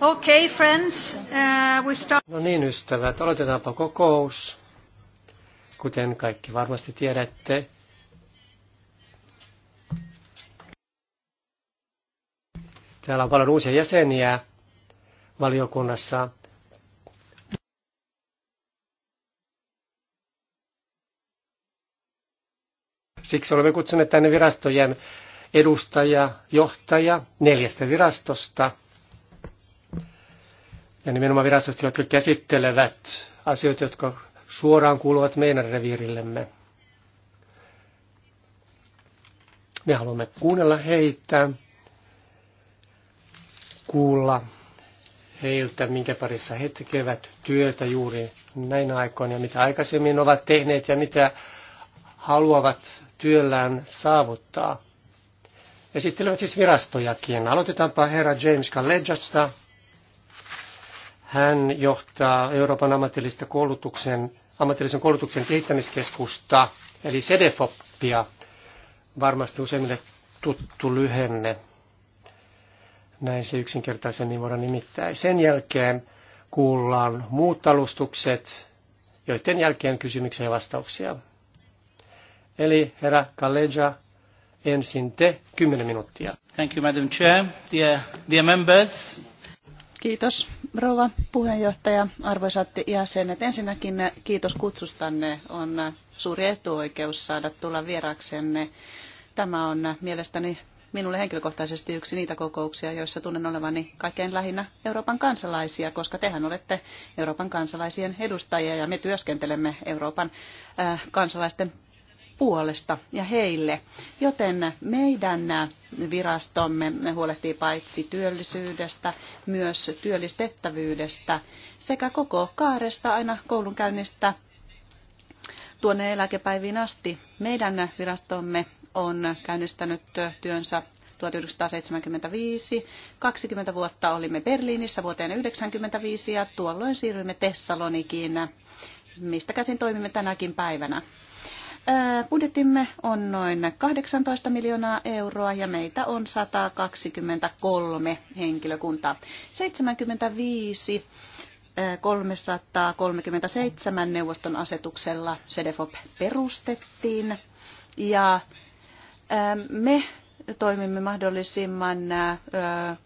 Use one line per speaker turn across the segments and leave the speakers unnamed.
Okay, friends, uh, we start... No niin, ystävät, aloitetaanpa kokous. Kuten kaikki varmasti tiedätte, Täällä on paljon uusia jäseniä valiokunnassa. Siksi olemme kutsuneet tänne virastojen edustaja, johtaja neljästä virastosta – ja nimenomaan virastot, jotka käsittelevät asioita, jotka suoraan kuuluvat meidän reviirillemme. Me haluamme kuunnella heitä, kuulla heiltä, minkä parissa he tekevät työtä juuri näin aikoina ja mitä aikaisemmin ovat tehneet ja mitä haluavat työllään saavuttaa. Esittelevät siis virastojakin. Aloitetaanpa herra James Kalledjasta hän johtaa Euroopan ammatillista koulutuksen, ammatillisen koulutuksen kehittämiskeskusta, eli SEDEFOPia, varmasti useimmille tuttu lyhenne. Näin se yksinkertaisen niin voidaan nimittää. Sen jälkeen kuullaan muut alustukset, joiden jälkeen kysymyksiä ja vastauksia. Eli herra Kaleja, ensin te 10 minuuttia. Thank you, Madam Chair. Dear, dear members, Kiitos
rouva puheenjohtaja, arvoisat jäsenet. Ensinnäkin kiitos kutsustanne. On suuri etuoikeus saada tulla vieraksenne. Tämä on mielestäni minulle henkilökohtaisesti yksi niitä kokouksia, joissa tunnen olevani kaikkein lähinnä Euroopan kansalaisia, koska tehän olette Euroopan kansalaisien edustajia ja me työskentelemme Euroopan äh, kansalaisten puolesta ja heille. Joten meidän virastomme huolehtii paitsi työllisyydestä, myös työllistettävyydestä sekä koko kaaresta aina koulunkäynnistä tuonne eläkepäiviin asti. Meidän virastomme on käynnistänyt työnsä 1975. 20 vuotta olimme Berliinissä vuoteen 1995 ja tuolloin siirryimme Tessalonikiin, mistä käsin toimimme tänäkin päivänä. Budjetimme on noin 18 miljoonaa euroa ja meitä on 123 henkilökuntaa. 75 337 neuvoston asetuksella CDFOP perustettiin ja me toimimme mahdollisimman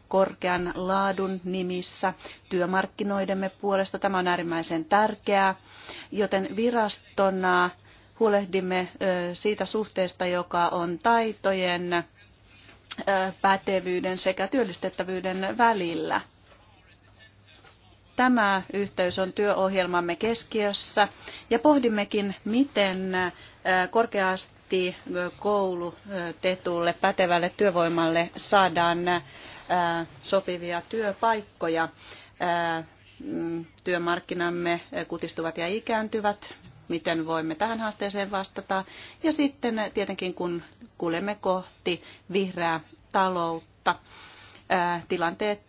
korkean laadun nimissä työmarkkinoidemme puolesta. Tämä on äärimmäisen tärkeää, joten virastona huolehdimme siitä suhteesta, joka on taitojen, pätevyyden sekä työllistettävyyden välillä. Tämä yhteys on työohjelmamme keskiössä ja pohdimmekin, miten korkeasti koulutetulle pätevälle työvoimalle saadaan sopivia työpaikkoja. Mm, työmarkkinamme kutistuvat ja ikääntyvät miten voimme tähän haasteeseen vastata. Ja sitten tietenkin kun kuljemme kohti vihreää taloutta, tilanteet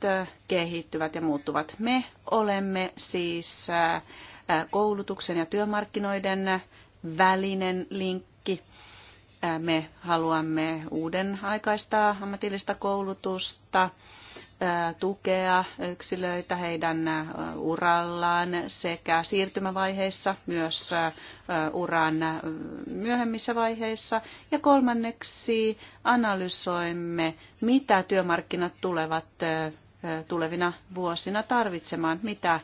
kehittyvät ja muuttuvat. Me olemme siis koulutuksen ja työmarkkinoiden välinen linkki. Me haluamme uuden aikaista ammatillista koulutusta tukea yksilöitä heidän urallaan sekä siirtymävaiheissa, myös uran myöhemmissä vaiheissa. Ja kolmanneksi analysoimme, mitä työmarkkinat tulevat tulevina vuosina tarvitsemaan, mitä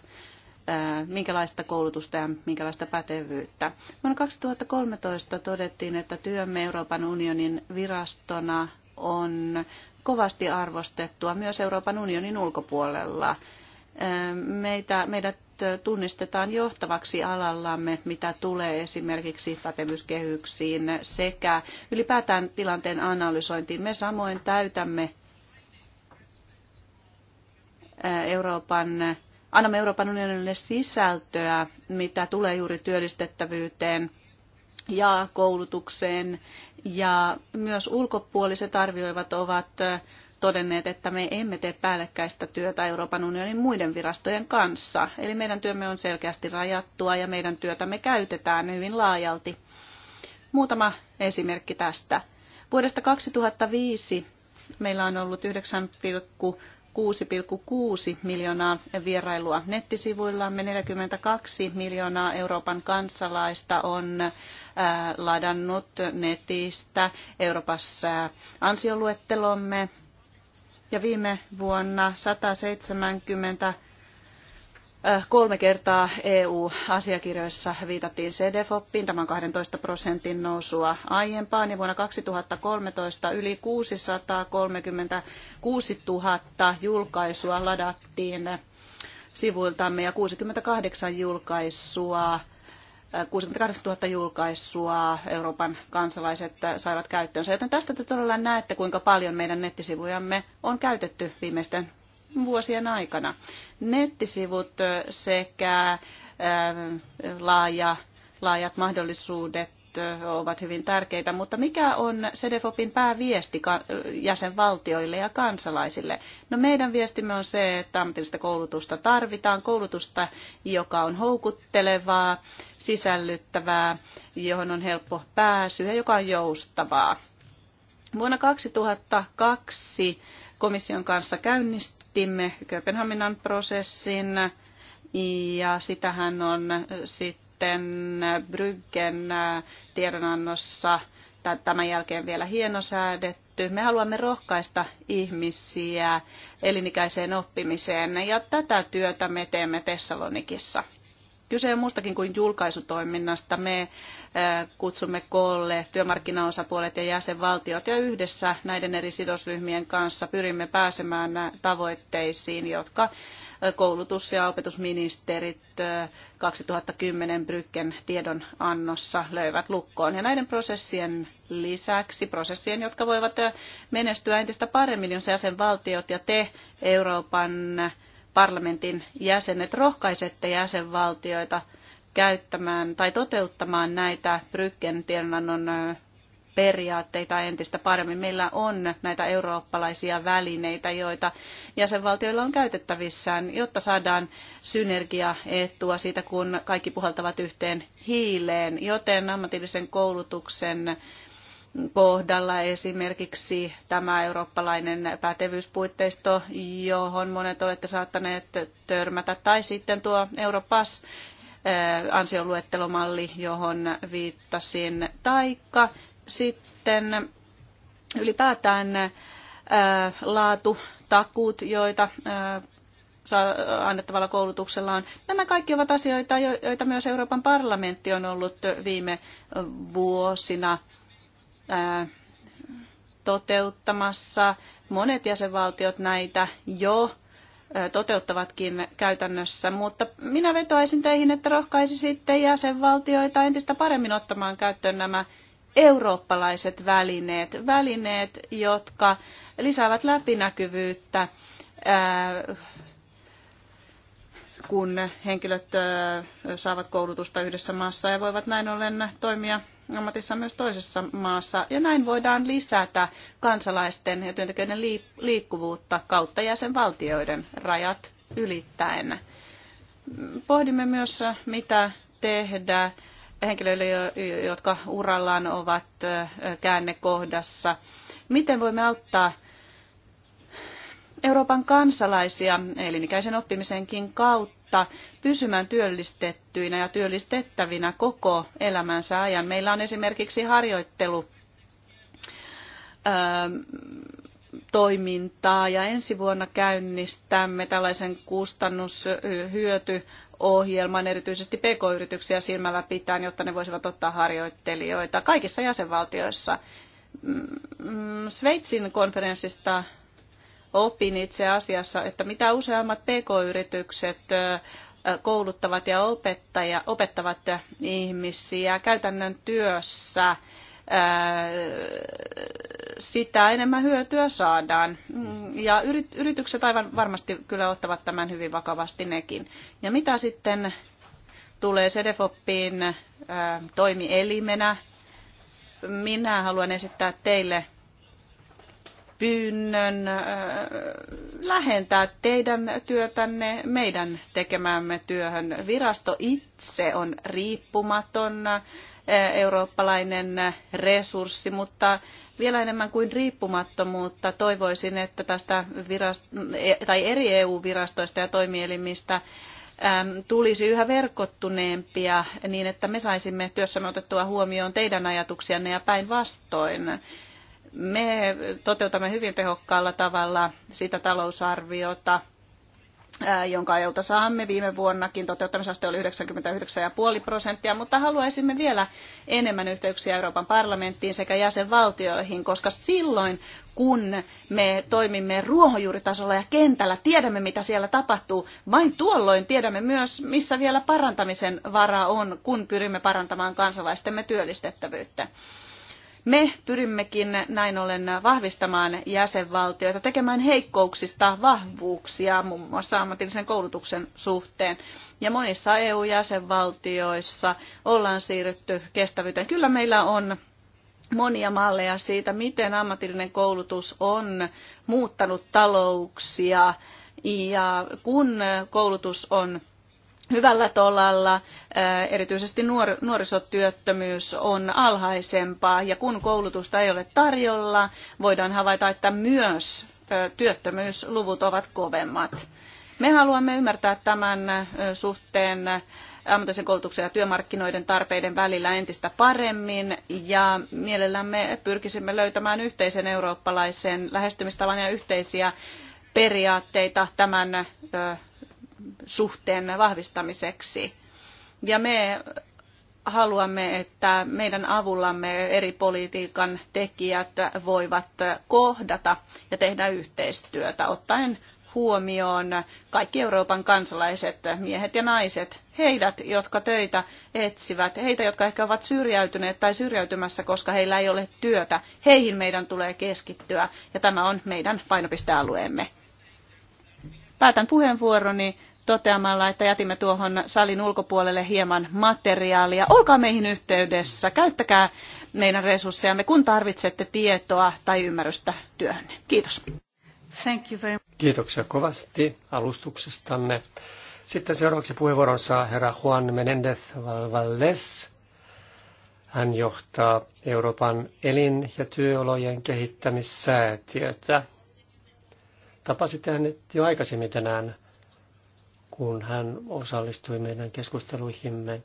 minkälaista koulutusta ja minkälaista pätevyyttä. Vuonna 2013 todettiin, että työmme Euroopan unionin virastona on kovasti arvostettua myös Euroopan unionin ulkopuolella. Meitä, meidät tunnistetaan johtavaksi alallamme, mitä tulee esimerkiksi pätevyyskehyksiin sekä ylipäätään tilanteen analysointiin. Me samoin täytämme Euroopan, annamme Euroopan unionille sisältöä, mitä tulee juuri työllistettävyyteen – ja koulutukseen. Ja myös ulkopuoliset arvioivat ovat todenneet, että me emme tee päällekkäistä työtä Euroopan unionin muiden virastojen kanssa. Eli meidän työmme on selkeästi rajattua ja meidän työtämme käytetään hyvin laajalti. Muutama esimerkki tästä. Vuodesta 2005 meillä on ollut 6,6 miljoonaa vierailua nettisivuillamme, 42 miljoonaa Euroopan kansalaista on äh, ladannut netistä Euroopassa ansioluettelomme ja viime vuonna 170 Kolme kertaa EU-asiakirjoissa viitattiin CDFOPiin, tämä on 12 prosentin nousua aiempaan, ja vuonna 2013 yli 636 000 julkaisua ladattiin sivuiltamme ja 68 julkaisua 68 000 julkaisua Euroopan kansalaiset saivat käyttöönsä. Joten tästä te todella näette, kuinka paljon meidän nettisivujamme on käytetty viimeisten vuosien aikana. Nettisivut sekä ähm, laaja, laajat mahdollisuudet äh, ovat hyvin tärkeitä, mutta mikä on Sedefopin pääviesti jäsenvaltioille ja kansalaisille? No meidän viestimme on se, että ammatillista koulutusta tarvitaan, koulutusta, joka on houkuttelevaa, sisällyttävää, johon on helppo pääsy ja joka on joustavaa. Vuonna 2002 komission kanssa käynnist, aloitimme Kööpenhaminan prosessin ja sitähän on sitten Bryggen tiedonannossa tämän jälkeen vielä hienosäädetty. Me haluamme rohkaista ihmisiä elinikäiseen oppimiseen ja tätä työtä me teemme Tessalonikissa. Kyse on muustakin kuin julkaisutoiminnasta. Me äh, kutsumme koolle työmarkkinaosapuolet ja jäsenvaltiot ja yhdessä näiden eri sidosryhmien kanssa pyrimme pääsemään tavoitteisiin, jotka äh, koulutus- ja opetusministerit 2010 äh, Brykken tiedonannossa löivät lukkoon. Ja näiden prosessien lisäksi, prosessien, jotka voivat menestyä entistä paremmin, jos jäsenvaltiot ja te Euroopan parlamentin jäsenet rohkaisette jäsenvaltioita käyttämään tai toteuttamaan näitä Bryggen tiedonannon periaatteita entistä paremmin. Meillä on näitä eurooppalaisia välineitä, joita jäsenvaltioilla on käytettävissään, jotta saadaan synergiaetua siitä, kun kaikki puhaltavat yhteen hiileen. Joten ammatillisen koulutuksen kohdalla esimerkiksi tämä eurooppalainen pätevyyspuitteisto, johon monet olette saattaneet törmätä, tai sitten tuo Europass eh, ansioluettelomalli, johon viittasin, taikka sitten ylipäätään eh, laatu, takuut, joita eh, annettavalla koulutuksella on. Nämä kaikki ovat asioita, joita myös Euroopan parlamentti on ollut viime vuosina toteuttamassa. Monet jäsenvaltiot näitä jo toteuttavatkin käytännössä, mutta minä vetoaisin teihin, että rohkaisi sitten jäsenvaltioita entistä paremmin ottamaan käyttöön nämä eurooppalaiset välineet, välineet, jotka lisäävät läpinäkyvyyttä, kun henkilöt saavat koulutusta yhdessä maassa ja voivat näin ollen toimia ammatissa myös toisessa maassa. Ja näin voidaan lisätä kansalaisten ja työntekijöiden liikkuvuutta kautta jäsenvaltioiden rajat ylittäen. Pohdimme myös, mitä tehdä henkilöille, jotka urallaan ovat käännekohdassa. Miten voimme auttaa Euroopan kansalaisia elinikäisen oppimisenkin kautta? kautta pysymään työllistettyinä ja työllistettävinä koko elämänsä ajan. Meillä on esimerkiksi harjoittelu ähm, toimintaa ja ensi vuonna käynnistämme tällaisen kustannushyötyohjelman erityisesti pk-yrityksiä silmällä pitäen, jotta ne voisivat ottaa harjoittelijoita kaikissa jäsenvaltioissa. Mm, mm, Sveitsin konferenssista opin itse asiassa, että mitä useammat pk-yritykset kouluttavat ja opettaja, opettavat ihmisiä käytännön työssä, sitä enemmän hyötyä saadaan. Ja yritykset aivan varmasti kyllä ottavat tämän hyvin vakavasti nekin. Ja mitä sitten tulee Sedefoppiin toimielimenä, minä haluan esittää teille pyynnön lähentää teidän työtänne meidän tekemäämme työhön. Virasto itse on riippumaton eurooppalainen resurssi, mutta vielä enemmän kuin riippumattomuutta toivoisin, että tästä virast- e, tai eri EU-virastoista ja toimielimistä tulisi yhä verkottuneempia niin, että me saisimme työssämme otettua huomioon teidän ajatuksianne ja päinvastoin. Me toteutamme hyvin tehokkaalla tavalla sitä talousarviota, jonka ajalta saamme viime vuonnakin. Toteuttamisaste oli 99,5 prosenttia, mutta haluaisimme vielä enemmän yhteyksiä Euroopan parlamenttiin sekä jäsenvaltioihin, koska silloin kun me toimimme ruohonjuuritasolla ja kentällä, tiedämme mitä siellä tapahtuu, vain tuolloin tiedämme myös, missä vielä parantamisen vara on, kun pyrimme parantamaan kansalaistemme työllistettävyyttä. Me pyrimmekin näin ollen vahvistamaan jäsenvaltioita, tekemään heikkouksista vahvuuksia muun mm. muassa ammatillisen koulutuksen suhteen. Ja monissa EU-jäsenvaltioissa ollaan siirrytty kestävyyteen. Kyllä meillä on monia malleja siitä, miten ammatillinen koulutus on muuttanut talouksia. Ja kun koulutus on hyvällä tolalla, erityisesti nuor- nuorisotyöttömyys on alhaisempaa ja kun koulutusta ei ole tarjolla, voidaan havaita, että myös työttömyysluvut ovat kovemmat. Me haluamme ymmärtää tämän suhteen ammatillisen koulutuksen ja työmarkkinoiden tarpeiden välillä entistä paremmin ja mielellämme pyrkisimme löytämään yhteisen eurooppalaisen lähestymistavan ja yhteisiä periaatteita tämän suhteemme vahvistamiseksi. Ja me haluamme, että meidän avullamme eri politiikan tekijät voivat kohdata ja tehdä yhteistyötä, ottaen huomioon kaikki Euroopan kansalaiset, miehet ja naiset, heidät, jotka töitä etsivät, heitä, jotka ehkä ovat syrjäytyneet tai syrjäytymässä, koska heillä ei ole työtä. Heihin meidän tulee keskittyä ja tämä on meidän painopistealueemme. Päätän puheenvuoroni toteamalla, että jätimme tuohon salin ulkopuolelle hieman materiaalia. Olkaa meihin yhteydessä, käyttäkää meidän resurssejamme, kun tarvitsette tietoa tai ymmärrystä työhönne. Kiitos. Thank
you very Kiitoksia kovasti alustuksestanne. Sitten seuraavaksi puheenvuoron saa herra Juan Menendez Valles. Hän johtaa Euroopan elin- ja työolojen kehittämissäätiötä. Tapasitte hänet jo aikaisemmin tänään, kun hän osallistui meidän keskusteluihimme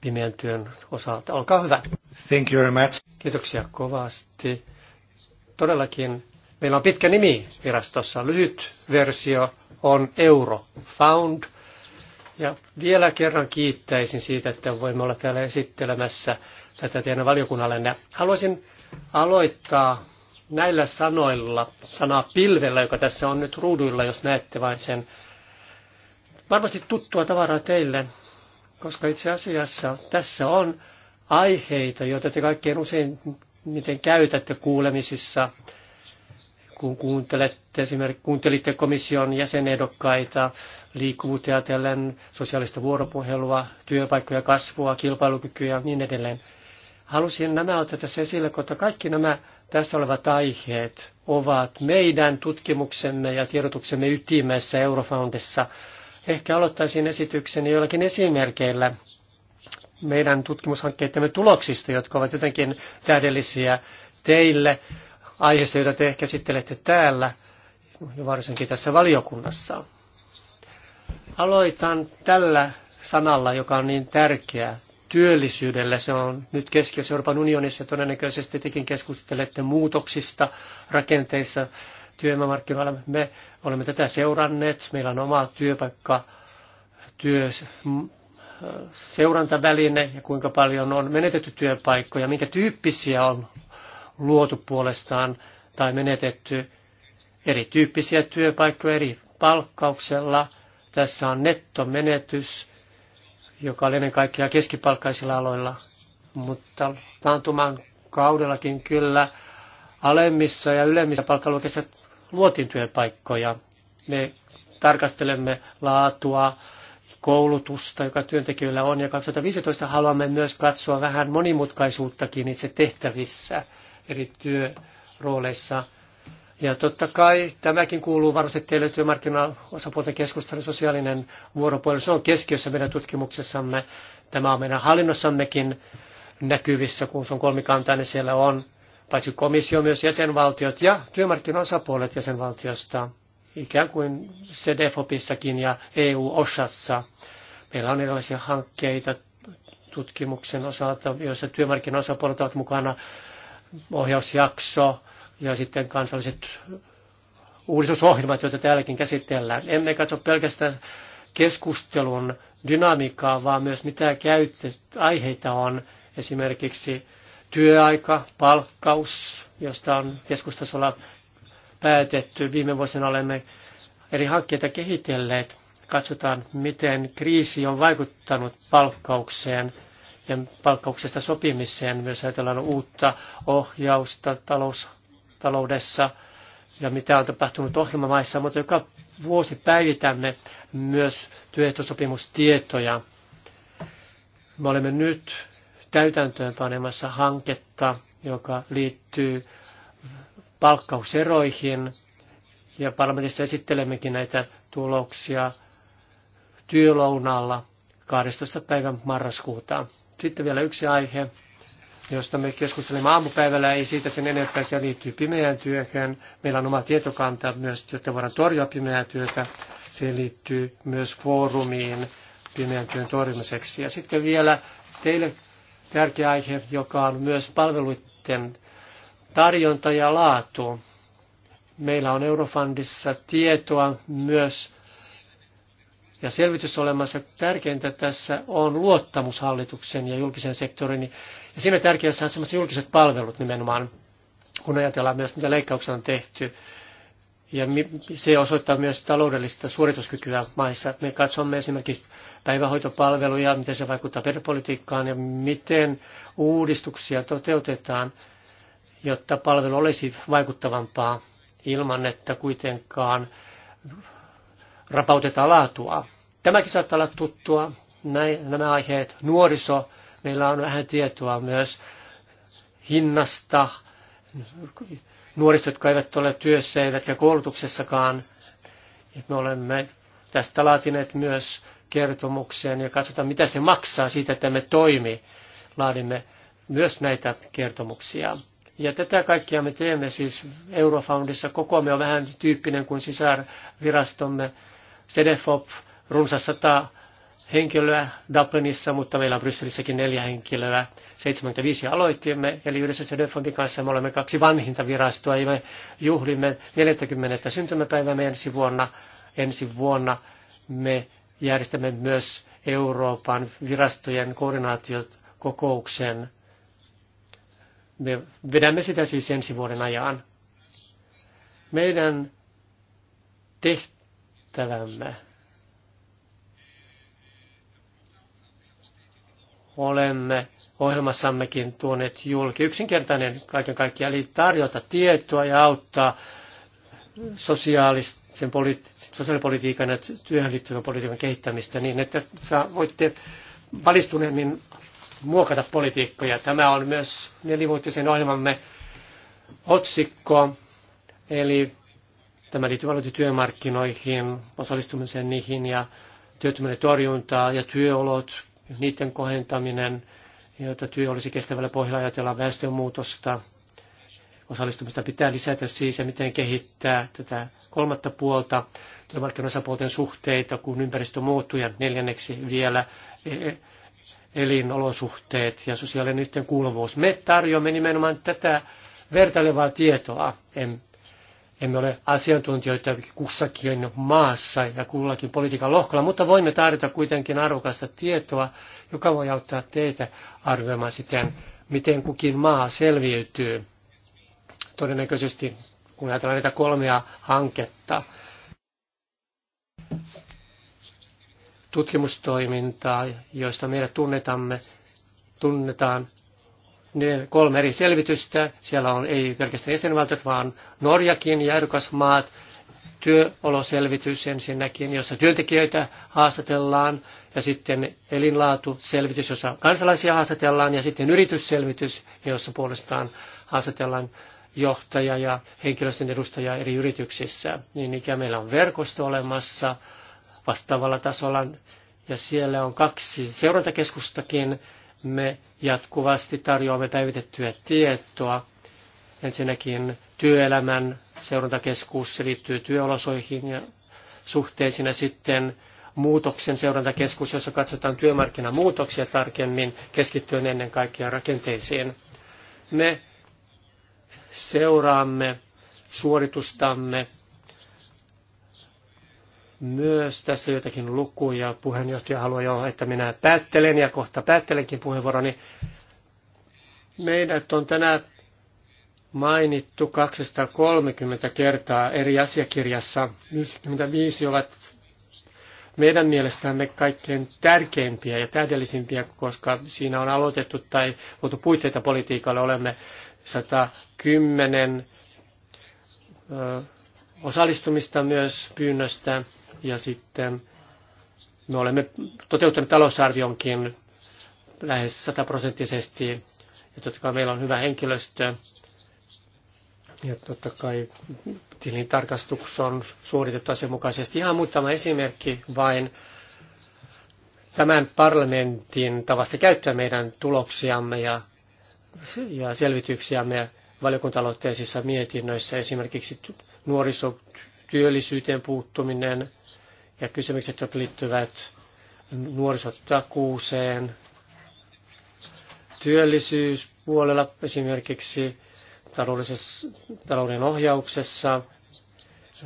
pimeän työn osalta. Olkaa hyvä. Thank you very much. Kiitoksia kovasti. Todellakin meillä on pitkä nimi virastossa. Lyhyt versio on Euro Found. Ja vielä kerran kiittäisin siitä, että voimme olla täällä esittelemässä tätä teidän valiokunnallenne. Haluaisin aloittaa näillä sanoilla, sanaa pilvellä, joka tässä on nyt ruuduilla, jos näette vain sen, varmasti tuttua tavaraa teille, koska itse asiassa tässä on aiheita, joita te kaikkein usein miten käytätte kuulemisissa, kun kuuntelette, esimerkiksi kuuntelitte komission jäsenehdokkaita, liikkuvuuteen sosiaalista vuoropuhelua, työpaikkoja, kasvua, kilpailukykyä ja niin edelleen. Halusin nämä ottaa tässä esille, koska kaikki nämä tässä olevat aiheet ovat meidän tutkimuksemme ja tiedotuksemme ytimessä Eurofoundissa. Ehkä aloittaisin esitykseni joillakin esimerkkeillä meidän tutkimushankkeittemme tuloksista, jotka ovat jotenkin täydellisiä teille aiheesta, jota te käsittelette täällä ja varsinkin tässä valiokunnassa. Aloitan tällä sanalla, joka on niin tärkeä työllisyydellä. Se on nyt keski Euroopan unionissa ja todennäköisesti tekin keskustelette muutoksista rakenteissa työmarkkinoilla. Me olemme tätä seuranneet. Meillä on oma työpaikka työ, seurantaväline ja kuinka paljon on menetetty työpaikkoja, minkä tyyppisiä on luotu puolestaan tai menetetty erityyppisiä työpaikkoja eri palkkauksella. Tässä on nettomenetys joka oli ennen kaikkea keskipalkkaisilla aloilla, mutta taantuman kaudellakin kyllä alemmissa ja ylemmissä palkkaluokissa luotiin työpaikkoja. Me tarkastelemme laatua, koulutusta, joka työntekijöillä on, ja 2015 haluamme myös katsoa vähän monimutkaisuuttakin itse tehtävissä eri työrooleissa – ja totta kai tämäkin kuuluu varmasti teille työmarkkinaosapuolten keskustelun sosiaalinen vuoropuhelu. Se on keskiössä meidän tutkimuksessamme. Tämä on meidän hallinnossammekin näkyvissä, kun se on kolmikantainen. Niin siellä on paitsi komissio myös jäsenvaltiot ja työmarkkinaosapuolet jäsenvaltiosta, ikään kuin CDFOPissakin ja EU-OSHassa. Meillä on erilaisia hankkeita tutkimuksen osalta, joissa työmarkkinaosapuolet ovat mukana ohjausjakso, ja sitten kansalliset uudistusohjelmat, joita täälläkin käsitellään. Emme katso pelkästään keskustelun dynamiikkaa, vaan myös mitä käyttöaiheita aiheita on esimerkiksi työaika, palkkaus, josta on keskustasolla päätetty. Viime vuosina olemme eri hankkeita kehitelleet. Katsotaan, miten kriisi on vaikuttanut palkkaukseen ja palkkauksesta sopimiseen. Myös ajatellaan uutta ohjausta, talous taloudessa ja mitä on tapahtunut ohjelmamaissa, mutta joka vuosi päivitämme myös työehtosopimustietoja. Me olemme nyt täytäntöön panemassa hanketta, joka liittyy palkkauseroihin ja parlamentissa esittelemmekin näitä tuloksia työlounalla 12. päivän marraskuuta. Sitten vielä yksi aihe, josta me keskustelimme aamupäivällä, ei siitä sen enempää, se liittyy pimeään työhön. Meillä on oma tietokanta myös, jotta voidaan torjua pimeää työtä. Se liittyy myös foorumiin pimeän työn torjumiseksi. Ja sitten vielä teille tärkeä aihe, joka on myös palveluiden tarjonta ja laatu. Meillä on Eurofundissa tietoa myös ja selvitys olemassa. Tärkeintä tässä on luottamushallituksen ja julkisen sektorin ja siinä tärkeässä on semmoiset julkiset palvelut nimenomaan, kun ajatellaan myös, mitä leikkauksia on tehty. Ja se osoittaa myös taloudellista suorituskykyä maissa. Me katsomme esimerkiksi päivähoitopalveluja, miten se vaikuttaa perhepolitiikkaan ja miten uudistuksia toteutetaan, jotta palvelu olisi vaikuttavampaa ilman, että kuitenkaan rapautetaan laatua. Tämäkin saattaa olla tuttua, nämä aiheet, nuoriso, Meillä on vähän tietoa myös hinnasta, nuorista, jotka eivät ole työssä eivätkä koulutuksessakaan. Me olemme tästä laatineet myös kertomuksen ja katsotaan, mitä se maksaa siitä, että me toimi. Laadimme myös näitä kertomuksia. Ja tätä kaikkia me teemme siis Eurofoundissa. Kokoamme on vähän tyyppinen kuin sisarvirastomme. CDFOP, runsas 100 henkilöä Dublinissa, mutta meillä on Brysselissäkin neljä henkilöä. 75 aloitimme, eli yhdessä Sedefondin kanssa me olemme kaksi vanhinta virastoa, ja me juhlimme 40. syntymäpäivämme ensi vuonna. Ensi vuonna me järjestämme myös Euroopan virastojen koordinaatiot kokouksen. Me vedämme sitä siis ensi vuoden ajan. Meidän tehtävämme olemme ohjelmassammekin tuoneet julki. Yksinkertainen kaiken kaikkiaan, eli tarjota tietoa ja auttaa sosiaalisen politi- sosiaalipolitiikan ja työhön liittyvän politiikan kehittämistä niin, että saa, voitte valistuneemmin muokata politiikkoja. Tämä on myös nelivuotisen ohjelmamme otsikko, eli tämä liittyy aloitti työmarkkinoihin, osallistumiseen niihin ja työttömyyden torjuntaa ja työolot, niiden kohentaminen, jotta työ olisi kestävällä pohjalla ajatella väestönmuutosta. Osallistumista pitää lisätä siis ja miten kehittää tätä kolmatta puolta, työmarkkinoiden suhteita, kun ympäristö muuttuu ja neljänneksi vielä e, e, elinolosuhteet ja sosiaalinen yhteenkuuluvuus. Me tarjoamme nimenomaan tätä vertailevaa tietoa. En emme ole asiantuntijoita kussakin maassa ja kullakin politiikan lohkolla, mutta voimme tarjota kuitenkin arvokasta tietoa, joka voi auttaa teitä arvioimaan sitten, miten kukin maa selviytyy. Todennäköisesti, kun ajatellaan näitä kolmea hanketta, tutkimustoimintaa, joista meidät tunnetamme, tunnetaan, ne kolme eri selvitystä. Siellä on ei pelkästään jäsenvaltiot, vaan Norjakin ja maat, Työoloselvitys ensinnäkin, jossa työntekijöitä haastatellaan, ja sitten elinlaatuselvitys, jossa kansalaisia haastatellaan, ja sitten yritysselvitys, jossa puolestaan haastatellaan johtaja ja henkilöstön edustaja eri yrityksissä. Niin ikään meillä on verkosto olemassa vastaavalla tasolla ja siellä on kaksi seurantakeskustakin. Me jatkuvasti tarjoamme päivitettyä tietoa. Ensinnäkin työelämän seurantakeskus, se liittyy työolosoihin ja suhteisiin ja sitten muutoksen seurantakeskus, jossa katsotaan työmarkkinamuutoksia tarkemmin keskittyen ennen kaikkea rakenteisiin. Me seuraamme suoritustamme myös tässä jotakin lukuja. Puheenjohtaja haluaa jo, että minä päättelen ja kohta päättelenkin puheenvuoroni. Meidät on tänään mainittu 230 kertaa eri asiakirjassa. 55 ovat meidän mielestämme kaikkein tärkeimpiä ja täydellisimpiä, koska siinä on aloitettu tai luotu puitteita politiikalle. Olemme 110 osallistumista myös pyynnöstä ja sitten me olemme toteuttaneet talousarvionkin lähes sataprosenttisesti. Ja totta kai meillä on hyvä henkilöstö. Ja totta kai tilintarkastus on suoritettu asianmukaisesti. Ihan muutama esimerkki vain tämän parlamentin tavasta käyttää meidän tuloksiamme ja, ja selvityksiämme valiokuntaloitteisissa mietinnöissä. Esimerkiksi nuorisotyöllisyyteen puuttuminen, ja kysymykset, jotka liittyvät nuorisotakuuseen, työllisyyspuolella esimerkiksi talouden ohjauksessa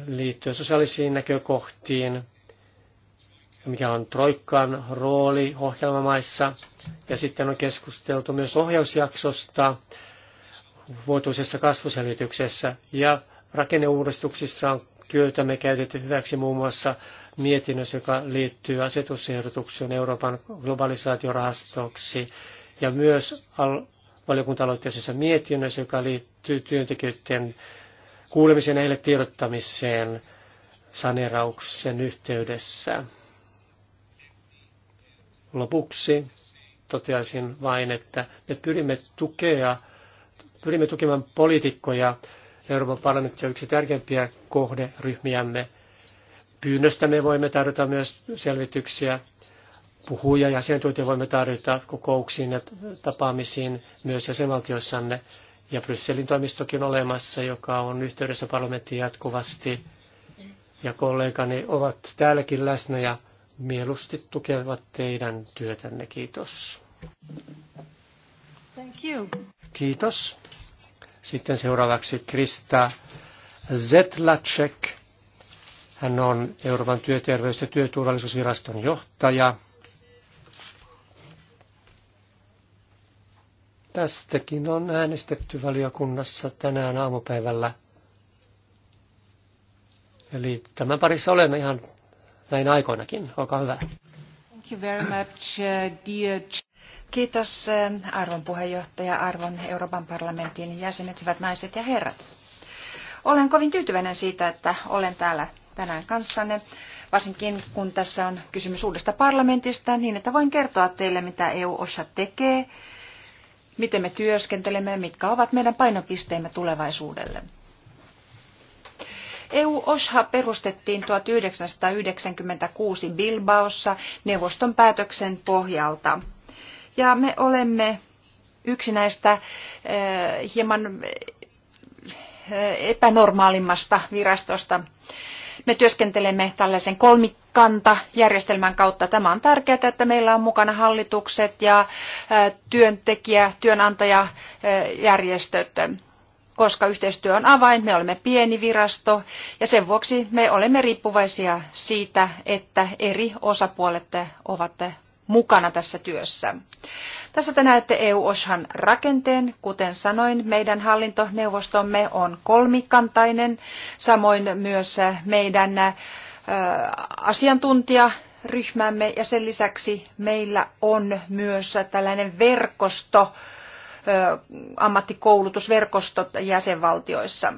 liittyen sosiaalisiin näkökohtiin, mikä on Troikkan rooli ohjelmamaissa. Ja sitten on keskusteltu myös ohjausjaksosta vuotuisessa kasvuselvityksessä ja rakenneuudistuksissa on joita me käytetty hyväksi muun muassa mietinnössä, joka liittyy asetusehdotukseen Euroopan globalisaatiorahastoksi ja myös al- valiokunta-aloitteisessa mietinnössä, joka liittyy työntekijöiden kuulemisen ja heille tiedottamiseen saneerauksen yhteydessä. Lopuksi toteaisin vain, että me pyrimme, tukea, pyrimme tukemaan poliitikkoja Euroopan parlamentti on yksi tärkeimpiä kohderyhmiämme. Pyynnöstä me voimme tarjota myös selvityksiä. Puhuja ja asiantuntija voimme tarjota kokouksiin ja tapaamisiin myös jäsenvaltioissamme. Ja Brysselin toimistokin olemassa, joka on yhteydessä parlamenttiin jatkuvasti. Ja kollegani ovat täälläkin läsnä ja mieluusti tukevat teidän työtänne. Kiitos. Thank you. Kiitos. Sitten seuraavaksi Krista Zetlacek. Hän on Euroopan työterveys- ja työturvallisuusviraston johtaja. Tästäkin on äänestetty valiokunnassa tänään aamupäivällä. Eli tämän parissa olemme ihan näin aikoinakin. Olkaa hyvä.
Thank you very much, uh, dear... Kiitos eh, arvon puheenjohtaja, arvon Euroopan parlamentin jäsenet, hyvät naiset ja herrat. Olen kovin tyytyväinen siitä, että olen täällä tänään kanssanne, varsinkin kun tässä on kysymys uudesta parlamentista, niin että voin kertoa teille, mitä EU-OSHA tekee, miten me työskentelemme, mitkä ovat meidän painopisteemme tulevaisuudelle. EU-OSHA perustettiin 1996 Bilbaossa neuvoston päätöksen pohjalta ja me olemme yksi näistä eh, hieman eh, epänormaalimmasta virastosta. Me työskentelemme tällaisen kolmikantajärjestelmän kautta. Tämä on tärkeää, että meillä on mukana hallitukset ja eh, työntekijä, työnantajajärjestöt, koska yhteistyö on avain. Me olemme pieni virasto ja sen vuoksi me olemme riippuvaisia siitä, että eri osapuolet ovat mukana tässä työssä. Tässä te näette EU-OSHAN rakenteen. Kuten sanoin, meidän hallintoneuvostomme on kolmikantainen, samoin myös meidän asiantuntijaryhmämme ja sen lisäksi meillä on myös tällainen verkosto, ammattikoulutusverkostot jäsenvaltioissa.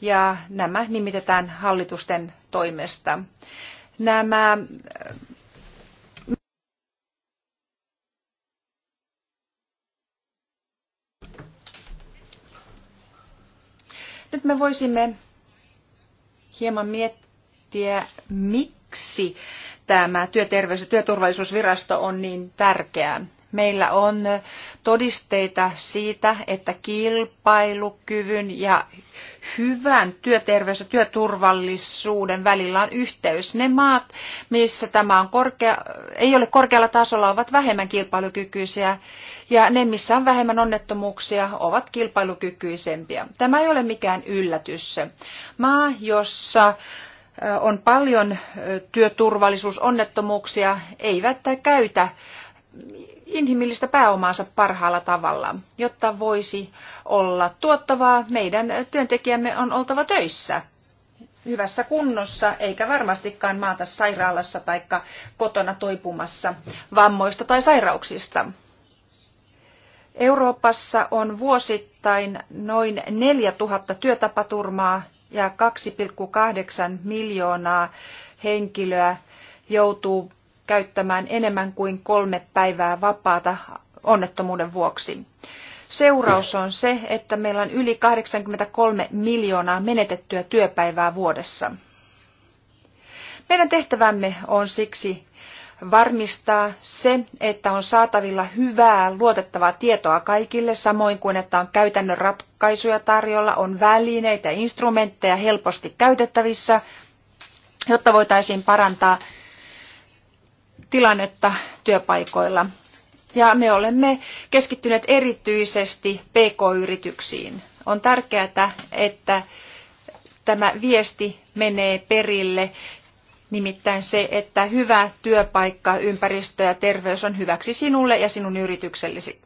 Ja nämä nimitetään hallitusten toimesta. Nämä Nyt me voisimme hieman miettiä, miksi tämä työterveys- ja työturvallisuusvirasto on niin tärkeää meillä on todisteita siitä, että kilpailukyvyn ja hyvän työterveys- ja työturvallisuuden välillä on yhteys. Ne maat, missä tämä on korkea, ei ole korkealla tasolla, ovat vähemmän kilpailukykyisiä ja ne, missä on vähemmän onnettomuuksia, ovat kilpailukykyisempiä. Tämä ei ole mikään yllätys. Maa, jossa on paljon työturvallisuusonnettomuuksia, eivät käytä inhimillistä pääomaansa parhaalla tavalla, jotta voisi olla tuottavaa. Meidän työntekijämme on oltava töissä hyvässä kunnossa, eikä varmastikaan maata sairaalassa tai kotona toipumassa vammoista tai sairauksista. Euroopassa on vuosittain noin 4000 työtapaturmaa ja 2,8 miljoonaa henkilöä joutuu käyttämään enemmän kuin kolme päivää vapaata onnettomuuden vuoksi. Seuraus on se, että meillä on yli 83 miljoonaa menetettyä työpäivää vuodessa. Meidän tehtävämme on siksi varmistaa se, että on saatavilla hyvää, luotettavaa tietoa kaikille, samoin kuin että on käytännön ratkaisuja tarjolla, on välineitä, instrumentteja helposti käytettävissä, jotta voitaisiin parantaa tilannetta työpaikoilla. Ja me olemme keskittyneet erityisesti PK-yrityksiin. On tärkeää, että tämä viesti menee perille, nimittäin se, että hyvä työpaikka, ympäristö ja terveys on hyväksi sinulle ja sinun yrityksellesi.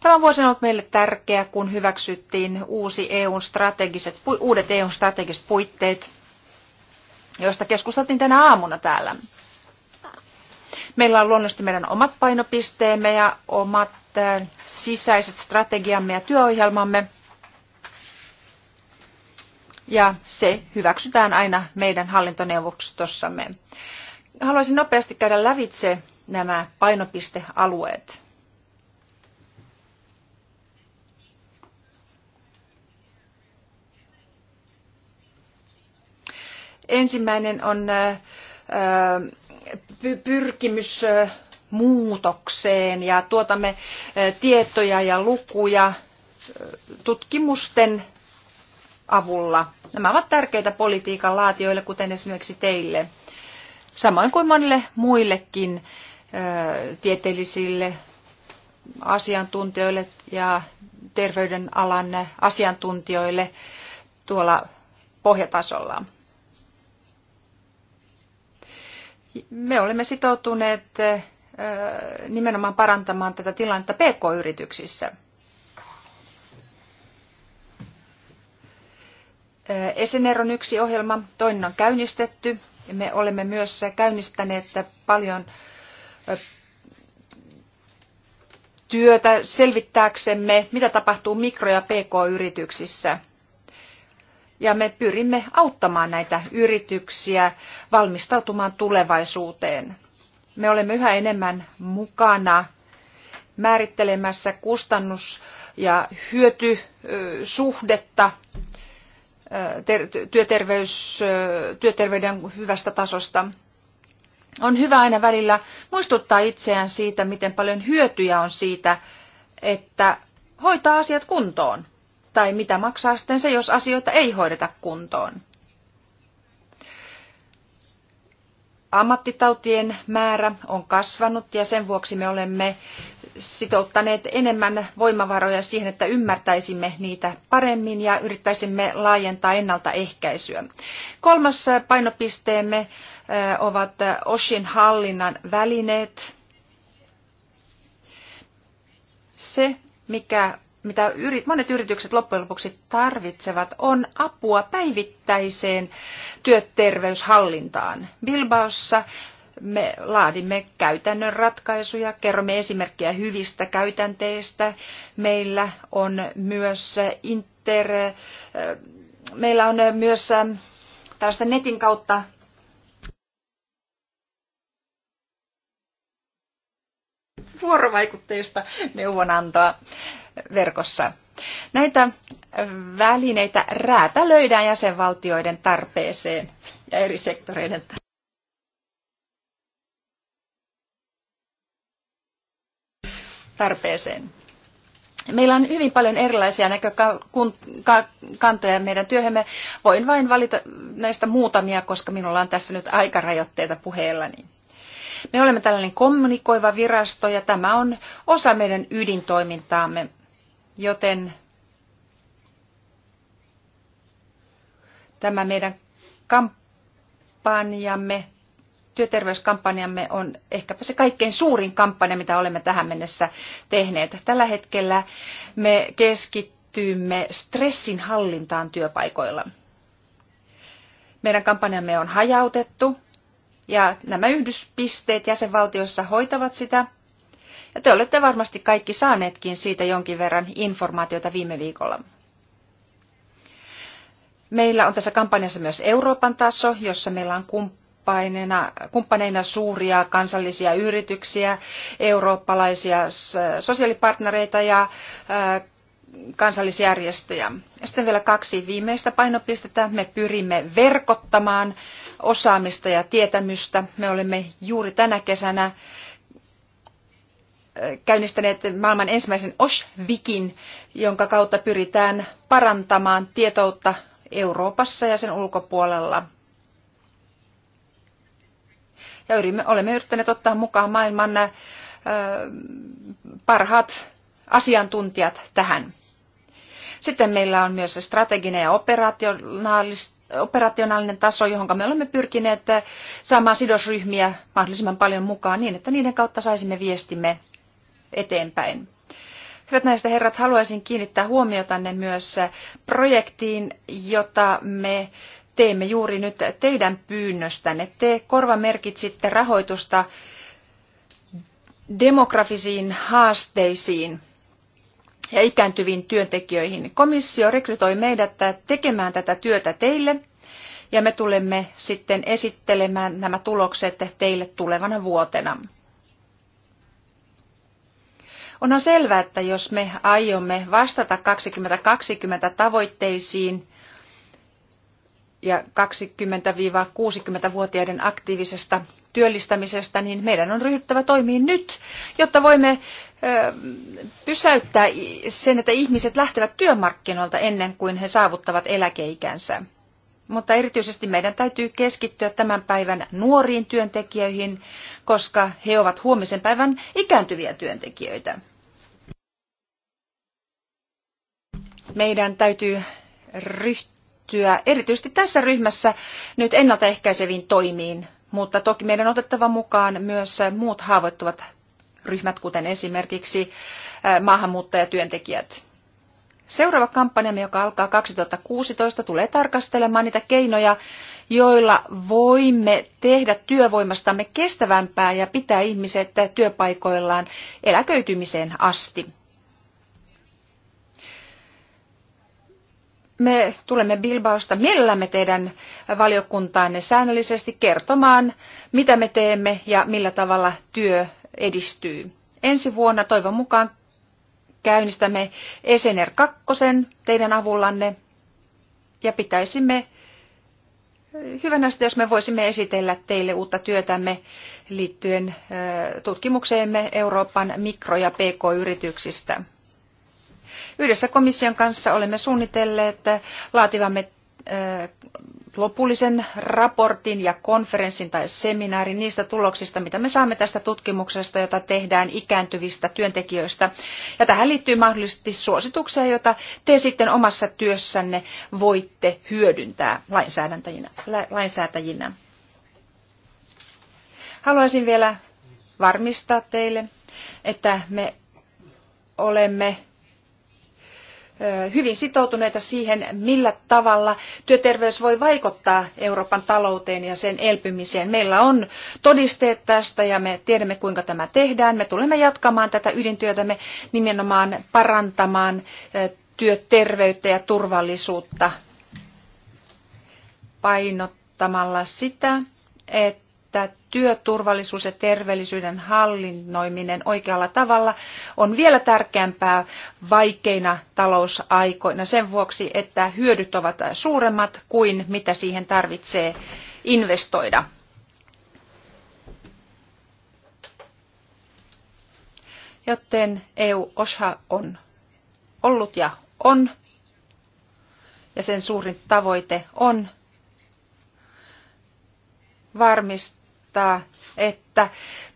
Tämä vuosi on ollut meille tärkeä, kun hyväksyttiin uusi EUn strategiset, uudet EUn strategiset puitteet, joista keskusteltiin tänä aamuna täällä. Meillä on luonnollisesti meidän omat painopisteemme ja omat sisäiset strategiamme ja työohjelmamme. Ja se hyväksytään aina meidän hallintoneuvostossamme. Haluaisin nopeasti käydä lävitse nämä painopistealueet. Ensimmäinen on pyrkimys muutokseen ja tuotamme tietoja ja lukuja tutkimusten avulla. Nämä ovat tärkeitä politiikan laatioille, kuten esimerkiksi teille, samoin kuin monille muillekin tieteellisille asiantuntijoille ja terveydenalan asiantuntijoille tuolla pohjatasolla. Me olemme sitoutuneet nimenomaan parantamaan tätä tilannetta PK-yrityksissä. Esener on yksi ohjelma, toinen on käynnistetty. Me olemme myös käynnistäneet paljon työtä selvittääksemme, mitä tapahtuu mikro- ja pk-yrityksissä – ja me pyrimme auttamaan näitä yrityksiä valmistautumaan tulevaisuuteen. Me olemme yhä enemmän mukana määrittelemässä kustannus- ja hyötysuhdetta työterveys, työterveyden hyvästä tasosta. On hyvä aina välillä muistuttaa itseään siitä, miten paljon hyötyjä on siitä, että hoitaa asiat kuntoon tai mitä maksaa sitten se, jos asioita ei hoideta kuntoon. Ammattitautien määrä on kasvanut ja sen vuoksi me olemme sitouttaneet enemmän voimavaroja siihen, että ymmärtäisimme niitä paremmin ja yrittäisimme laajentaa ennaltaehkäisyä. Kolmas painopisteemme ovat OSHIN hallinnan välineet. Se, mikä mitä yrit, monet yritykset loppujen lopuksi tarvitsevat, on apua päivittäiseen työterveyshallintaan. Bilbaossa me laadimme käytännön ratkaisuja, kerromme esimerkkejä hyvistä käytänteistä. Meillä on myös inter, meillä on myös ähm, tällaista netin kautta vuorovaikutteista neuvonantoa verkossa. Näitä välineitä räätälöidään jäsenvaltioiden tarpeeseen ja eri sektoreiden tarpeeseen. tarpeeseen. Meillä on hyvin paljon erilaisia näkökantoja meidän työhömme. Voin vain valita näistä muutamia, koska minulla on tässä nyt aikarajoitteita puheellani. Me olemme tällainen kommunikoiva virasto ja tämä on osa meidän ydintoimintaamme. Joten tämä meidän kampanjamme, työterveyskampanjamme on ehkäpä se kaikkein suurin kampanja, mitä olemme tähän mennessä tehneet. Tällä hetkellä me keskittyymme stressin hallintaan työpaikoilla. Meidän kampanjamme on hajautettu ja nämä yhdyspisteet jäsenvaltioissa hoitavat sitä te olette varmasti kaikki saaneetkin siitä jonkin verran informaatiota viime viikolla. Meillä on tässä kampanjassa myös Euroopan taso, jossa meillä on kumppaneina, kumppaneina suuria kansallisia yrityksiä, eurooppalaisia sosiaalipartnereita ja kansallisjärjestöjä. Sitten vielä kaksi viimeistä painopistettä. Me pyrimme verkottamaan osaamista ja tietämystä. Me olemme juuri tänä kesänä käynnistäneet maailman ensimmäisen OSH-vikin, jonka kautta pyritään parantamaan tietoutta Euroopassa ja sen ulkopuolella. Ja yrimme, olemme yrittäneet ottaa mukaan maailman ö, parhaat asiantuntijat tähän. Sitten meillä on myös strateginen ja operationaalinen taso, johon me olemme pyrkineet saamaan sidosryhmiä mahdollisimman paljon mukaan niin, että niiden kautta saisimme viestimme eteenpäin. Hyvät näistä herrat, haluaisin kiinnittää huomiotanne myös projektiin, jota me teemme juuri nyt teidän pyynnöstänne. Te korvamerkitsitte rahoitusta demografisiin haasteisiin ja ikääntyviin työntekijöihin. Komissio rekrytoi meidät tekemään tätä työtä teille ja me tulemme sitten esittelemään nämä tulokset teille tulevana vuotena. Onhan selvää, että jos me aiomme vastata 2020 tavoitteisiin ja 20-60-vuotiaiden aktiivisesta työllistämisestä, niin meidän on ryhdyttävä toimiin nyt, jotta voimme pysäyttää sen, että ihmiset lähtevät työmarkkinoilta ennen kuin he saavuttavat eläkeikänsä. Mutta erityisesti meidän täytyy keskittyä tämän päivän nuoriin työntekijöihin, koska he ovat huomisen päivän ikääntyviä työntekijöitä. Meidän täytyy ryhtyä erityisesti tässä ryhmässä nyt ennaltaehkäiseviin toimiin, mutta toki meidän on otettava mukaan myös muut haavoittuvat ryhmät, kuten esimerkiksi maahanmuuttajatyöntekijät. Seuraava kampanja, joka alkaa 2016, tulee tarkastelemaan niitä keinoja, joilla voimme tehdä työvoimastamme kestävämpää ja pitää ihmiset työpaikoillaan eläköitymiseen asti. Me tulemme Bilbaosta mielellämme teidän valiokuntaanne säännöllisesti kertomaan, mitä me teemme ja millä tavalla työ edistyy. Ensi vuonna toivon mukaan käynnistämme Esener 2 teidän avullanne ja pitäisimme hyvänä sitä, jos me voisimme esitellä teille uutta työtämme liittyen tutkimukseemme Euroopan mikro- ja pk-yrityksistä. Yhdessä komission kanssa olemme suunnitelleet laativamme lopullisen raportin ja konferenssin tai seminaarin niistä tuloksista, mitä me saamme tästä tutkimuksesta, jota tehdään ikääntyvistä työntekijöistä. Ja tähän liittyy mahdollisesti suosituksia, joita te sitten omassa työssänne voitte hyödyntää lainsäädäntäjinä. lainsäätäjinä. Haluaisin vielä varmistaa teille, että me olemme hyvin sitoutuneita siihen, millä tavalla työterveys voi vaikuttaa Euroopan talouteen ja sen elpymiseen. Meillä on todisteet tästä ja me tiedämme, kuinka tämä tehdään. Me tulemme jatkamaan tätä ydintyötämme nimenomaan parantamaan työterveyttä ja turvallisuutta painottamalla sitä, että työturvallisuus ja terveellisyyden hallinnoiminen oikealla tavalla on vielä tärkeämpää vaikeina talousaikoina sen vuoksi, että hyödyt ovat suuremmat kuin mitä siihen tarvitsee investoida. Joten EU-OSHA on ollut ja on, ja sen suurin tavoite on varmistaa, varmistaa, että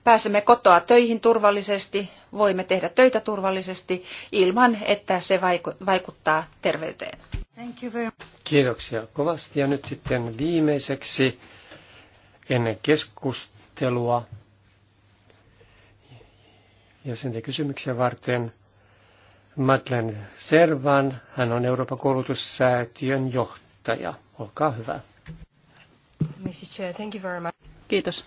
pääsemme kotoa töihin turvallisesti, voimme tehdä töitä turvallisesti ilman, että se vaikuttaa terveyteen.
Kiitoksia kovasti. Ja nyt sitten viimeiseksi ennen keskustelua ja sen kysymyksiä varten Madeleine Servan. Hän on Euroopan koulutussäätiön johtaja. Olkaa hyvä.
Mr. Chair, thank you very much. Kiitos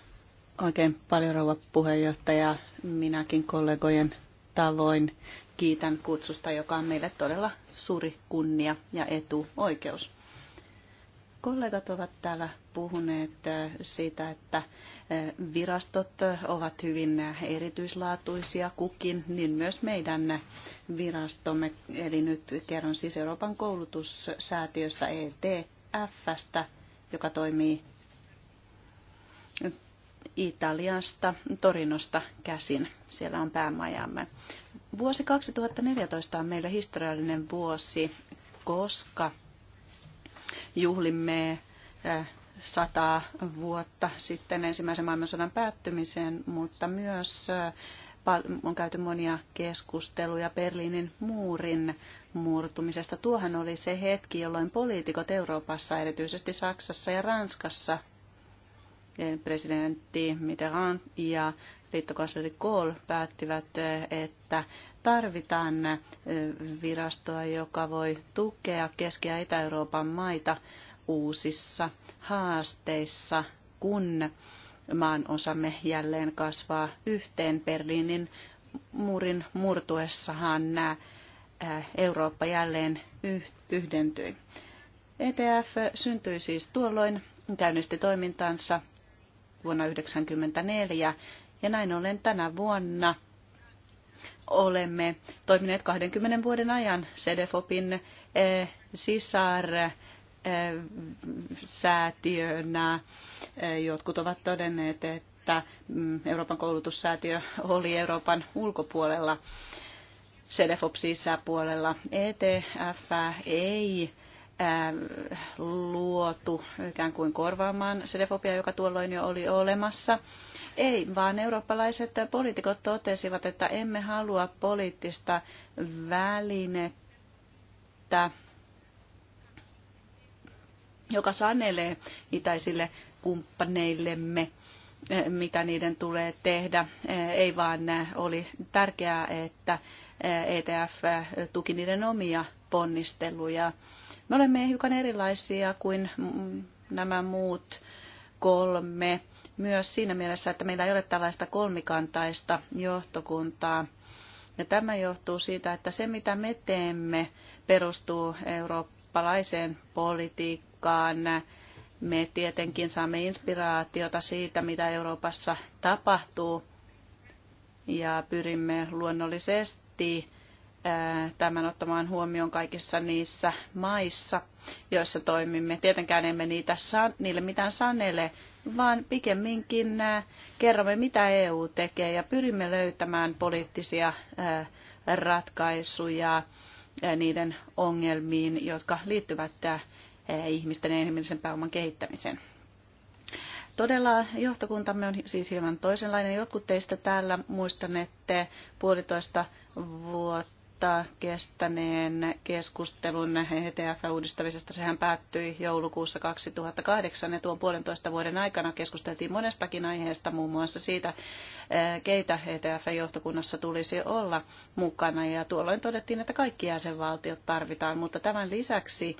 oikein paljon rouva puheenjohtaja. Minäkin kollegojen tavoin kiitän kutsusta, joka on meille todella suuri kunnia ja etuoikeus. Kollegat ovat täällä puhuneet eh, siitä, että eh, virastot eh, ovat hyvin erityislaatuisia kukin, niin myös meidän virastomme. Eli nyt kerron siis Euroopan koulutussäätiöstä ETFstä, joka toimii Italiasta, Torinosta käsin. Siellä on päämajamme. Vuosi 2014 on meille historiallinen vuosi, koska juhlimme eh, sata vuotta sitten ensimmäisen maailmansodan päättymiseen, mutta myös eh, on käyty monia keskusteluja Berliinin muurin murtumisesta. Tuohan oli se hetki, jolloin poliitikot Euroopassa, erityisesti Saksassa ja Ranskassa, presidentti Mitterrand ja liittokansleri Kohl päättivät, että tarvitaan virastoa, joka voi tukea Keski- ja Itä-Euroopan maita uusissa haasteissa, kun maan osamme jälleen kasvaa yhteen Berliinin murin murtuessahan nämä Eurooppa jälleen yhdentyi. ETF syntyi siis tuolloin, käynnisti toimintansa vuonna 1994 ja näin ollen tänä vuonna olemme toimineet 20 vuoden ajan CDFOPin eh, sisar eh, säätiönä. Eh, jotkut ovat todenneet, että mm, Euroopan koulutussäätiö oli Euroopan ulkopuolella, CDFOP sisäpuolella. ETF ei Äh, luotu ikään kuin korvaamaan sedefobia, joka tuolloin jo oli olemassa. Ei, vaan eurooppalaiset poliitikot totesivat, että emme halua poliittista välinettä, joka sanelee itäisille kumppaneillemme äh, mitä niiden tulee tehdä. Äh, ei vaan oli tärkeää, että ETF tuki niiden omia ponnisteluja me olemme hiukan erilaisia kuin mm, nämä muut kolme myös siinä mielessä, että meillä ei ole tällaista kolmikantaista johtokuntaa. Ja tämä johtuu siitä, että se mitä me teemme perustuu eurooppalaiseen politiikkaan. Me tietenkin saamme inspiraatiota siitä, mitä Euroopassa tapahtuu ja pyrimme luonnollisesti tämän ottamaan huomioon kaikissa niissä maissa, joissa toimimme. Tietenkään emme niitä saa, niille mitään sanele, vaan pikemminkin kerromme, mitä EU tekee ja pyrimme löytämään poliittisia ratkaisuja niiden ongelmiin, jotka liittyvät ihmisten ja ihmisen pääoman kehittämiseen. Todella johtokuntamme on siis hieman toisenlainen. Jotkut teistä täällä muistanette puolitoista vuotta vuotta kestäneen keskustelun ETF-uudistamisesta. Sehän päättyi joulukuussa 2008 ja tuon puolentoista vuoden aikana keskusteltiin monestakin aiheesta, muun muassa siitä, keitä ETF-johtokunnassa tulisi olla mukana. Ja tuolloin todettiin, että kaikki jäsenvaltiot tarvitaan, mutta tämän lisäksi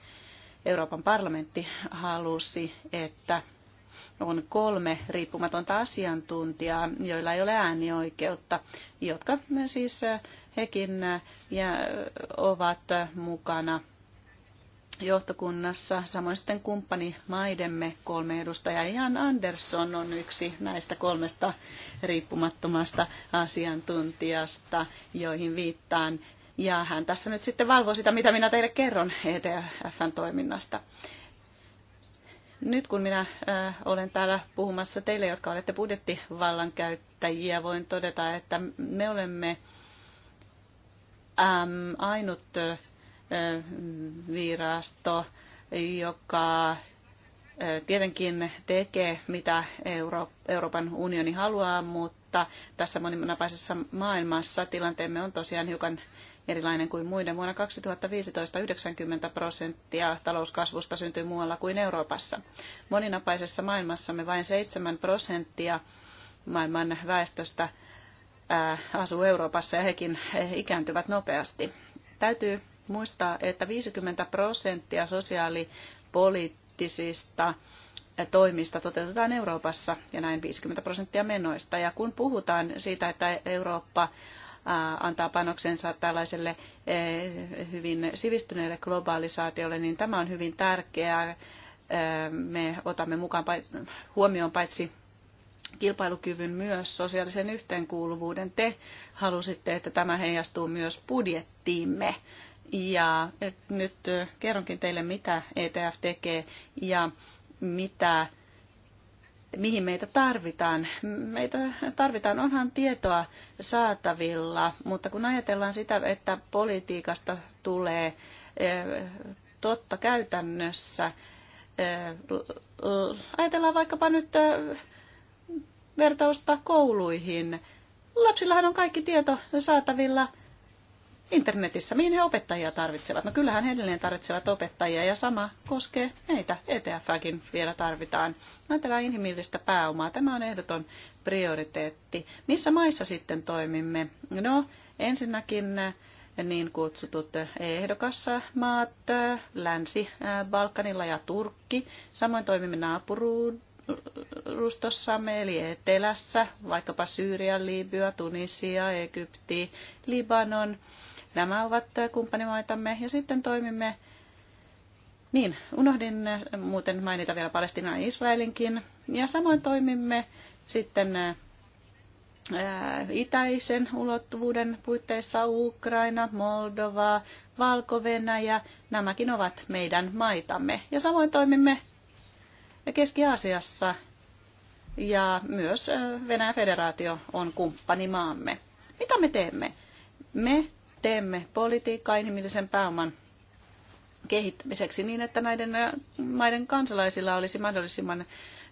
Euroopan parlamentti halusi, että on kolme riippumatonta asiantuntijaa, joilla ei ole äänioikeutta, jotka siis hekin äh, ja ovat äh, mukana johtokunnassa, samoin sitten maidemme kolme edustajaa. Jan Andersson on yksi näistä kolmesta riippumattomasta asiantuntijasta, joihin viittaan. Ja hän tässä nyt sitten valvoo sitä, mitä minä teille kerron ETFn toiminnasta. Nyt kun minä äh, olen täällä puhumassa teille, jotka olette budjettivallankäyttäjiä, käyttäjiä, voin todeta, että me olemme äh, äm, ainut ä, virasto, joka tietenkin tekee, mitä Euro- Euroopan unioni haluaa, mutta tässä moninapaisessa maailmassa tilanteemme on tosiaan hiukan erilainen kuin muiden. Vuonna 2015 90 prosenttia talouskasvusta syntyy muualla kuin Euroopassa. Moninapaisessa maailmassamme vain 7 prosenttia maailman väestöstä asuu Euroopassa ja hekin ikääntyvät nopeasti. Täytyy muistaa, että 50 prosenttia sosiaalipoliittisista toimista toteutetaan Euroopassa ja näin 50 prosenttia menoista. Ja kun puhutaan siitä, että Eurooppa antaa panoksensa tällaiselle hyvin sivistyneelle globalisaatiolle, niin tämä on hyvin tärkeää. Me otamme mukaan huomioon paitsi kilpailukyvyn myös sosiaalisen yhteenkuuluvuuden. Te halusitte, että tämä heijastuu myös budjettiimme. Ja nyt kerronkin teille, mitä ETF tekee ja mitä, mihin meitä tarvitaan. Meitä tarvitaan, onhan tietoa saatavilla, mutta kun ajatellaan sitä, että politiikasta tulee totta käytännössä, ajatellaan vaikkapa nyt vertausta kouluihin. Lapsillahan on kaikki tieto saatavilla internetissä, mihin he opettajia tarvitsevat. No kyllähän he edelleen tarvitsevat opettajia ja sama koskee meitä. ETFäkin vielä tarvitaan. Ajatellaan inhimillistä pääomaa. Tämä on ehdoton prioriteetti. Missä maissa sitten toimimme? No ensinnäkin eh, niin kutsutut eh, maat eh, Länsi-Balkanilla ja Turkki. Samoin toimimme naapuruudessa. Rustossa eli etelässä, vaikkapa Syyria, Libya, Tunisia, Egypti, Libanon. Nämä ovat kumppanimaitamme ja sitten toimimme niin, unohdin muuten mainita vielä Palestinan ja Israelinkin. Ja samoin toimimme sitten itäisen ulottuvuuden puitteissa Ukraina, Moldova, valko -Venäjä. Nämäkin ovat meidän maitamme. Ja samoin toimimme Keski-Aasiassa ja myös Venäjän federaatio on kumppanimaamme. Mitä me teemme? Me teemme politiikkaa inhimillisen pääoman kehittämiseksi niin, että näiden maiden kansalaisilla olisi mahdollisimman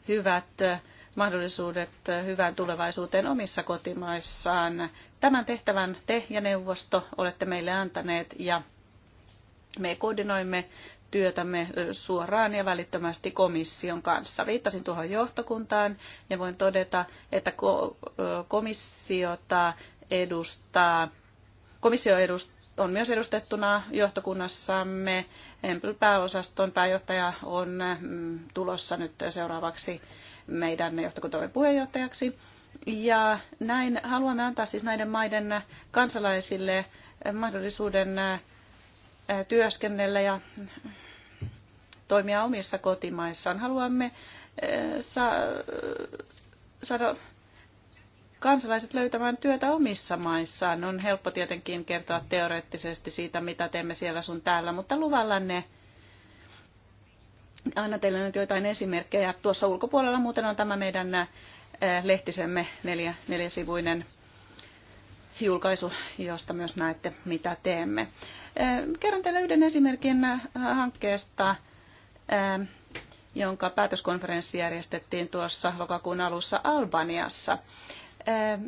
hyvät mahdollisuudet hyvään tulevaisuuteen omissa kotimaissaan. Tämän tehtävän te ja neuvosto olette meille antaneet ja me koordinoimme työtämme suoraan ja välittömästi komission kanssa. Viittasin tuohon johtokuntaan ja voin todeta, että komissiota edustaa, komissio edustaa on myös edustettuna johtokunnassamme. Pääosaston pääjohtaja on mm, tulossa nyt seuraavaksi meidän johtokuntamme puheenjohtajaksi. Ja näin haluamme antaa siis näiden maiden kansalaisille mahdollisuuden työskennellä ja toimia omissa kotimaissaan. Haluamme eh, saada kansalaiset löytämään työtä omissa maissaan. On helppo tietenkin kertoa teoreettisesti siitä, mitä teemme siellä sun täällä, mutta luvallanne anna teille nyt joitain esimerkkejä. Tuossa ulkopuolella muuten on tämä meidän eh, lehtisemme neljä, neljäsivuinen julkaisu, josta myös näette, mitä teemme. Eh, kerron teille yhden esimerkin hankkeesta, jonka päätöskonferenssi järjestettiin tuossa lokakuun alussa Albaniassa.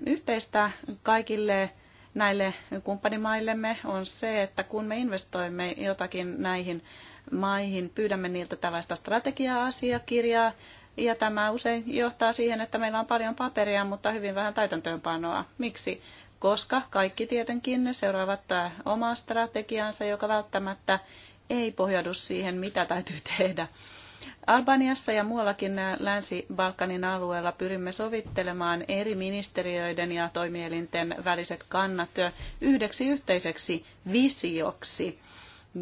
Yhteistä kaikille näille kumppanimaillemme on se, että kun me investoimme jotakin näihin maihin, pyydämme niiltä tällaista strategia-asiakirjaa, ja tämä usein johtaa siihen, että meillä on paljon paperia, mutta hyvin vähän täytäntöönpanoa. Miksi? Koska kaikki tietenkin seuraavat omaa strategiaansa, joka välttämättä ei pohjaudu siihen, mitä täytyy tehdä. Albaniassa ja muuallakin Länsi-Balkanin alueella pyrimme sovittelemaan eri ministeriöiden ja toimielinten väliset kannat yhdeksi yhteiseksi visioksi.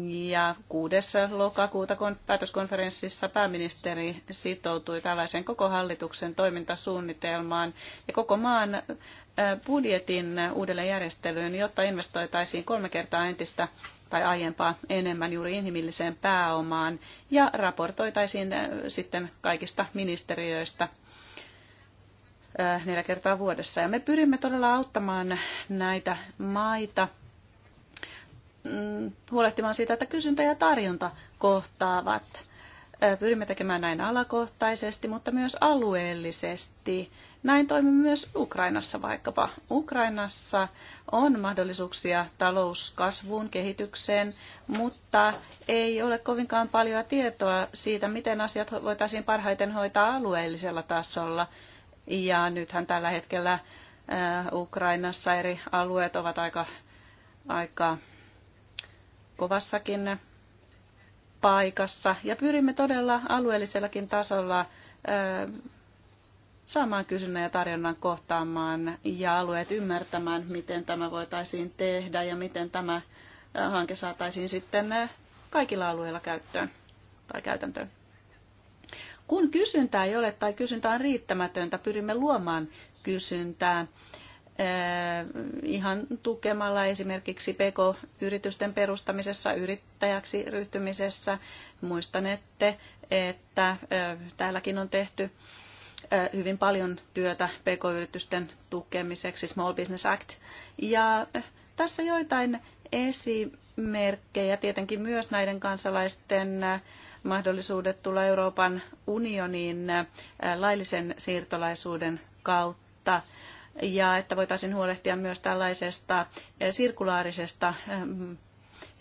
Ja 6. lokakuuta päätöskonferenssissa pääministeri sitoutui tällaiseen koko hallituksen toimintasuunnitelmaan ja koko maan budjetin uudelleenjärjestelyyn, jotta investoitaisiin kolme kertaa entistä tai aiempaa enemmän juuri inhimilliseen pääomaan ja raportoitaisiin äh, sitten kaikista ministeriöistä äh, neljä kertaa vuodessa. Ja me pyrimme todella auttamaan näitä maita mm, huolehtimaan siitä, että kysyntä ja tarjonta kohtaavat. Äh, pyrimme tekemään näin alakohtaisesti, mutta myös alueellisesti näin toimii myös Ukrainassa vaikkapa. Ukrainassa on mahdollisuuksia talouskasvuun, kehitykseen, mutta ei ole kovinkaan paljon tietoa siitä, miten asiat voitaisiin parhaiten hoitaa alueellisella tasolla. Ja nythän tällä hetkellä äh, Ukrainassa eri alueet ovat aika, aika kovassakin paikassa ja pyrimme todella alueellisellakin tasolla äh, saamaan kysynnän ja tarjonnan kohtaamaan ja alueet ymmärtämään, miten tämä voitaisiin tehdä ja miten tämä hanke saataisiin sitten kaikilla alueilla käyttöön tai käytäntöön. Kun kysyntää ei ole tai kysyntä on riittämätöntä, pyrimme luomaan kysyntää ihan tukemalla esimerkiksi PK-yritysten perustamisessa, yrittäjäksi ryhtymisessä. Muistanette, että täälläkin on tehty hyvin paljon työtä pk-yritysten tukemiseksi, Small Business Act. Ja tässä joitain esimerkkejä tietenkin myös näiden kansalaisten mahdollisuudet tulla Euroopan unioniin laillisen siirtolaisuuden kautta ja että voitaisiin huolehtia myös tällaisesta sirkulaarisesta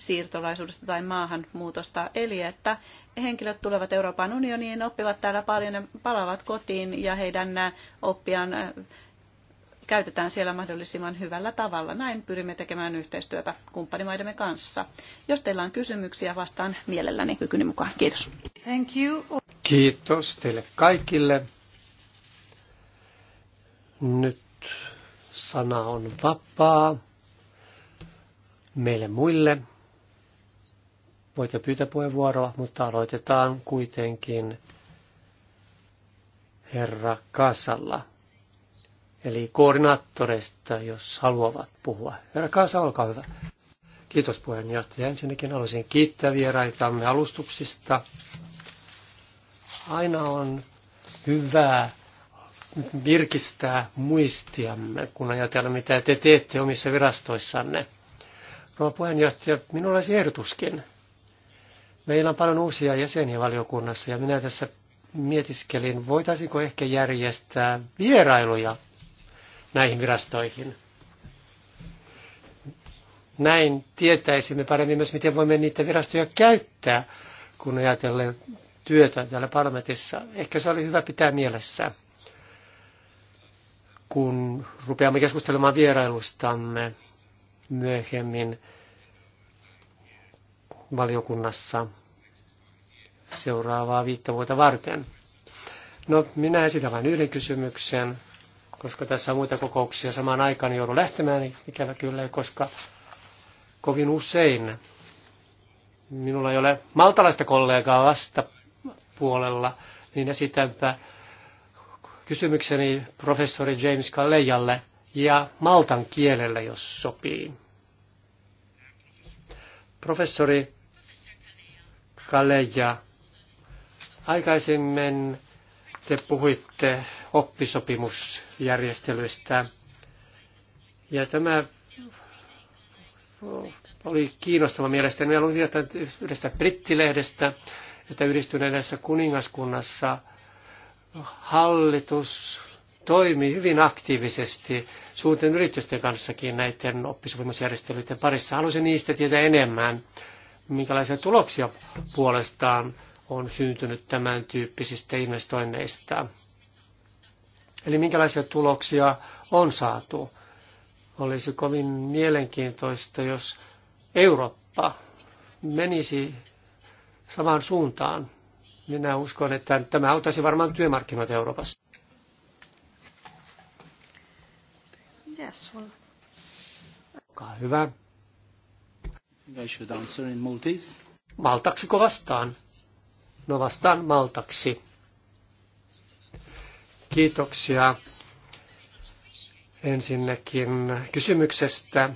siirtolaisuudesta tai maahanmuutosta. Eli että henkilöt tulevat Euroopan unioniin, oppivat täällä paljon ja palaavat kotiin ja heidän oppiaan käytetään siellä mahdollisimman hyvällä tavalla. Näin pyrimme tekemään yhteistyötä kumppanimaidemme kanssa. Jos teillä on kysymyksiä, vastaan mielelläni kykyni mukaan. Kiitos. Thank you.
Kiitos teille kaikille. Nyt sana on vapaa meille muille. Voitte pyytää puheenvuoroa, mutta aloitetaan kuitenkin herra Kasalla, eli koordinaattoreista, jos haluavat puhua. Herra Kasa, olkaa hyvä. Kiitos puheenjohtaja. Ensinnäkin haluaisin kiittää vieraitamme alustuksista. Aina on hyvää virkistää muistiamme, kun ajatellaan, mitä te teette omissa virastoissanne. Rouva puheenjohtaja, minulla olisi ehdotuskin. Meillä on paljon uusia jäseniä valiokunnassa ja minä tässä mietiskelin, voitaisiinko ehkä järjestää vierailuja näihin virastoihin. Näin tietäisimme paremmin myös, miten voimme niitä virastoja käyttää, kun ajatellaan työtä täällä parlamentissa. Ehkä se oli hyvä pitää mielessä, kun rupeamme keskustelemaan vierailustamme myöhemmin valiokunnassa seuraavaa viittä vuotta varten. No, minä esitän vain yhden kysymyksen, koska tässä on muita kokouksia samaan aikaan, niin joudun lähtemään, ikävä kyllä, koska kovin usein minulla ei ole maltalaista kollegaa vastapuolella, niin esitänpä kysymykseni professori James Kallejalle ja maltan kielellä, jos sopii. Professori Kaleja, aikaisemmin te puhuitte oppisopimusjärjestelyistä ja tämä oli kiinnostava mielestäni. Minä luin yhdestä brittilehdestä, että yhdistyneessä kuningaskunnassa hallitus toimii hyvin aktiivisesti suurten yritysten kanssakin näiden oppisopimusjärjestelyiden parissa. Haluaisin niistä tietää enemmän minkälaisia tuloksia puolestaan on syntynyt tämän tyyppisistä investoinneista. Eli minkälaisia tuloksia on saatu. Olisi kovin mielenkiintoista, jos Eurooppa menisi samaan suuntaan. Minä uskon, että tämä auttaisi varmaan työmarkkinoita Euroopassa. Yes, well. Olkaa hyvä. I should answer in Maltese. Maltaksiko vastaan? No vastaan maltaksi. Kiitoksia ensinnäkin kysymyksestä.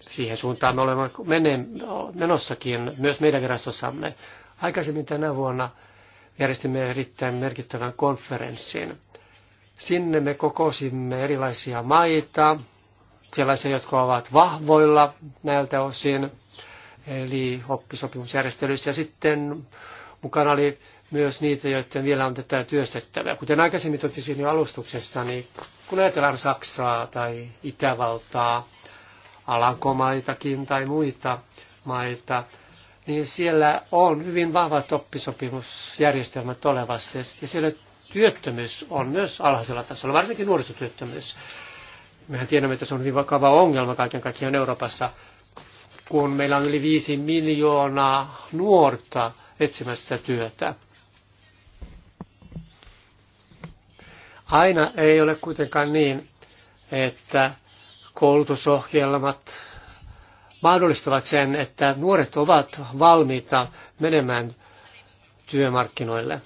Siihen suuntaan me olemme menossakin myös meidän virastossamme. Aikaisemmin tänä vuonna järjestimme erittäin merkittävän konferenssin. Sinne me kokosimme erilaisia maita, sellaisia, jotka ovat vahvoilla näiltä osin eli oppisopimusjärjestelyissä. Ja sitten mukana oli myös niitä, joiden vielä on tätä työstettävää. Kuten aikaisemmin totesin jo alustuksessa, niin kun ajatellaan Saksaa tai Itävaltaa, Alankomaitakin tai muita maita, niin siellä on hyvin vahvat oppisopimusjärjestelmät olevassa ja siellä työttömyys on myös alhaisella tasolla, varsinkin nuorisotyöttömyys. Mehän tiedämme, että se on hyvin vakava ongelma kaiken kaikkiaan Euroopassa, kun meillä on yli viisi miljoonaa nuorta etsimässä työtä. Aina ei ole kuitenkaan niin, että koulutusohjelmat mahdollistavat sen, että nuoret ovat valmiita menemään työmarkkinoille.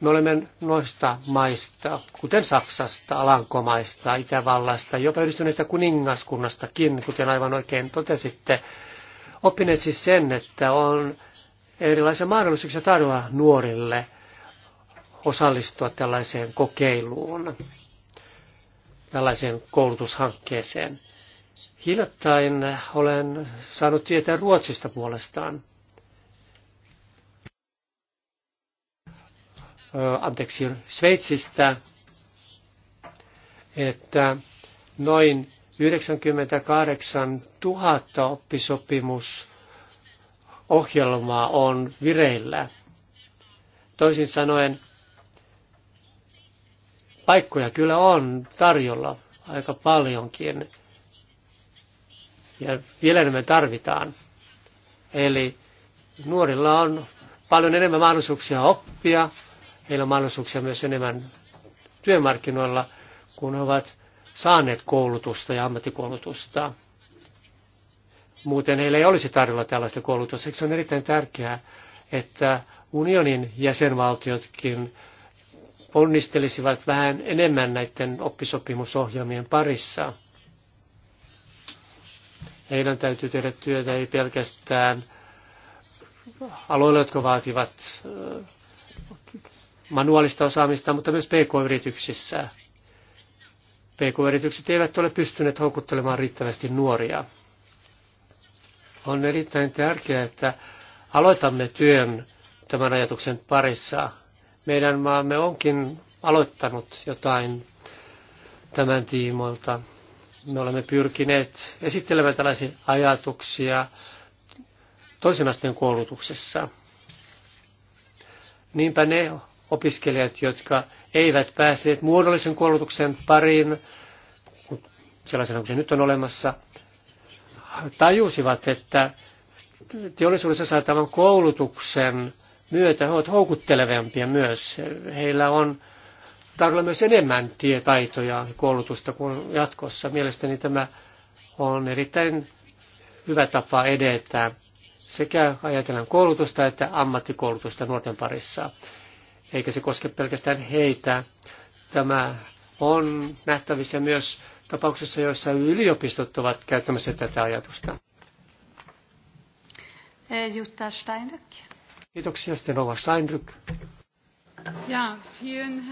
Me olemme noista maista, kuten Saksasta, Alankomaista, Itävallasta, jopa yhdistyneestä kuningaskunnastakin, kuten aivan oikein totesitte, oppineet siis sen, että on erilaisia mahdollisuuksia tarjolla nuorille osallistua tällaiseen kokeiluun, tällaiseen koulutushankkeeseen. Hiljattain olen saanut tietää Ruotsista puolestaan. anteeksi, Sveitsistä, että noin 98 000 oppisopimusohjelmaa on vireillä. Toisin sanoen, paikkoja kyllä on tarjolla aika paljonkin. Ja vielä enemmän tarvitaan. Eli nuorilla on paljon enemmän mahdollisuuksia oppia, Heillä on mahdollisuuksia myös enemmän työmarkkinoilla, kun he ovat saaneet koulutusta ja ammattikoulutusta. Muuten heillä ei olisi tarjolla tällaista koulutusta. Siksi on erittäin tärkeää, että unionin jäsenvaltiotkin ponnistelisivat vähän enemmän näiden oppisopimusohjelmien parissa. Heidän täytyy tehdä työtä ei pelkästään aloilla, jotka vaativat manuaalista osaamista, mutta myös PK-yrityksissä. PK-yritykset eivät ole pystyneet houkuttelemaan riittävästi nuoria. On erittäin tärkeää, että aloitamme työn tämän ajatuksen parissa. Meidän maamme onkin aloittanut jotain tämän tiimoilta. Me olemme pyrkineet esittelemään tällaisia ajatuksia toisen asteen koulutuksessa. Niinpä ne opiskelijat, jotka eivät päässeet muodollisen koulutuksen pariin, sellaisena kuin se nyt on olemassa, tajusivat, että teollisuudessa saatavan koulutuksen myötä he ovat houkuttelevampia myös. Heillä on tarjolla myös enemmän tietaitoja ja koulutusta kuin jatkossa. Mielestäni tämä on erittäin hyvä tapa edetä sekä ajatellaan koulutusta että ammattikoulutusta nuorten parissa eikä se koske pelkästään heitä. Tämä on nähtävissä myös tapauksessa, joissa yliopistot ovat käyttämässä tätä ajatusta.
Eh, Jutta Steinrück.
Kiitoksia, Stenova Steinrück.
Ja,
vielen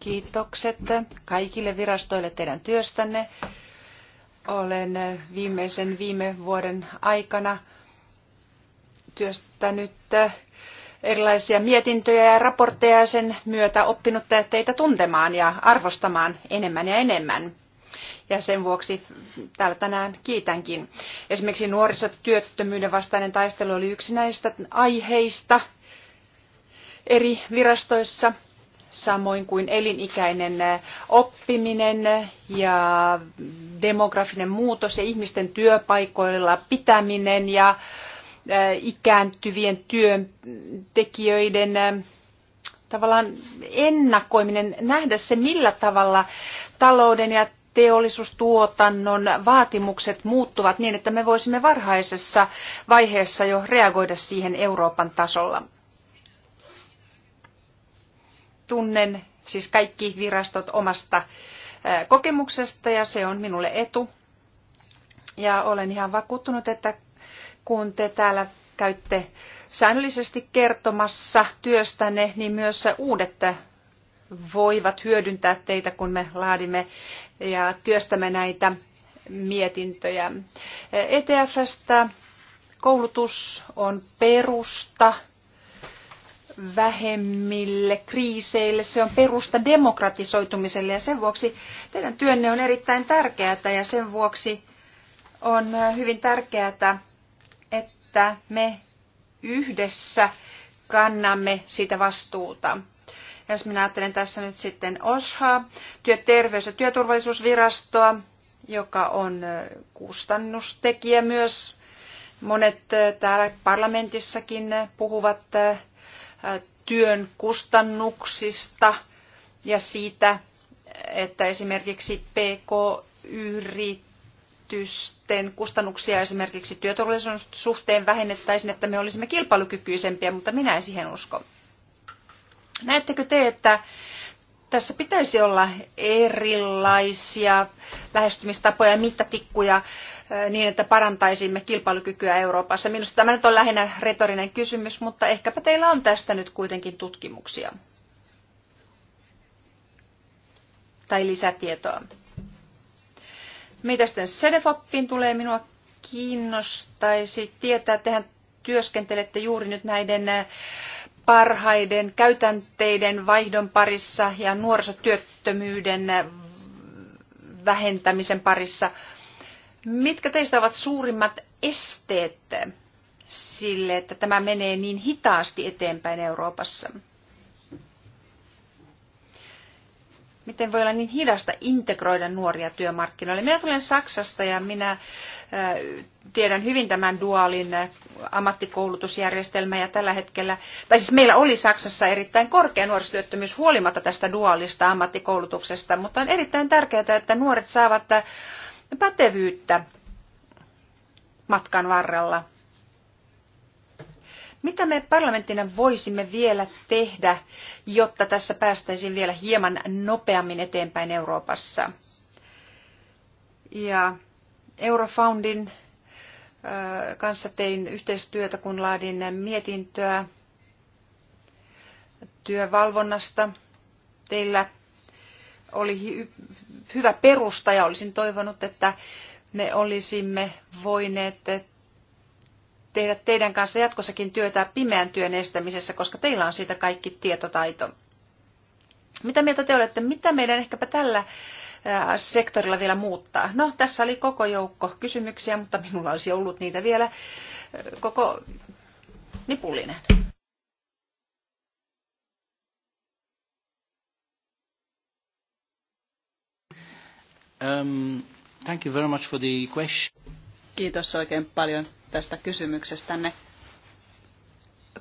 Kiitokset kaikille virastoille teidän työstänne. Olen viimeisen viime vuoden aikana työstänyt erilaisia mietintöjä ja raportteja ja sen myötä oppinut teitä tuntemaan ja arvostamaan enemmän ja enemmän. Ja sen vuoksi täällä tänään kiitänkin. Esimerkiksi nuorisotyöttömyyden vastainen taistelu oli yksi näistä aiheista eri virastoissa, samoin kuin elinikäinen oppiminen ja demografinen muutos ja ihmisten työpaikoilla pitäminen ja Äh, ikääntyvien työntekijöiden äh, tavallaan ennakoiminen, nähdä se millä tavalla talouden ja teollisuustuotannon vaatimukset muuttuvat niin, että me voisimme varhaisessa vaiheessa jo reagoida siihen Euroopan tasolla. Tunnen siis kaikki virastot omasta äh, kokemuksesta ja se on minulle etu. Ja olen ihan vakuuttunut, että kun te täällä käytte säännöllisesti kertomassa työstänne, niin myös uudet voivat hyödyntää teitä, kun me laadimme ja työstämme näitä mietintöjä. ETFstä koulutus on perusta vähemmille kriiseille, se on perusta demokratisoitumiselle ja sen vuoksi teidän työnne on erittäin tärkeää ja sen vuoksi on hyvin tärkeää, että me yhdessä kannamme sitä vastuuta. Jos minä ajattelen tässä nyt sitten OSHA, työterveys- ja työturvallisuusvirastoa, joka on kustannustekijä myös. Monet täällä parlamentissakin puhuvat työn kustannuksista ja siitä, että esimerkiksi PK-yritykset yritysten kustannuksia esimerkiksi työturvallisuuden suhteen vähennettäisiin, että me olisimme kilpailukykyisempiä, mutta minä en siihen usko. Näettekö te, että tässä pitäisi olla erilaisia lähestymistapoja ja mittatikkuja niin, että parantaisimme kilpailukykyä Euroopassa. Minusta tämä nyt on lähinnä retorinen kysymys, mutta ehkäpä teillä on tästä nyt kuitenkin tutkimuksia tai lisätietoa. Mitä sitten Sedefoppiin tulee, minua kiinnostaisi tietää, että tehän työskentelette juuri nyt näiden äh, parhaiden käytänteiden vaihdon parissa ja nuorisotyöttömyyden äh, vähentämisen parissa. Mitkä teistä ovat suurimmat esteet sille, että tämä menee niin hitaasti eteenpäin Euroopassa? miten voi olla niin hidasta integroida nuoria työmarkkinoille. Minä tulen Saksasta ja minä tiedän hyvin tämän dualin ammattikoulutusjärjestelmän ja tällä hetkellä, tai siis meillä oli Saksassa erittäin korkea nuorisotyöttömyys huolimatta tästä dualista ammattikoulutuksesta, mutta on erittäin tärkeää, että nuoret saavat pätevyyttä matkan varrella mitä me parlamenttina voisimme vielä tehdä, jotta tässä päästäisiin vielä hieman nopeammin eteenpäin Euroopassa? Ja Eurofoundin kanssa tein yhteistyötä, kun laadin mietintöä työvalvonnasta. Teillä oli hyvä perusta ja olisin toivonut, että me olisimme voineet tehdä teidän kanssa jatkossakin työtä pimeän työn estämisessä, koska teillä on siitä kaikki tietotaito. Mitä mieltä te olette, mitä meidän ehkäpä tällä sektorilla vielä muuttaa? No, tässä oli koko joukko kysymyksiä, mutta minulla olisi ollut niitä vielä koko nipullinen.
Um, thank you very much for the question.
Kiitos oikein paljon tästä kysymyksestänne.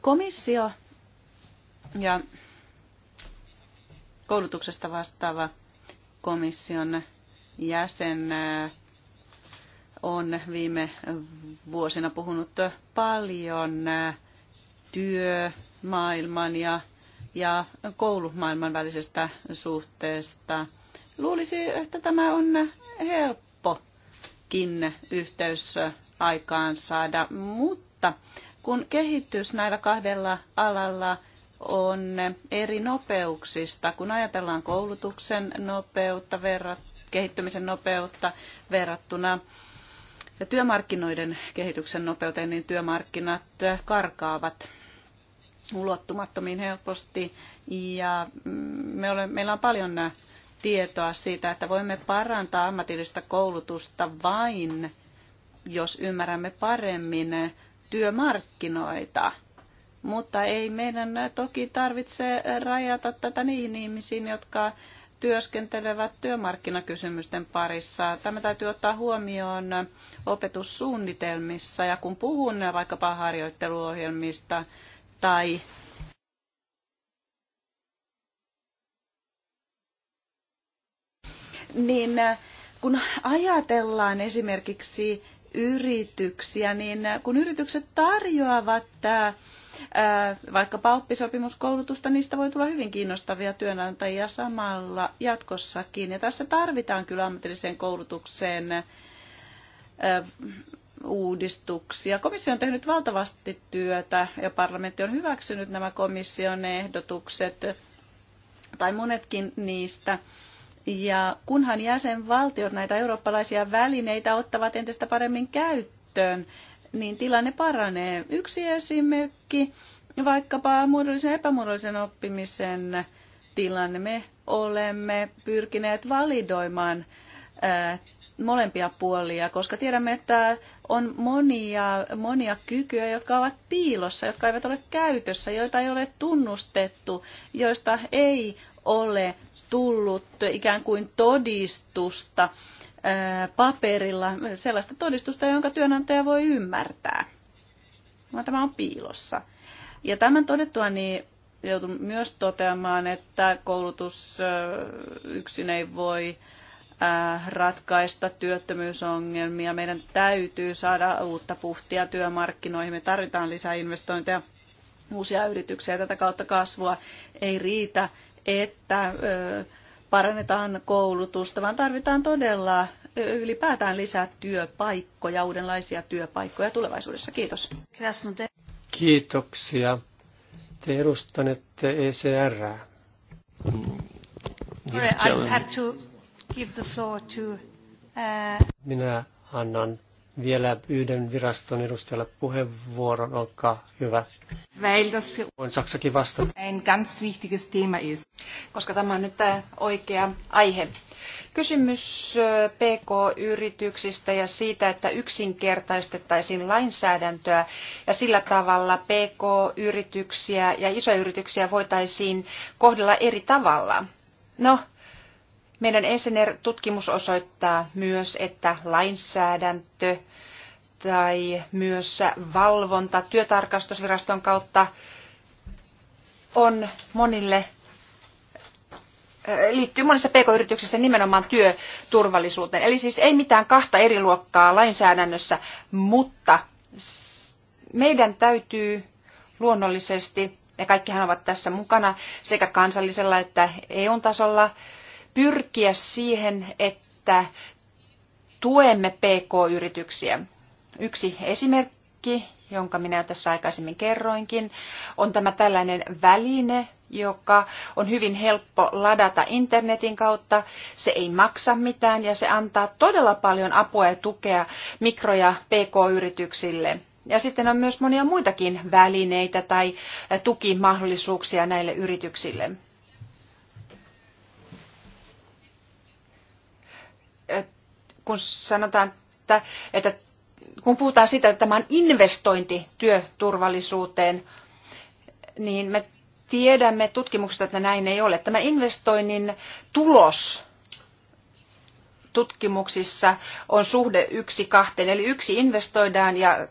Komissio ja koulutuksesta vastaava komission jäsen äh, on viime vuosina puhunut paljon äh, työmaailman ja, ja koulumaailman välisestä suhteesta. Luulisi, että tämä on helppo kin yhteys aikaan saada, mutta kun kehitys näillä kahdella alalla on eri nopeuksista, kun ajatellaan koulutuksen nopeutta, verrat, kehittymisen nopeutta verrattuna ja työmarkkinoiden kehityksen nopeuteen, niin työmarkkinat karkaavat ulottumattomiin helposti. Ja mm, me ole, meillä on paljon tietoa siitä, että voimme parantaa ammatillista koulutusta vain, jos ymmärrämme paremmin työmarkkinoita. Mutta ei meidän toki tarvitse rajata tätä niihin ihmisiin, jotka työskentelevät työmarkkinakysymysten parissa. Tämä täytyy ottaa huomioon opetussuunnitelmissa ja kun puhun vaikkapa harjoitteluohjelmista tai niin äh, kun ajatellaan esimerkiksi yrityksiä, niin äh, kun yritykset tarjoavat äh, vaikkapa oppisopimuskoulutusta, niistä voi tulla hyvin kiinnostavia työnantajia samalla jatkossakin. Ja tässä tarvitaan kyllä ammatilliseen koulutukseen uudistuksia. Komissio on tehnyt valtavasti työtä ja parlamentti on hyväksynyt nämä komission ehdotukset tai monetkin niistä. Ja kunhan jäsenvaltiot näitä eurooppalaisia välineitä ottavat entistä paremmin käyttöön, niin tilanne paranee. Yksi esimerkki, vaikkapa muodollisen ja epämuodollisen oppimisen tilanne. Me olemme pyrkineet validoimaan äh, molempia puolia, koska tiedämme, että on monia, monia kykyjä, jotka ovat piilossa, jotka eivät ole käytössä, joita ei ole tunnustettu, joista ei ole tullut ikään kuin todistusta paperilla, sellaista todistusta, jonka työnantaja voi ymmärtää. Tämä on piilossa. Ja tämän todettua niin joutun myös toteamaan, että koulutus yksin ei voi ratkaista työttömyysongelmia. Meidän täytyy saada uutta puhtia työmarkkinoihin. Me tarvitaan lisää investointeja, uusia yrityksiä. Tätä kautta kasvua ei riitä että parannetaan koulutusta, vaan tarvitaan todella ylipäätään lisää työpaikkoja, uudenlaisia työpaikkoja tulevaisuudessa. Kiitos.
Kiitoksia. Te edustanette ECR. Uh, Minä annan vielä yhden viraston edustajalle puheenvuoron, olkaa hyvä. Weil das für Voin Saksakin vastata.
Ein ganz wichtiges Thema
ist. Koska tämä on nyt äh, oikea aihe. Kysymys äh, PK-yrityksistä ja siitä, että yksinkertaistettaisiin lainsäädäntöä ja sillä tavalla PK-yrityksiä ja isoyrityksiä voitaisiin kohdella eri tavalla. No, meidän ensinnäkin tutkimus osoittaa myös, että lainsäädäntö tai myös valvonta työtarkastusviraston kautta on monille äh, liittyy monissa pk-yrityksissä nimenomaan työturvallisuuteen. Eli siis ei mitään kahta eri luokkaa lainsäädännössä, mutta meidän täytyy luonnollisesti, ja kaikkihan ovat tässä mukana sekä kansallisella että EU-tasolla, pyrkiä siihen, että tuemme PK-yrityksiä. Yksi esimerkki, jonka minä tässä aikaisemmin kerroinkin, on tämä tällainen väline, joka on hyvin helppo ladata internetin kautta. Se ei maksa mitään ja se antaa todella paljon apua ja tukea mikro- ja pk-yrityksille. Ja sitten on myös monia muitakin välineitä tai tukimahdollisuuksia näille yrityksille. kun sanotaan, että, että kun puhutaan siitä, että tämä on investointi työturvallisuuteen, niin me tiedämme tutkimuksesta, että näin ei ole. Tämä investoinnin tulos tutkimuksissa on suhde yksi kahteen, eli yksi investoidaan ja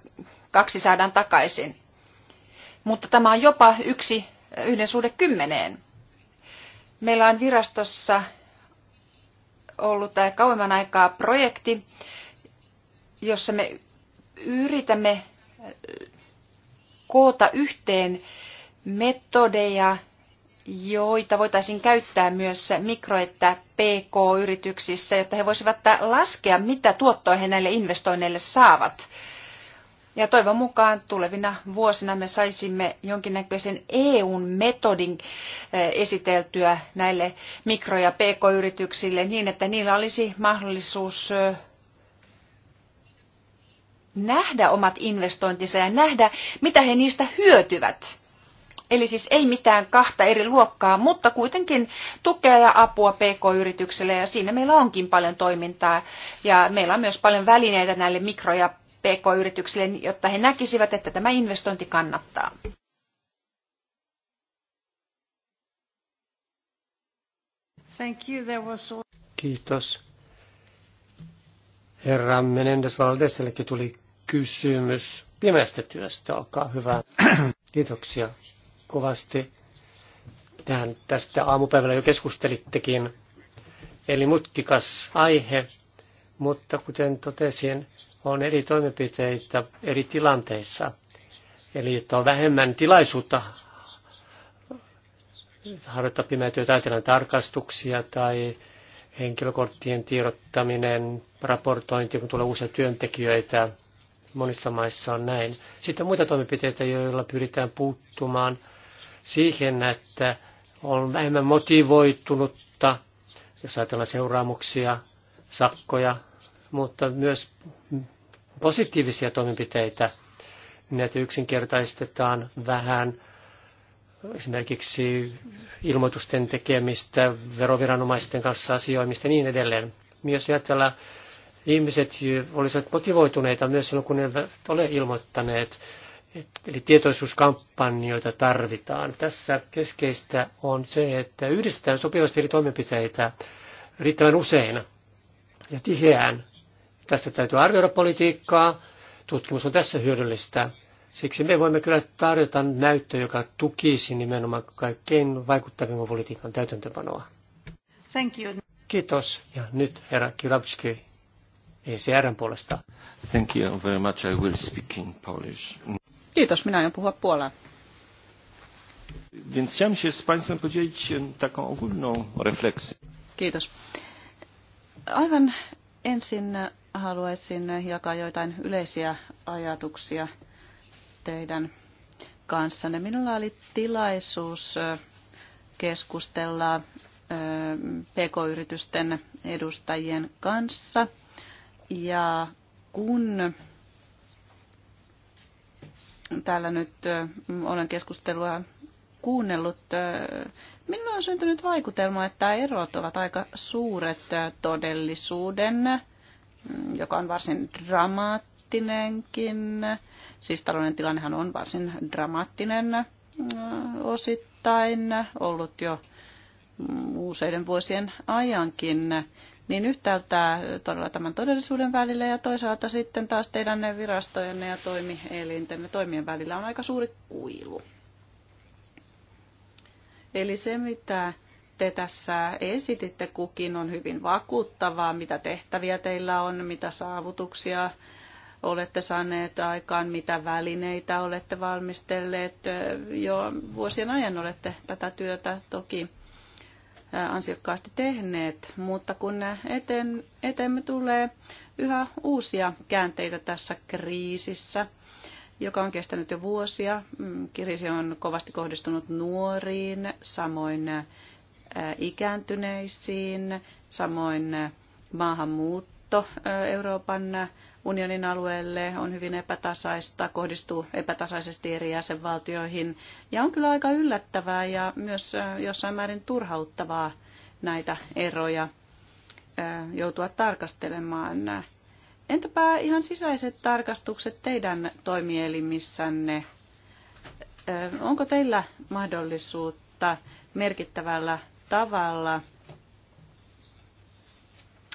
kaksi saadaan takaisin. Mutta tämä on jopa yksi yhden suhde kymmeneen. Meillä on virastossa ollut äh, kauemman aikaa projekti, jossa me yritämme äh, koota yhteen metodeja, joita voitaisiin käyttää myös mikro- että pk-yrityksissä, jotta he voisivat äh, laskea, mitä tuottoa he näille investoinneille saavat. Ja toivon mukaan tulevina vuosina me saisimme jonkinnäköisen EUn metodin eh, esiteltyä näille mikro- ja pk-yrityksille niin, että niillä olisi mahdollisuus eh, nähdä omat investointinsa ja nähdä, mitä he niistä hyötyvät. Eli siis ei mitään kahta eri luokkaa, mutta kuitenkin tukea ja apua PK-yritykselle ja siinä meillä onkin paljon toimintaa ja meillä on myös paljon välineitä näille mikro- ja PK-yrityksille, jotta he näkisivät, että tämä investointi kannattaa.
Thank you. There was...
Kiitos. Herra Menendez Valdesellekin tuli kysymys pimeästä työstä. Olkaa hyvä. Kiitoksia kovasti. Tähän tästä aamupäivällä jo keskustelittekin. Eli mutkikas aihe, mutta kuten totesin, on eri toimenpiteitä eri tilanteissa. Eli että on vähemmän tilaisuutta harjoittaa pimeätyötä, ajatellaan tarkastuksia tai henkilökorttien tiedottaminen, raportointi, kun tulee uusia työntekijöitä. Monissa maissa on näin. Sitten muita toimenpiteitä, joilla pyritään puuttumaan siihen, että on vähemmän motivoitunutta, jos ajatellaan seuraamuksia, sakkoja, mutta myös positiivisia toimenpiteitä, ne yksinkertaistetaan vähän esimerkiksi ilmoitusten tekemistä, veroviranomaisten kanssa asioimista ja niin edelleen. Myös ajatella ihmiset olisivat motivoituneita myös silloin, kun ne eivät ole ilmoittaneet. Eli tietoisuuskampanjoita tarvitaan. Tässä keskeistä on se, että yhdistetään sopivasti eri toimenpiteitä riittävän usein ja tiheään tässä täytyy arvioida politiikkaa. Tutkimus on tässä hyödyllistä. Siksi me voimme kyllä tarjota näyttöä, joka tukisi nimenomaan kaikkein vaikuttavimman politiikan täytäntöpanoa. Thank you. Kiitos. Ja nyt herra Kirabski ECRn puolesta. Thank you very much. I will speak in Polish.
Kiitos. Minä aion puhua puolaa.
Więc chciałem się z Państwem podzielić e, taką ogólną refleksję. Kiitos.
Aivan ensin haluaisin jakaa joitain yleisiä ajatuksia teidän kanssanne. Minulla oli tilaisuus keskustella pk-yritysten edustajien kanssa. Ja kun täällä nyt olen keskustelua kuunnellut, minulla on syntynyt vaikutelma, että erot ovat aika suuret todellisuuden Mm, joka on varsin dramaattinenkin. Siis talouden tilannehan on varsin dramaattinen mm, osittain ollut jo mm, useiden vuosien ajankin, niin yhtäältä todella tämän todellisuuden välillä ja toisaalta sitten taas teidän virastojenne ja toimielintenne toimien välillä on aika suuri kuilu. Eli se, mitä te tässä esititte kukin on hyvin vakuuttavaa, mitä tehtäviä teillä on, mitä saavutuksia olette saaneet aikaan, mitä välineitä olette valmistelleet. Jo vuosien ajan olette tätä työtä toki ansiokkaasti tehneet, mutta kun eteen, eteemme tulee yhä uusia käänteitä tässä kriisissä, joka on kestänyt jo vuosia. Mm, kriisi on kovasti kohdistunut nuoriin, samoin Äh, ikääntyneisiin, samoin äh, maahanmuutto äh, Euroopan unionin alueelle on hyvin epätasaista, kohdistuu epätasaisesti eri jäsenvaltioihin ja on kyllä aika yllättävää ja myös jossain määrin turhauttavaa näitä eroja joutua tarkastelemaan. Entäpä ihan sisäiset tarkastukset teidän toimielimissänne? Onko teillä mahdollisuutta merkittävällä tavalla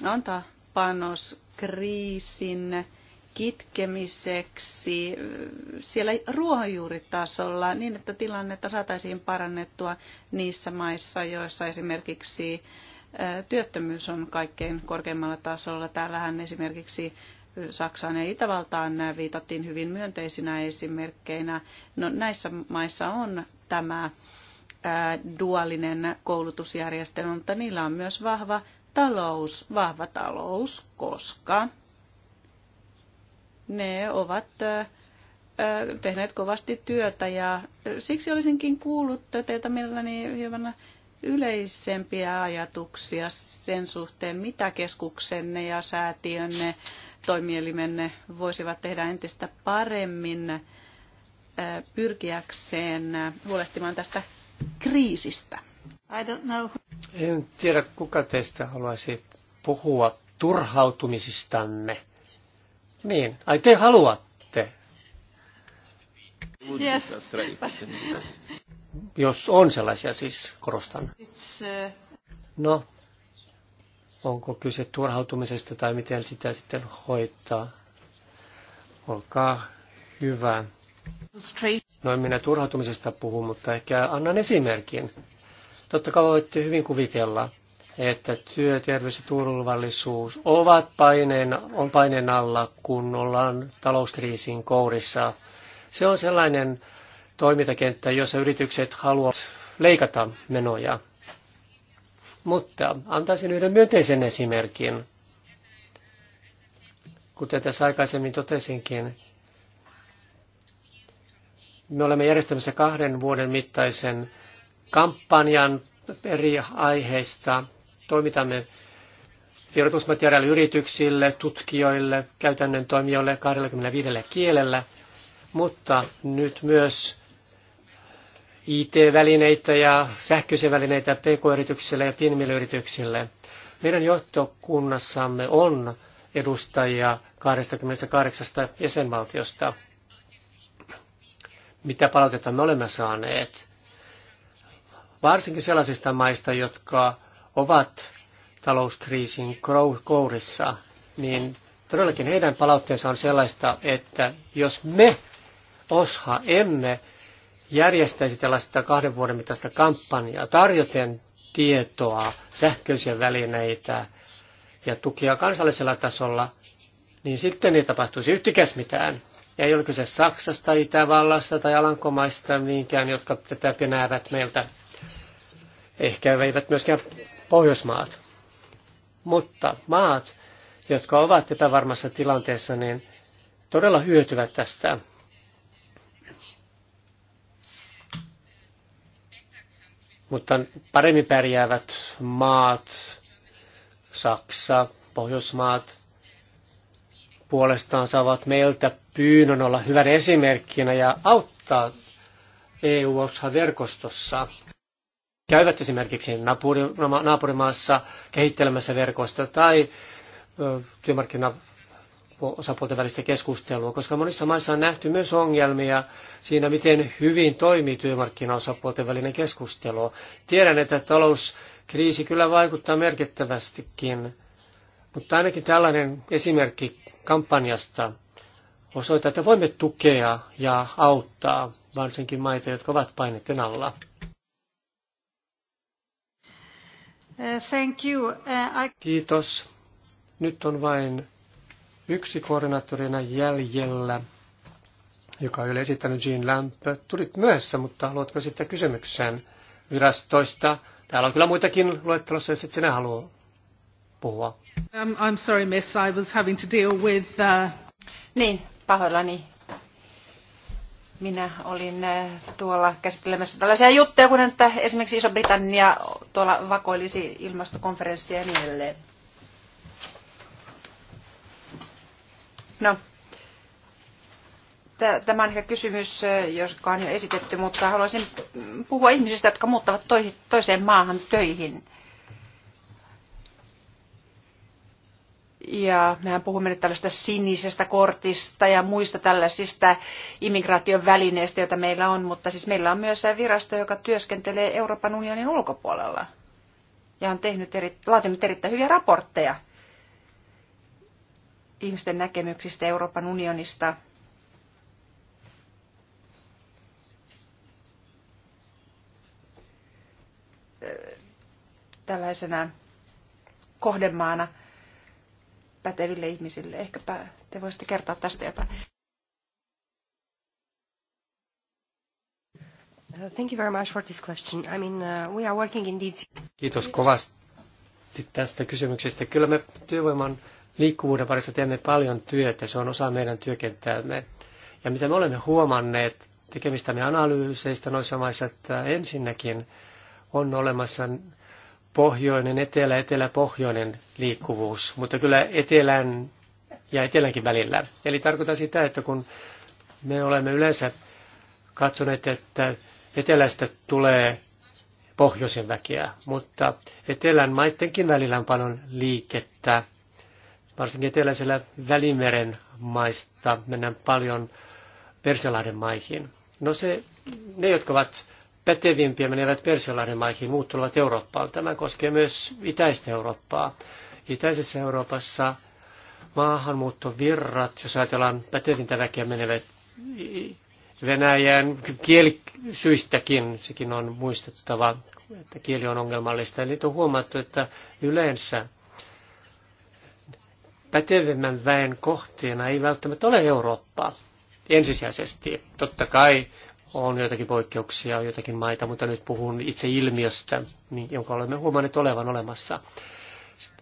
antaa panos kriisin kitkemiseksi siellä ruohonjuuritasolla niin, että tilannetta saataisiin parannettua niissä maissa, joissa esimerkiksi työttömyys on kaikkein korkeimmalla tasolla. Täällähän esimerkiksi Saksaan ja Itävaltaan nämä viitattiin hyvin myönteisinä esimerkkeinä. No, näissä maissa on tämä duaalinen koulutusjärjestelmä, mutta niillä on myös vahva talous, vahva talous, koska ne ovat tehneet kovasti työtä ja siksi olisinkin kuullut teiltä mielelläni hieman yleisempiä ajatuksia sen suhteen, mitä keskuksenne ja säätiönne toimielimenne voisivat tehdä entistä paremmin pyrkiäkseen huolehtimaan tästä kriisistä. I
don't know. En tiedä, kuka teistä haluaisi puhua turhautumisistanne. Niin, ai te haluatte. Yes. Jos on sellaisia siis, korostan. It's, uh, No, onko kyse turhautumisesta tai miten sitä sitten hoitaa? Olkaa hyvä. No en minä turhautumisesta puhu, mutta ehkä annan esimerkin. Totta kai voitte hyvin kuvitella, että terveys ja turvallisuus ovat paineen, on paineen alla, kun ollaan talouskriisin kourissa. Se on sellainen toimintakenttä, jossa yritykset haluavat leikata menoja. Mutta antaisin yhden myönteisen esimerkin. Kuten tässä aikaisemmin totesinkin, me olemme järjestämässä kahden vuoden mittaisen kampanjan eri aiheista. Toimitamme tiedotusmateriaali yrityksille, tutkijoille, käytännön toimijoille 25 kielellä, mutta nyt myös IT-välineitä ja sähköisiä välineitä pk-yrityksille ja pienemmille yrityksille. Meidän johtokunnassamme on edustajia 28 jäsenvaltiosta mitä palautetta me olemme saaneet. Varsinkin sellaisista maista, jotka ovat talouskriisin kourissa, niin todellakin heidän palautteensa on sellaista, että jos me osha emme järjestäisi tällaista kahden vuoden mittaista kampanjaa tarjoten tietoa, sähköisiä välineitä ja tukia kansallisella tasolla, niin sitten ei tapahtuisi yhtikäs mitään. Ja ei ole kyse Saksasta, Itävallasta tai Alankomaista niinkään, jotka tätä penäävät meiltä. Ehkä veivät myöskään Pohjoismaat. Mutta maat, jotka ovat epävarmassa tilanteessa, niin todella hyötyvät tästä. Mutta paremmin pärjäävät maat, Saksa, Pohjoismaat, puolestaan saavat meiltä pyynnön olla hyvän esimerkkinä ja auttaa EU-verkostossa. Käyvät esimerkiksi naapurimaassa kehittelemässä verkostoa tai työmarkkina osapuolten välistä keskustelua, koska monissa maissa on nähty myös ongelmia siinä, miten hyvin toimii työmarkkinaosapuolten välinen keskustelu. Tiedän, että talouskriisi kyllä vaikuttaa merkittävästikin mutta ainakin tällainen esimerkki kampanjasta osoittaa, että voimme tukea ja auttaa varsinkin maita, jotka ovat paineiden alla. Uh, thank you. Uh, I... Kiitos. Nyt on vain yksi koordinaattorina jäljellä, joka oli esittänyt Jean Lamp. Tulit myöhässä, mutta haluatko sitten kysymyksen virastoista? Täällä on kyllä muitakin luettelossa, jos et sinä halua puhua.
Um, I'm sorry, miss. I was
having to deal with... Uh... Niin, pahoillani. Minä olin äh, tuolla käsittelemässä tällaisia juttuja, kun että esimerkiksi Iso-Britannia tuolla vakoilisi ilmastokonferenssia ja niin edelleen. No, tämä on ehkä kysymys, äh, joka on jo esitetty, mutta haluaisin puhua ihmisistä, jotka muuttavat toiseen maahan töihin – Ja mehän puhumme nyt tällaista sinisestä kortista ja muista tällaisista immigraation välineistä, joita meillä on, mutta siis meillä on myös virasto, joka työskentelee Euroopan unionin ulkopuolella ja on tehnyt eri, laatinut erittäin hyviä raportteja ihmisten näkemyksistä Euroopan unionista. tällaisena kohdemaana – päteville ihmisille. Ehkäpä te voisitte kertoa tästä jotain. Uh, thank you very much for this question. I mean, uh, we are working indeed.
Kiitos kovasti tästä kysymyksestä. Kyllä me työvoiman liikkuvuuden parissa teemme paljon työtä. Se on osa meidän työkenttäämme. Ja mitä me olemme huomanneet tekemistämme analyyseistä noissa maissa, että ensinnäkin on olemassa pohjoinen, etelä, etelä-pohjoinen liikkuvuus, mutta kyllä etelän ja etelänkin välillä. Eli tarkoitan sitä, että kun me olemme yleensä katsoneet, että etelästä tulee pohjoisen väkeä, mutta etelän maittenkin välillä on paljon liikettä. Varsinkin eteläisellä Välimeren maista mennään paljon Persialahden maihin. No se, ne, jotka ovat pätevimpiä menevät Persialahden maihin, muut tulevat Eurooppaan. Tämä koskee myös itäistä Eurooppaa. Itäisessä Euroopassa maahanmuuttovirrat, jos ajatellaan pätevintä väkeä menevät Venäjän kielisyistäkin, sekin on muistettava, että kieli on ongelmallista. Eli on huomattu, että yleensä pätevimmän väen kohteena ei välttämättä ole Eurooppaa ensisijaisesti. Totta kai on joitakin poikkeuksia, joitakin maita, mutta nyt puhun itse ilmiöstä, niin jonka olemme huomanneet olevan olemassa.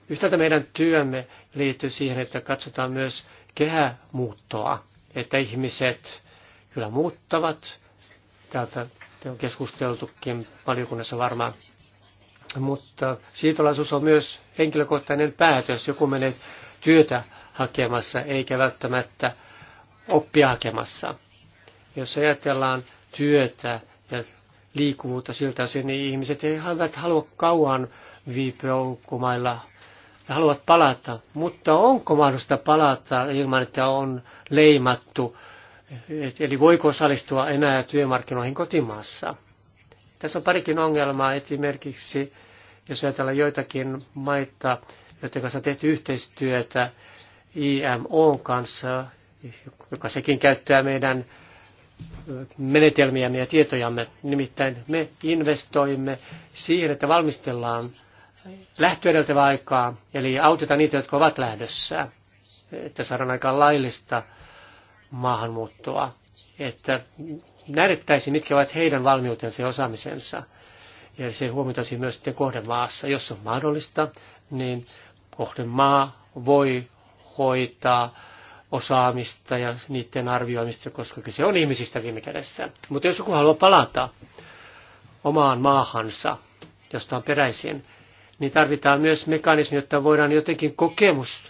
Yhtäältä meidän työmme liittyy siihen, että katsotaan myös kehämuuttoa, että ihmiset kyllä muuttavat. Täältä on keskusteltukin valiokunnassa varmaan. Mutta siitolaisuus on myös henkilökohtainen päätös. Joku menee työtä hakemassa, eikä välttämättä oppia hakemassa. Jos ajatellaan työtä ja liikkuvuutta siltä osin, niin ihmiset eivät halua kauan viipyä ulkomailla ja haluavat palata. Mutta onko mahdollista palata ilman, että on leimattu? Eli voiko osallistua enää työmarkkinoihin kotimaassa? Tässä on parikin ongelmaa, esimerkiksi jos ajatellaan joitakin maita, joiden kanssa on tehty yhteistyötä IMO kanssa, joka sekin käyttää meidän menetelmiämme ja tietojamme. Nimittäin me investoimme siihen, että valmistellaan lähtöedeltävää aikaa, eli autetaan niitä, jotka ovat lähdössä, että saadaan aikaan laillista maahanmuuttoa, että nähdettäisiin, mitkä ovat heidän valmiutensa ja osaamisensa. Ja se huomioitaisiin myös sitten kohdemaassa, jos on mahdollista, niin kohdemaa voi hoitaa osaamista ja niiden arvioimista, koska kyse on ihmisistä viime kädessä. Mutta jos joku haluaa palata omaan maahansa, josta on peräisin, niin tarvitaan myös mekanismi, jotta voidaan jotenkin kokemus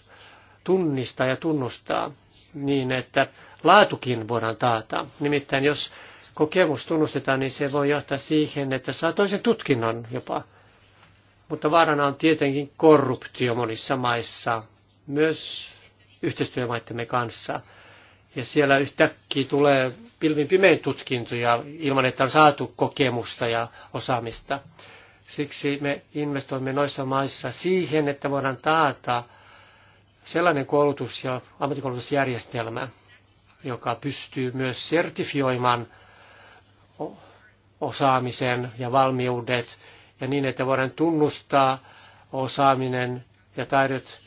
tunnistaa ja tunnustaa niin, että laatukin voidaan taata. Nimittäin jos kokemus tunnustetaan, niin se voi johtaa siihen, että saa toisen tutkinnon jopa. Mutta vaarana on tietenkin korruptio monissa maissa, myös yhteistyömaittemme kanssa. Ja siellä yhtäkkiä tulee pilvin pimein tutkintoja ilman, että on saatu kokemusta ja osaamista. Siksi me investoimme noissa maissa siihen, että voidaan taata sellainen koulutus- ja ammattikoulutusjärjestelmä, joka pystyy myös sertifioimaan osaamisen ja valmiudet ja niin, että voidaan tunnustaa osaaminen ja taidot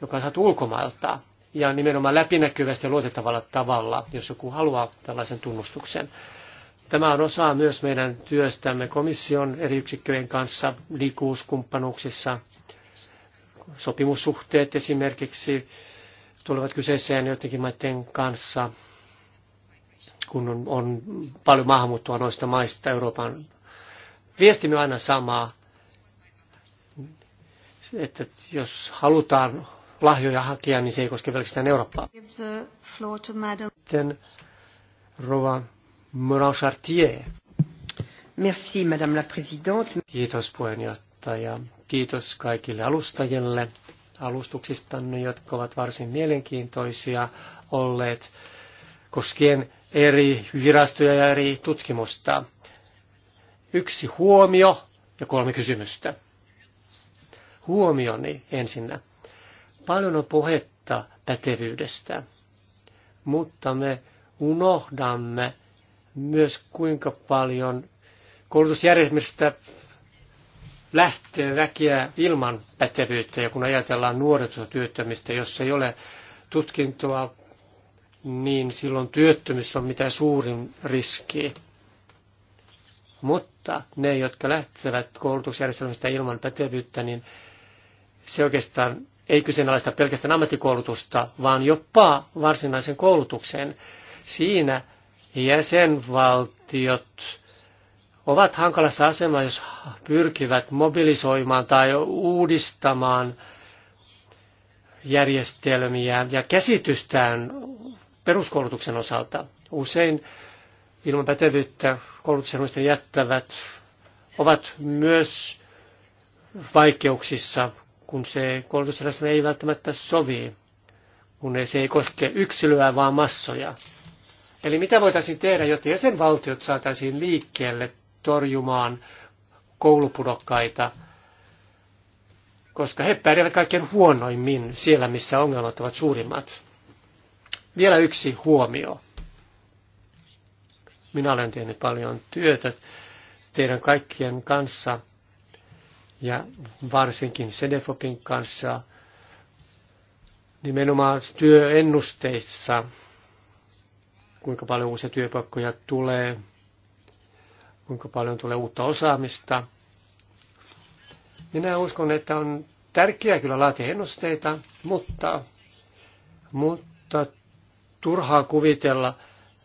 joka on saatu ulkomailta ja nimenomaan läpinäkyvästi ja luotettavalla tavalla, jos joku haluaa tällaisen tunnustuksen. Tämä on osa myös meidän työstämme komission eri yksikköjen kanssa liikuuskumppanuuksissa. Sopimussuhteet esimerkiksi tulevat kyseeseen joidenkin maiden kanssa, kun on, on paljon maahanmuuttoa noista maista Euroopan. Viestimme on aina samaa, että jos halutaan lahjoja hakea, niin se ei koske pelkästään Eurooppaa. Sitten Rova Chartier. Merci, Madame la Présidente. Kiitos puheenjohtaja. Kiitos kaikille alustajille alustuksistanne, jotka ovat varsin mielenkiintoisia olleet koskien eri virastoja ja eri tutkimusta. Yksi huomio ja kolme kysymystä. Huomioni ensinnä. Paljon on puhetta pätevyydestä, mutta me unohdamme myös kuinka paljon koulutusjärjestelmistä lähtee väkeä ilman pätevyyttä. Ja kun ajatellaan nuorisotyöttömistä, jos ei ole tutkintoa, niin silloin työttömyys on mitä suurin riski. Mutta ne, jotka lähtevät koulutusjärjestelmästä ilman pätevyyttä, niin se oikeastaan ei kyseenalaista pelkästään ammattikoulutusta, vaan jopa varsinaisen koulutuksen. Siinä jäsenvaltiot ovat hankalassa asemassa, jos pyrkivät mobilisoimaan tai uudistamaan järjestelmiä ja käsitystään peruskoulutuksen osalta. Usein ilman pätevyyttä koulutuksen jättävät ovat myös vaikeuksissa kun se koulutusjärjestelmä ei välttämättä sovi, kun se ei koske yksilöä, vaan massoja. Eli mitä voitaisiin tehdä, jotta jäsenvaltiot saataisiin liikkeelle torjumaan koulupudokkaita, koska he pärjäävät kaikkein huonoimmin siellä, missä ongelmat ovat suurimmat. Vielä yksi huomio. Minä olen tehnyt paljon työtä teidän kaikkien kanssa – ja varsinkin Sedefopin kanssa nimenomaan työennusteissa, kuinka paljon uusia työpaikkoja tulee, kuinka paljon tulee uutta osaamista. Minä uskon, että on tärkeää kyllä laatia ennusteita, mutta, mutta turhaa kuvitella,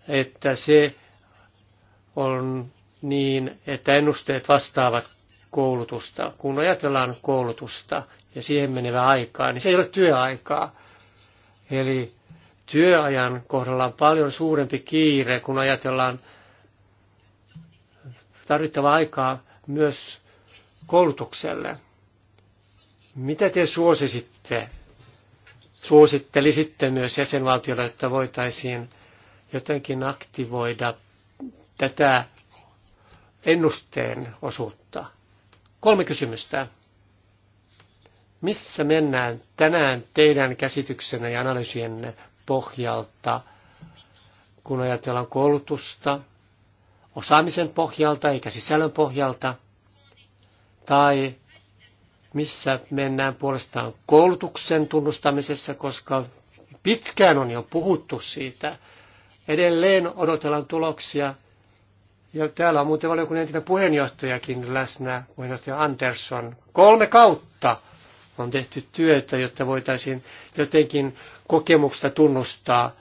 että se on niin, että ennusteet vastaavat koulutusta. Kun ajatellaan koulutusta ja siihen menevää aikaa, niin se ei ole työaikaa. Eli työajan kohdalla on paljon suurempi kiire, kun ajatellaan tarvittavaa aikaa myös koulutukselle. Mitä te suosisitte? Suosittelisitte myös jäsenvaltiolle, että voitaisiin jotenkin aktivoida tätä ennusteen osuutta. Kolme kysymystä. Missä mennään tänään teidän käsityksenne ja analyysienne pohjalta, kun ajatellaan koulutusta, osaamisen pohjalta eikä sisällön pohjalta, tai missä mennään puolestaan koulutuksen tunnustamisessa, koska pitkään on jo puhuttu siitä. Edelleen odotellaan tuloksia ja täällä on muuten valiokunnan entinen puheenjohtajakin läsnä, puheenjohtaja Andersson. Kolme kautta on tehty työtä, jotta voitaisiin jotenkin kokemuksesta tunnustaa.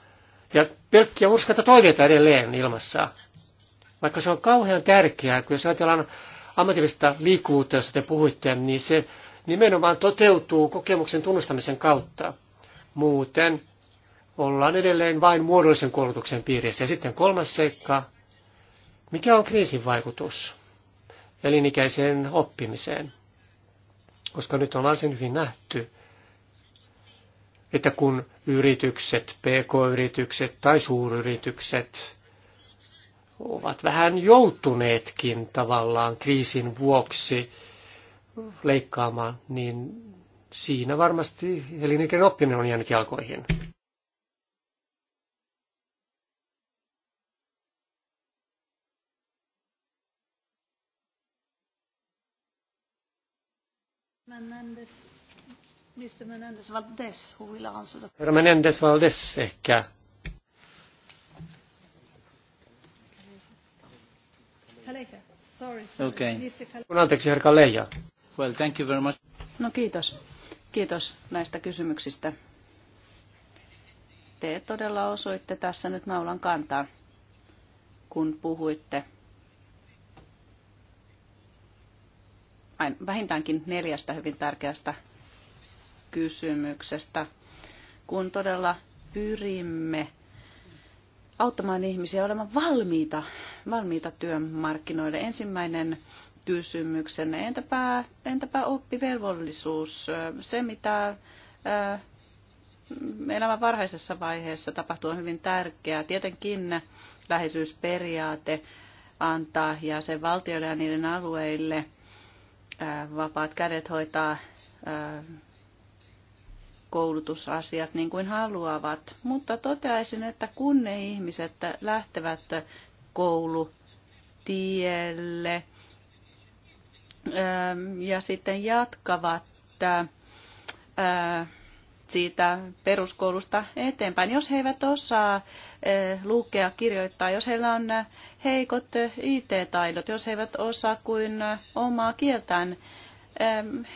Ja pelkkiä uskata toiveita edelleen ilmassa. Vaikka se on kauhean tärkeää, kun jos ajatellaan ammatillista liikkuvuutta, josta te puhuitte, niin se nimenomaan toteutuu kokemuksen tunnustamisen kautta. Muuten ollaan edelleen vain muodollisen koulutuksen piirissä. Ja sitten kolmas seikka, mikä on kriisin vaikutus elinikäiseen oppimiseen? Koska nyt on varsin hyvin nähty, että kun yritykset, pk-yritykset tai suuryritykset ovat vähän joutuneetkin tavallaan kriisin vuoksi leikkaamaan, niin siinä varmasti elinikäinen oppiminen on jäänyt jalkoihin.
Herr Menendez
Valdez, ehkä.
Sorry, Okay. Anteeksi, herra Kaleja.
Well, thank you very much.
No kiitos. Kiitos näistä kysymyksistä. Te todella osuitte tässä nyt naulan kantaa, kun puhuitte vähintäänkin neljästä hyvin tärkeästä kysymyksestä, kun todella pyrimme auttamaan ihmisiä olemaan valmiita, valmiita työmarkkinoille. Ensimmäinen kysymyksen, entäpä, entäpä oppivelvollisuus, se mitä elämän varhaisessa vaiheessa tapahtuu on hyvin tärkeää. Tietenkin läheisyysperiaate antaa jäsenvaltioille ja niiden alueille Äh, vapaat kädet hoitaa äh, koulutusasiat niin kuin haluavat, mutta toteaisin, että kun ne ihmiset lähtevät koulutielle ähm, ja sitten jatkavat äh, siitä peruskoulusta eteenpäin. Jos he eivät osaa eh, lukea, kirjoittaa, jos heillä on eh, heikot eh, IT-taidot, jos he eivät osaa kuin omaa kieltään,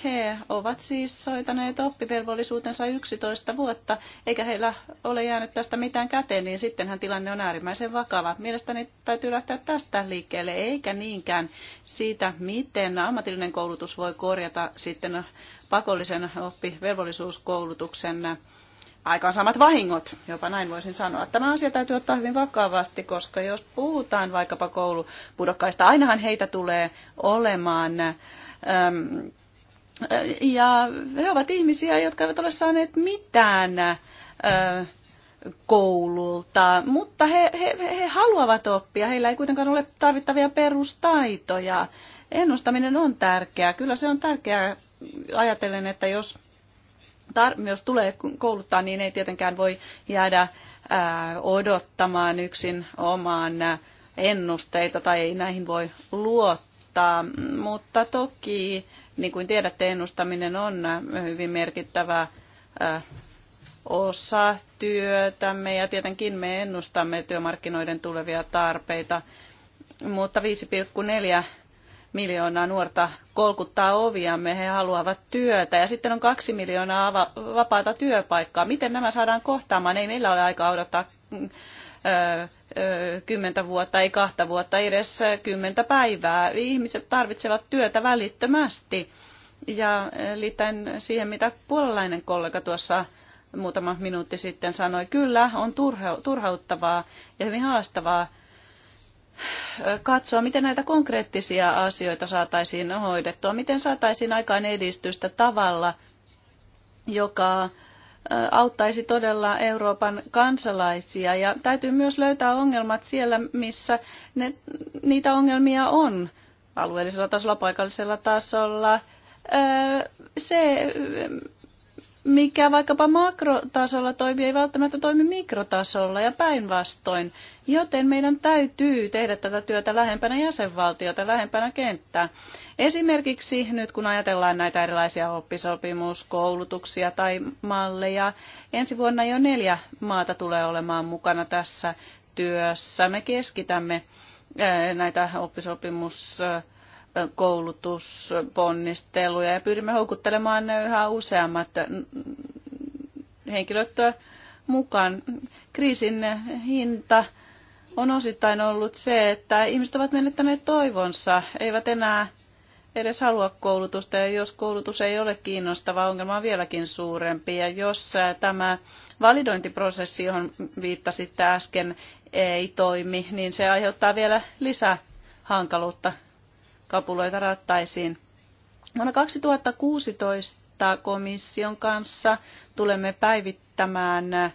he ovat siis soitaneet oppivelvollisuutensa 11 vuotta, eikä heillä ole jäänyt tästä mitään käteen, niin sittenhän tilanne on äärimmäisen vakava. Mielestäni täytyy lähteä tästä liikkeelle, eikä niinkään siitä, miten ammatillinen koulutus voi korjata sitten pakollisen oppivelvollisuuskoulutuksen aikaansaamat vahingot, jopa näin voisin sanoa. Tämä asia täytyy ottaa hyvin vakavasti, koska jos puhutaan vaikkapa koulupudokkaista, ainahan heitä tulee olemaan. Ja he ovat ihmisiä, jotka eivät ole saaneet mitään koululta, mutta he, he, he haluavat oppia, heillä ei kuitenkaan ole tarvittavia perustaitoja. Ennustaminen on tärkeää, kyllä se on tärkeää ajatellen, että jos myös tulee kouluttaa, niin ei tietenkään voi jäädä odottamaan yksin omaan ennusteita tai ei näihin voi luottaa. Mutta toki, niin kuin tiedätte, ennustaminen on hyvin merkittävä osa työtämme ja tietenkin me ennustamme työmarkkinoiden tulevia tarpeita, mutta miljoonaa nuorta kolkuttaa oviamme, he haluavat työtä ja sitten on kaksi miljoonaa vapaata työpaikkaa. Miten nämä saadaan kohtaamaan? Ei meillä ole aikaa odottaa mm, kymmentä vuotta, ei kahta vuotta, ei edes kymmentä päivää. Ihmiset tarvitsevat työtä välittömästi. Ja liittäen siihen, mitä puolalainen kollega tuossa muutama minuutti sitten sanoi, kyllä on turhauttavaa ja hyvin haastavaa katsoa, miten näitä konkreettisia asioita saataisiin hoidettua, miten saataisiin aikaan edistystä tavalla, joka auttaisi todella Euroopan kansalaisia. Ja täytyy myös löytää ongelmat siellä, missä ne, niitä ongelmia on alueellisella tasolla, paikallisella tasolla. Se, mikä vaikkapa makrotasolla toimii, ei välttämättä toimi mikrotasolla ja päinvastoin. Joten meidän täytyy tehdä tätä työtä lähempänä jäsenvaltiota, lähempänä kenttää. Esimerkiksi nyt kun ajatellaan näitä erilaisia oppisopimuskoulutuksia tai malleja, ensi vuonna jo neljä maata tulee olemaan mukana tässä työssä. Me keskitämme näitä oppisopimuskoulutuksia koulutusponnisteluja ja pyrimme houkuttelemaan yhä useammat henkilöt mukaan. Kriisin hinta on osittain ollut se, että ihmiset ovat menettäneet toivonsa, eivät enää edes halua koulutusta ja jos koulutus ei ole kiinnostava, ongelma on vieläkin suurempi. Ja jos tämä validointiprosessi, johon viittasitte äsken, ei toimi, niin se aiheuttaa vielä lisää hankaluutta kapuloita rattaisiin. Vuonna 2016 komission kanssa tulemme päivittämään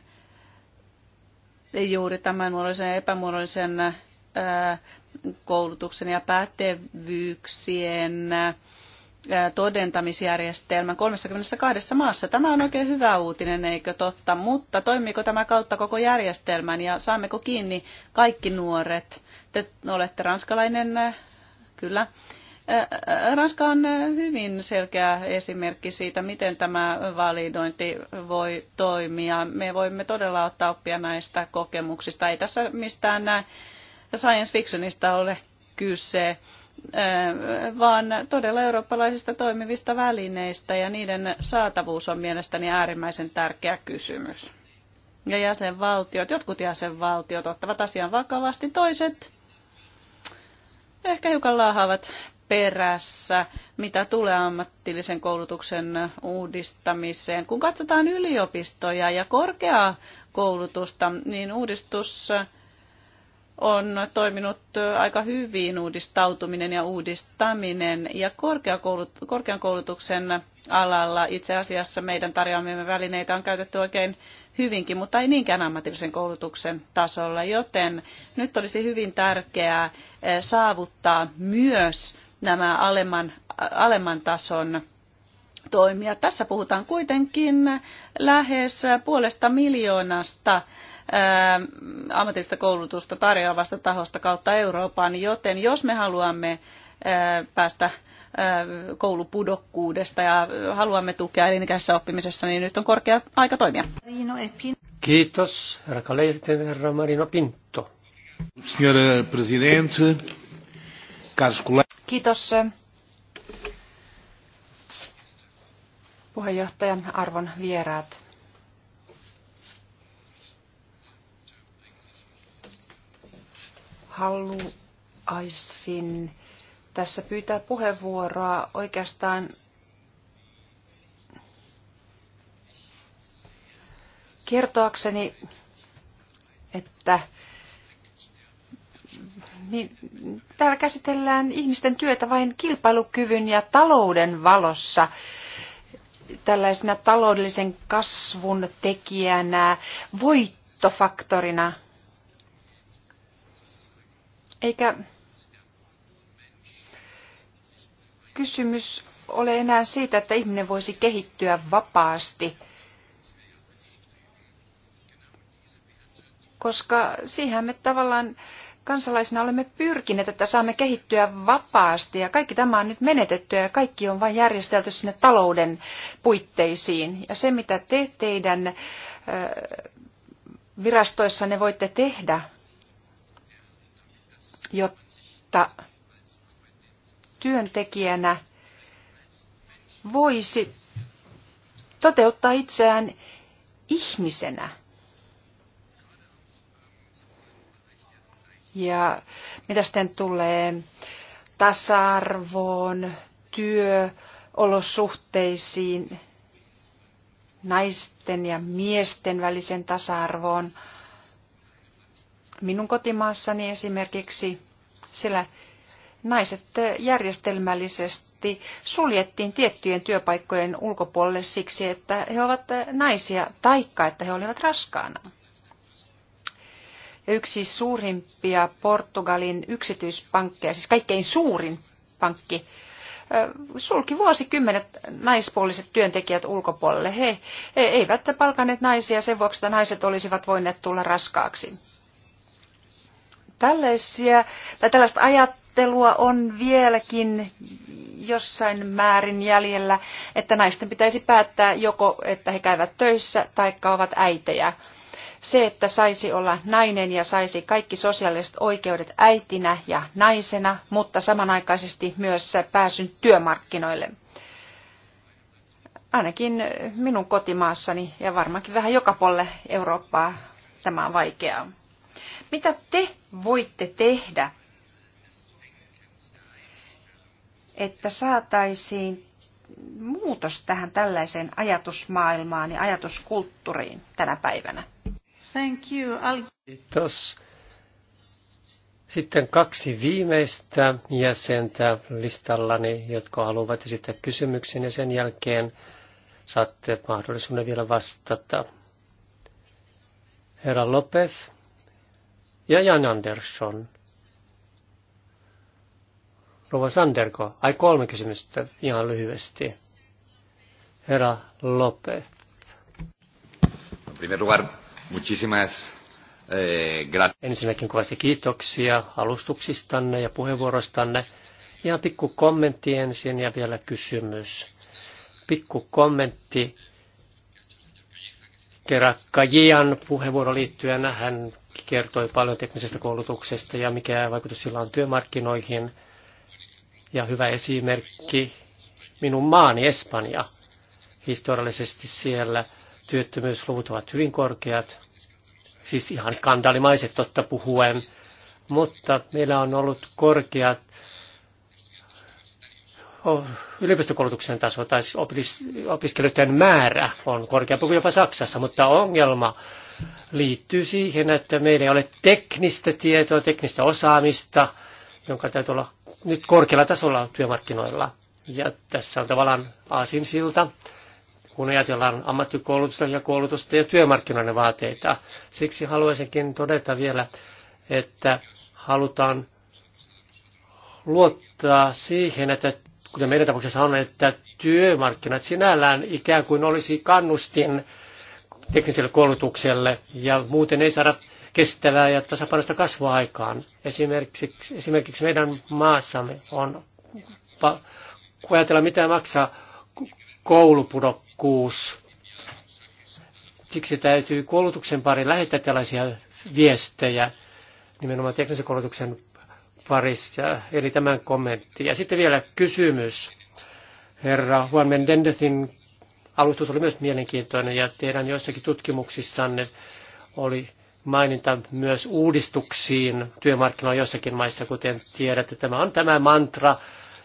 juuri tämän muodollisen ja epämuodollisen koulutuksen ja pätevyyksien todentamisjärjestelmän 32 maassa. Tämä on oikein hyvä uutinen, eikö totta? Mutta toimiiko tämä kautta koko järjestelmän ja saammeko kiinni kaikki nuoret? Te olette ranskalainen kyllä Ranska on hyvin selkeä esimerkki siitä, miten tämä validointi voi toimia. Me voimme todella ottaa oppia näistä kokemuksista. Ei tässä mistään näin science fictionista ole kyse, vaan todella eurooppalaisista toimivista välineistä ja niiden saatavuus on mielestäni äärimmäisen tärkeä kysymys. Ja jäsenvaltiot, jotkut jäsenvaltiot ottavat asian vakavasti, toiset ehkä hiukan laahaavat perässä, mitä tulee ammatillisen koulutuksen uudistamiseen. Kun katsotaan yliopistoja ja korkeaa koulutusta, niin uudistus on toiminut aika hyvin uudistautuminen ja uudistaminen. Ja korkean koulutuksen alalla itse asiassa meidän tarjoamme välineitä on käytetty oikein hyvinkin, mutta ei niinkään ammatillisen koulutuksen tasolla. Joten nyt olisi hyvin tärkeää eh, saavuttaa myös nämä alemman, alemman tason toimia. Tässä puhutaan kuitenkin lähes puolesta miljoonasta ammatillista koulutusta tarjoavasta tahosta kautta Euroopan, joten jos me haluamme päästä koulupudokkuudesta ja haluamme tukea elinikäisessä oppimisessa, niin nyt on korkea aika toimia.
Kiitos, herra herra Marino Pinto. Kiitos.
Puheenjohtajan arvon vieraat. haluaisin tässä pyytää puheenvuoroa oikeastaan kertoakseni, että niin täällä käsitellään ihmisten työtä vain kilpailukyvyn ja talouden valossa tällaisena taloudellisen kasvun tekijänä, voittofaktorina – eikä kysymys ole enää siitä, että ihminen voisi kehittyä vapaasti, koska siihen me tavallaan kansalaisina olemme pyrkineet, että saamme kehittyä vapaasti ja kaikki tämä on nyt menetetty ja kaikki on vain järjestelty sinne talouden puitteisiin. Ja se, mitä te teidän ne voitte tehdä, jotta työntekijänä voisi toteuttaa itseään ihmisenä. Ja mitä sitten tulee tasa-arvoon, työolosuhteisiin, naisten ja miesten välisen tasa-arvoon, Minun kotimaassani esimerkiksi sillä naiset järjestelmällisesti suljettiin tiettyjen työpaikkojen ulkopuolelle siksi, että he ovat naisia taikka, että he olivat raskaana. Ja yksi suurimpia Portugalin yksityispankkeja, siis kaikkein suurin pankki, sulki vuosikymmenet naispuoliset työntekijät ulkopuolelle. He, he eivät palkanneet naisia sen vuoksi, että naiset olisivat voineet tulla raskaaksi Tällaisia, tai tällaista ajattelua on vieläkin jossain määrin jäljellä, että naisten pitäisi päättää joko, että he käyvät töissä tai ovat äitejä. Se, että saisi olla nainen ja saisi kaikki sosiaaliset oikeudet äitinä ja naisena, mutta samanaikaisesti myös pääsyn työmarkkinoille ainakin minun kotimaassani ja varmaankin vähän joka puolelle Eurooppaa tämä on vaikeaa. Mitä te voitte tehdä, että saataisiin muutos tähän tällaiseen ajatusmaailmaan ja ajatuskulttuuriin tänä päivänä?
Thank you. I'll...
Kiitos. Sitten kaksi viimeistä jäsentä listallani, jotka haluavat esittää kysymyksen ja sen jälkeen saatte mahdollisuuden vielä vastata. Herra Lopez ja Jan Andersson. Rova Sanderko, ai kolme kysymystä ihan lyhyesti. Herra Lopez. Eh, Ensinnäkin kovasti kiitoksia alustuksistanne ja puheenvuorostanne. Ihan pikku kommentti ensin ja vielä kysymys. Pikku kommentti Kerran Kajian puheenvuoro liittyen hän kertoi paljon teknisestä koulutuksesta ja mikä vaikutus sillä on työmarkkinoihin. Ja hyvä esimerkki minun maani Espanja. Historiallisesti siellä työttömyysluvut ovat hyvin korkeat, siis ihan skandaalimaiset totta puhuen, mutta meillä on ollut korkeat oh, yliopistokoulutuksen taso tai siis opiskelijoiden määrä on korkeampi kuin jopa Saksassa, mutta ongelma liittyy siihen, että meillä ei ole teknistä tietoa, teknistä osaamista, jonka täytyy olla nyt korkealla tasolla työmarkkinoilla. Ja tässä on tavallaan aasinsilta, kun ajatellaan ammattikoulutusta ja koulutusta ja työmarkkinoiden vaateita. Siksi haluaisinkin todeta vielä, että halutaan luottaa siihen, että kuten meidän tapauksessa on, että työmarkkinat sinällään ikään kuin olisi kannustin tekniselle koulutukselle ja muuten ei saada kestävää ja tasapainoista kasvua aikaan. Esimerkiksi, esimerkiksi meidän maassamme on, kun ajatellaan mitä maksaa koulupudokkuus, siksi täytyy koulutuksen pari lähettää tällaisia viestejä nimenomaan teknisen koulutuksen parissa, eli tämän kommentti. Ja sitten vielä kysymys herra Juan Mendendezin alustus oli myös mielenkiintoinen ja teidän joissakin tutkimuksissanne oli maininta myös uudistuksiin työmarkkinoilla joissakin maissa, kuten tiedätte. Tämä on tämä mantra,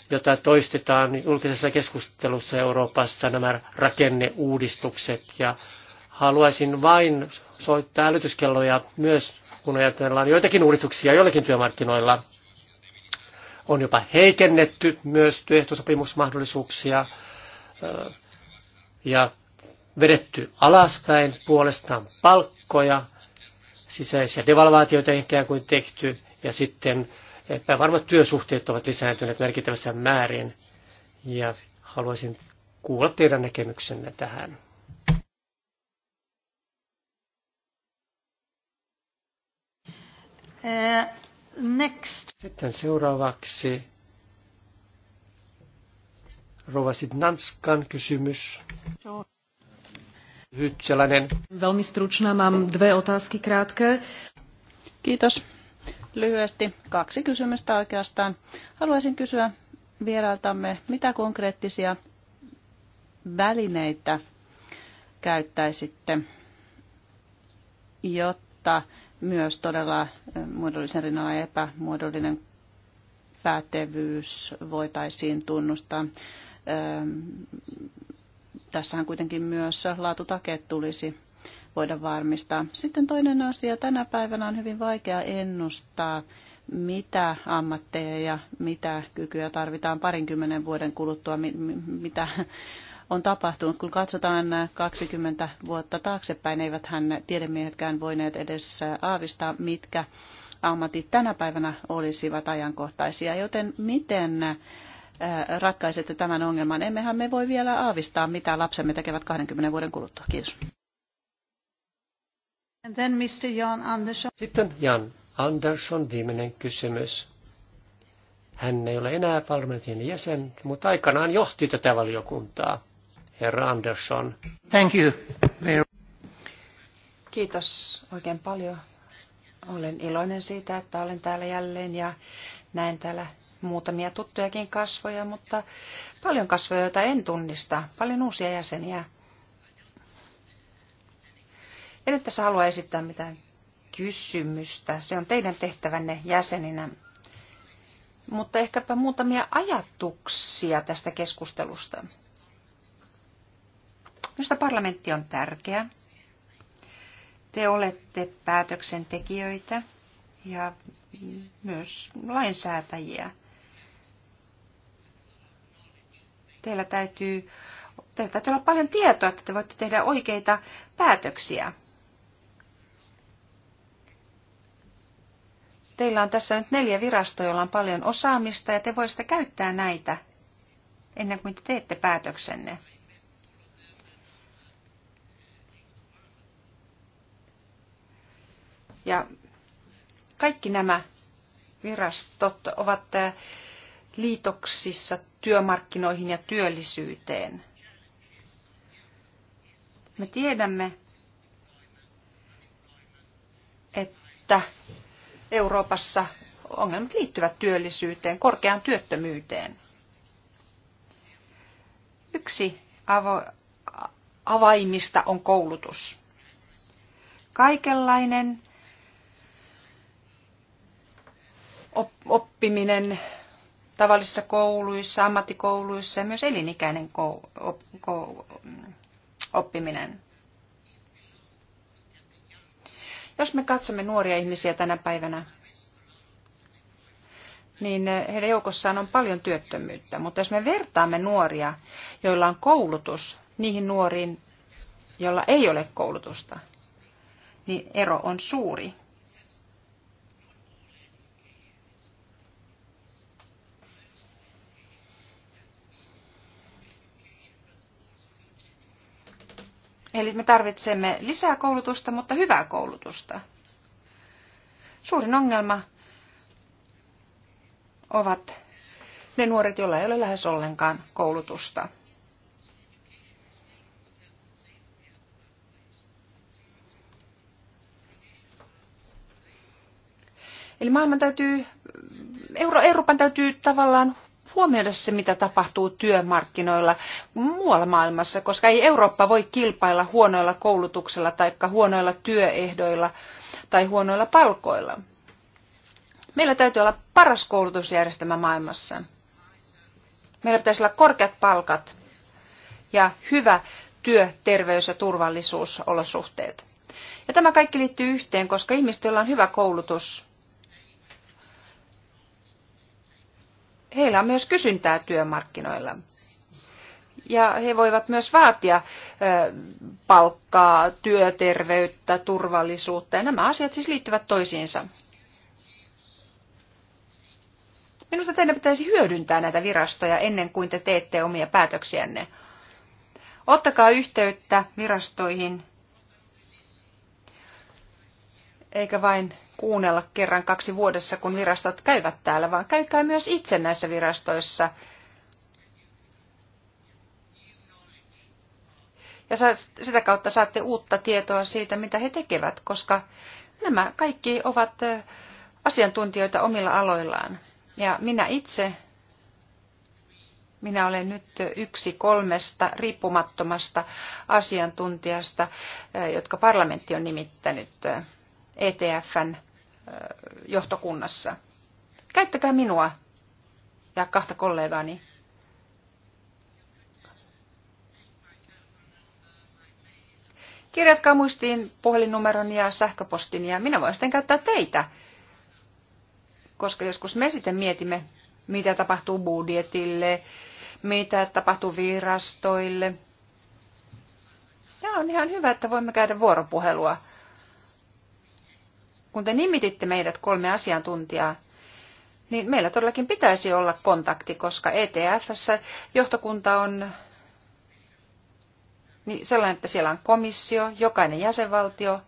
jota toistetaan julkisessa keskustelussa Euroopassa, nämä rakenneuudistukset. Ja haluaisin vain soittaa älytyskelloja myös, kun ajatellaan joitakin uudistuksia joillakin työmarkkinoilla. On jopa heikennetty myös työehtosopimusmahdollisuuksia ja vedetty alaspäin puolestaan palkkoja, sisäisiä devalvaatioita ehkä kuin tehty ja sitten epävarmat työsuhteet ovat lisääntyneet merkittävässä määrin ja haluaisin kuulla teidän näkemyksenne tähän.
Uh, next.
Sitten seuraavaksi Rova Sidnanskan kysymys. Lyhyt
Velmi stručna, mám dve otázky krátke. Kiitos. Lyhyesti kaksi kysymystä oikeastaan. Haluaisin kysyä vierailtamme, mitä konkreettisia välineitä käyttäisitte, jotta myös todella eh, muodollisen rinnalla epämuodollinen päätevyys voitaisiin tunnustaa. Ehm, tässähän kuitenkin myös laatutakeet tulisi voida varmistaa. Sitten toinen asia. Tänä päivänä on hyvin vaikea ennustaa, mitä ammatteja ja mitä kykyä tarvitaan parinkymmenen vuoden kuluttua, mitä on tapahtunut. Kun katsotaan 20 vuotta taaksepäin, eivät hän tiedemiehetkään voineet edes aavistaa, mitkä ammatit tänä päivänä olisivat ajankohtaisia. Joten miten ratkaisette tämän ongelman. Emmehän me voi vielä aavistaa, mitä lapsemme tekevät 20 vuoden kuluttua. Kiitos. And then Mr. Jan Sitten
Jan Andersson, viimeinen kysymys. Hän ei ole enää parlamentin jäsen, mutta aikanaan johti tätä valiokuntaa. Herra Andersson. Thank
you.
Kiitos oikein paljon. Olen iloinen siitä, että olen täällä jälleen ja näen täällä Muutamia tuttujakin kasvoja, mutta paljon kasvoja, joita en tunnista. Paljon uusia jäseniä. En nyt tässä halua esittää mitään kysymystä. Se on teidän tehtävänne jäseninä. Mutta ehkäpä muutamia ajatuksia tästä keskustelusta. Minusta parlamentti on tärkeä. Te olette päätöksentekijöitä ja myös lainsäätäjiä. teillä täytyy, teillä täytyy olla paljon tietoa, että te voitte tehdä oikeita päätöksiä. Teillä on tässä nyt neljä virastoa, joilla on paljon osaamista ja te voisitte käyttää näitä ennen kuin te teette päätöksenne. Ja kaikki nämä virastot ovat liitoksissa työmarkkinoihin ja työllisyyteen. Me tiedämme, että Euroopassa ongelmat liittyvät työllisyyteen, korkeaan työttömyyteen. Yksi avo- avaimista on koulutus. Kaikenlainen oppiminen tavallisissa kouluissa, ammattikouluissa ja myös elinikäinen oppiminen. Jos me katsomme nuoria ihmisiä tänä päivänä, niin heidän joukossaan on paljon työttömyyttä. Mutta jos me vertaamme nuoria, joilla on koulutus, niihin nuoriin, joilla ei ole koulutusta, niin ero on suuri. Eli me tarvitsemme lisää koulutusta, mutta hyvää koulutusta. Suurin ongelma ovat ne nuoret, joilla ei ole lähes ollenkaan koulutusta. Eli maailman täytyy, Euro, Euroopan täytyy tavallaan huomioida se, mitä tapahtuu työmarkkinoilla muualla maailmassa, koska ei Eurooppa voi kilpailla huonoilla koulutuksella tai huonoilla työehdoilla tai huonoilla palkoilla. Meillä täytyy olla paras koulutusjärjestelmä maailmassa. Meillä pitäisi olla korkeat palkat ja hyvä työ, terveys ja turvallisuusolosuhteet. Ja tämä kaikki liittyy yhteen, koska ihmiset, joilla on hyvä koulutus, heillä on myös kysyntää työmarkkinoilla. Ja he voivat myös vaatia palkkaa, työterveyttä, turvallisuutta ja nämä asiat siis liittyvät toisiinsa. Minusta teidän pitäisi hyödyntää näitä virastoja ennen kuin te teette omia päätöksiänne. Ottakaa yhteyttä virastoihin, eikä vain kuunnella kerran kaksi vuodessa, kun virastot käyvät täällä, vaan käykää myös itse näissä virastoissa. Ja sitä kautta saatte uutta tietoa siitä, mitä he tekevät, koska nämä kaikki ovat asiantuntijoita omilla aloillaan. Ja minä itse, minä olen nyt yksi kolmesta riippumattomasta asiantuntijasta, jotka parlamentti on nimittänyt ETFn johtokunnassa. Käyttäkää minua ja kahta kollegaani. Kirjatkaa muistiin puhelinnumeron ja sähköpostin ja minä voin sitten käyttää teitä, koska joskus me sitten mietimme, mitä tapahtuu budjetille, mitä tapahtuu virastoille. Ja on ihan hyvä, että voimme käydä vuoropuhelua – kun te nimititte meidät kolme asiantuntijaa, niin meillä todellakin pitäisi olla kontakti, koska ETFssä johtokunta on niin sellainen, että siellä on komissio, jokainen jäsenvaltio,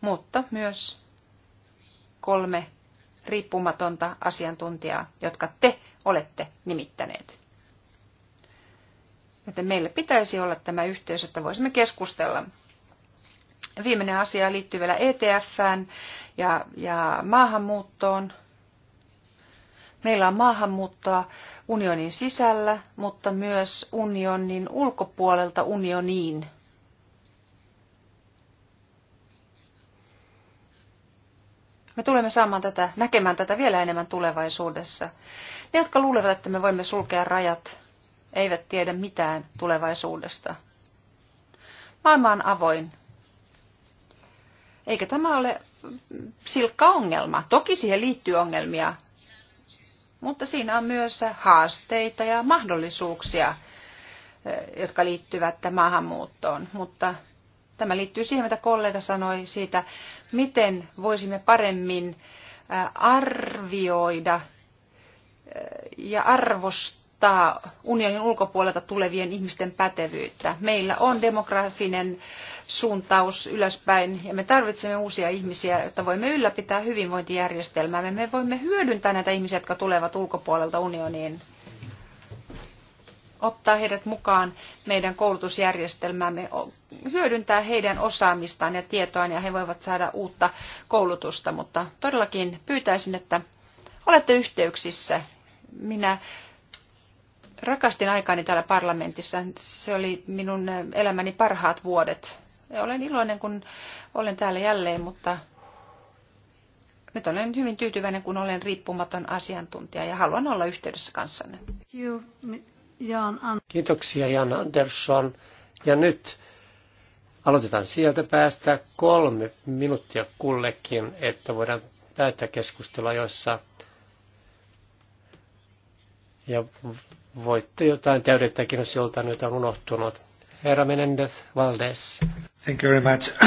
mutta myös kolme riippumatonta asiantuntijaa, jotka te olette nimittäneet. Joten meillä pitäisi olla tämä yhteys, että voisimme keskustella Viimeinen asia liittyy vielä ETFään ja, ja maahanmuuttoon. Meillä on maahanmuuttoa unionin sisällä, mutta myös unionin ulkopuolelta unioniin. Me tulemme saamaan tätä, näkemään tätä vielä enemmän tulevaisuudessa. Ne, jotka luulevat, että me voimme sulkea rajat, eivät tiedä mitään tulevaisuudesta. Maailma on avoin eikä tämä ole silkka ongelma. Toki siihen liittyy ongelmia, mutta siinä on myös haasteita ja mahdollisuuksia, jotka liittyvät maahanmuuttoon. Mutta tämä liittyy siihen, mitä kollega sanoi siitä, miten voisimme paremmin arvioida ja arvostaa rajoittaa unionin ulkopuolelta tulevien ihmisten pätevyyttä. Meillä on demografinen suuntaus ylöspäin ja me tarvitsemme uusia ihmisiä, jotta voimme ylläpitää hyvinvointijärjestelmää. Me voimme hyödyntää näitä ihmisiä, jotka tulevat ulkopuolelta unioniin ottaa heidät mukaan meidän koulutusjärjestelmäämme, hyödyntää heidän osaamistaan ja tietoaan ja he voivat saada uutta koulutusta. Mutta todellakin pyytäisin, että olette yhteyksissä. Minä rakastin aikaani täällä parlamentissa. Se oli minun elämäni parhaat vuodet. Ja olen iloinen, kun olen täällä jälleen, mutta nyt olen hyvin tyytyväinen, kun olen riippumaton asiantuntija ja haluan olla yhteydessä kanssanne.
Kiitoksia Jan Andersson. Ja nyt aloitetaan sieltä päästä kolme minuuttia kullekin, että voidaan päättää keskustelua, joissa ja voitte jotain täydentääkin, jos joltain jotain unohtunut. Herra Menendez Valdes. Thank you very much.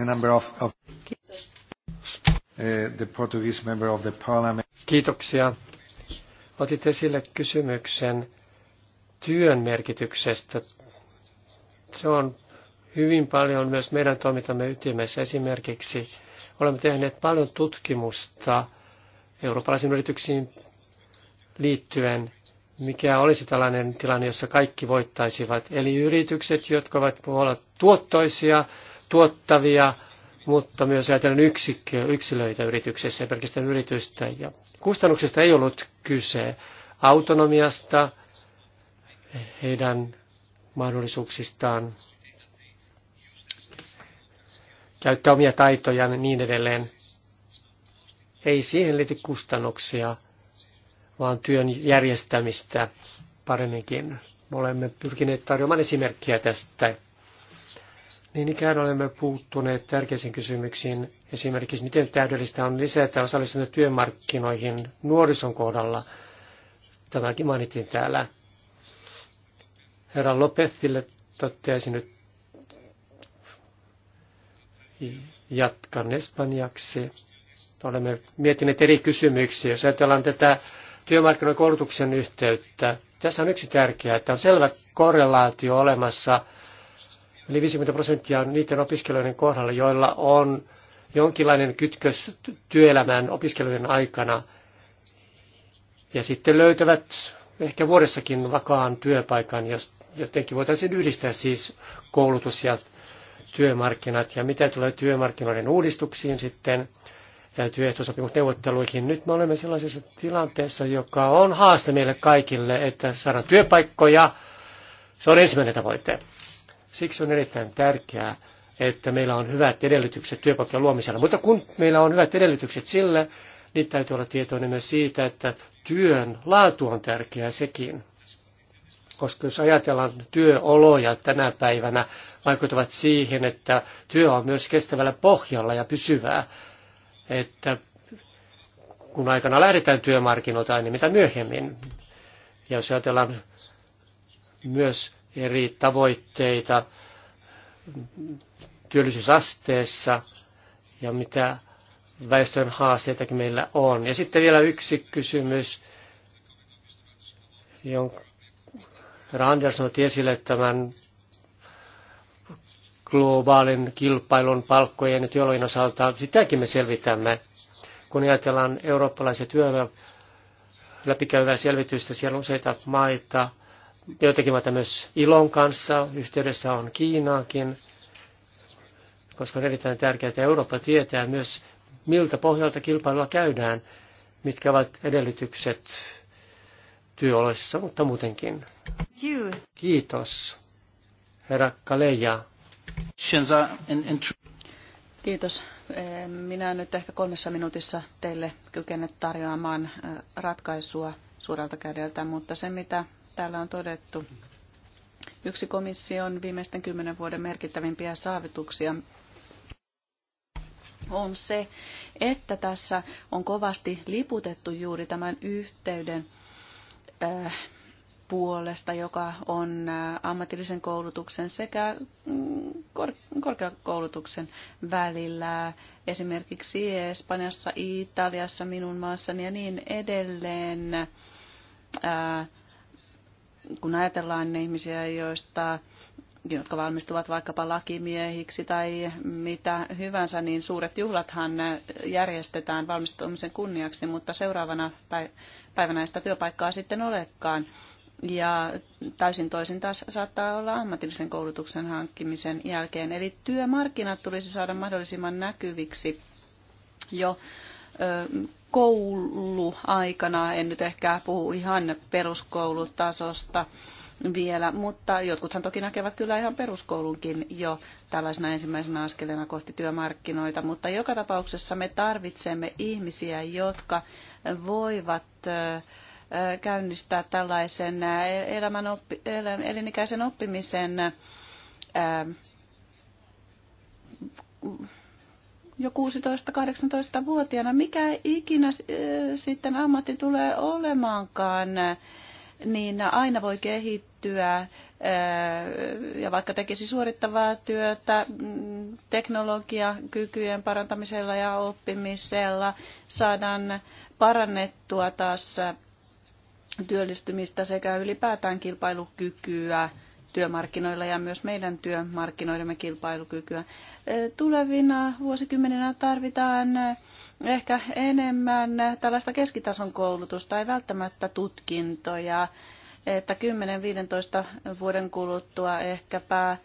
A number of, of Kiitos. Uh, the Portuguese member of the parliament. Kiitoksia. Otit esille kysymyksen työn merkityksestä. Se on hyvin paljon myös meidän toimintamme ytimessä. Esimerkiksi olemme tehneet paljon tutkimusta eurooppalaisiin yrityksiin liittyen mikä olisi tällainen tilanne, jossa kaikki voittaisivat. Eli yritykset, jotka ovat olla tuottoisia, tuottavia, mutta myös ajatellen yksikkö, yksilöitä yrityksessä ja pelkästään yritystä. Ja kustannuksista ei ollut kyse autonomiasta, heidän mahdollisuuksistaan käyttää omia taitojaan ja niin edelleen. Ei siihen liity kustannuksia vaan työn järjestämistä paremminkin. Me olemme pyrkineet tarjoamaan esimerkkiä tästä. Niin ikään olemme puuttuneet tärkeisiin kysymyksiin, esimerkiksi miten täydellistä on lisätä osallistumista työmarkkinoihin nuorison kohdalla. Tämäkin mainittiin täällä. Herra Lopezille toteaisin nyt jatkan espanjaksi. Olemme miettineet eri kysymyksiä. Jos ajatellaan tätä työmarkkinoiden koulutuksen yhteyttä. Tässä on yksi tärkeää, että on selvä korrelaatio olemassa. Eli 50 prosenttia on niiden opiskelijoiden kohdalla, joilla on jonkinlainen kytkös työelämään opiskelujen aikana. Ja sitten löytävät ehkä vuodessakin vakaan työpaikan, jos jotenkin voitaisiin yhdistää siis koulutus ja työmarkkinat. Ja mitä tulee työmarkkinoiden uudistuksiin sitten, ja työehtosopimusneuvotteluihin. Nyt me olemme sellaisessa tilanteessa, joka on haaste meille kaikille, että saadaan työpaikkoja. Se on ensimmäinen tavoite. Siksi on erittäin tärkeää, että meillä on hyvät edellytykset työpaikkojen luomisella. Mutta kun meillä on hyvät edellytykset sille, niin täytyy olla tietoinen myös siitä, että työn laatu on tärkeää sekin. Koska jos ajatellaan työoloja tänä päivänä, vaikuttavat siihen, että työ on myös kestävällä pohjalla ja pysyvää että kun aikana lähdetään työmarkkinoilta, niin mitä myöhemmin. Ja jos ajatellaan myös eri tavoitteita työllisyysasteessa ja mitä väestön haasteitakin meillä on. Ja sitten vielä yksi kysymys, jonka Randers otti esille tämän globaalin kilpailun palkkojen ja työolojen osalta, sitäkin me selvitämme. Kun ajatellaan eurooppalaisia työoloja läpikäyvää selvitystä, siellä on useita maita, joitakin maita myös Ilon kanssa, yhteydessä on Kiinaakin, koska on erittäin tärkeää, että Eurooppa tietää myös, miltä pohjalta kilpailua käydään, mitkä ovat edellytykset työoloissa, mutta muutenkin. Kiitos, herra Kaleja.
Kiitos. Eh, minä nyt ehkä kolmessa minuutissa teille kykene tarjoamaan eh, ratkaisua suurelta kädeltä, mutta se mitä täällä on todettu, yksi komission viimeisten kymmenen vuoden merkittävimpiä saavutuksia on se, että tässä on kovasti liputettu juuri tämän yhteyden äh, puolesta, joka on ammatillisen koulutuksen sekä mm, korkeakoulutuksen välillä, esimerkiksi Espanjassa, Italiassa, minun maassani ja niin edelleen. Kun ajatellaan ne ihmisiä, joista jotka valmistuvat vaikkapa lakimiehiksi tai mitä hyvänsä, niin suuret juhlathan järjestetään valmistumisen kunniaksi, mutta seuraavana päivänä sitä työpaikkaa sitten olekaan ja täysin toisin taas saattaa olla ammatillisen koulutuksen hankkimisen jälkeen. Eli työmarkkinat tulisi saada mahdollisimman näkyviksi jo kouluaikana. En nyt ehkä puhu ihan peruskoulutasosta vielä, mutta jotkuthan toki näkevät kyllä ihan peruskoulunkin jo tällaisena ensimmäisenä askeleena kohti työmarkkinoita, mutta joka tapauksessa me tarvitsemme ihmisiä, jotka voivat äh, käynnistää tällaisen elämän oppi, elinikäisen oppimisen jo 16-18-vuotiaana, mikä ikinä sitten ammatti tulee olemaankaan, niin aina voi kehittyä ja vaikka tekisi suorittavaa työtä mm, teknologiakykyjen parantamisella ja oppimisella, saadaan parannettua taas työllistymistä sekä ylipäätään kilpailukykyä työmarkkinoilla ja myös meidän työmarkkinoidemme kilpailukykyä. Tulevina vuosikymmeninä tarvitaan ehkä enemmän tällaista keskitason koulutusta, ei välttämättä tutkintoja, että 10-15 vuoden kuluttua ehkäpä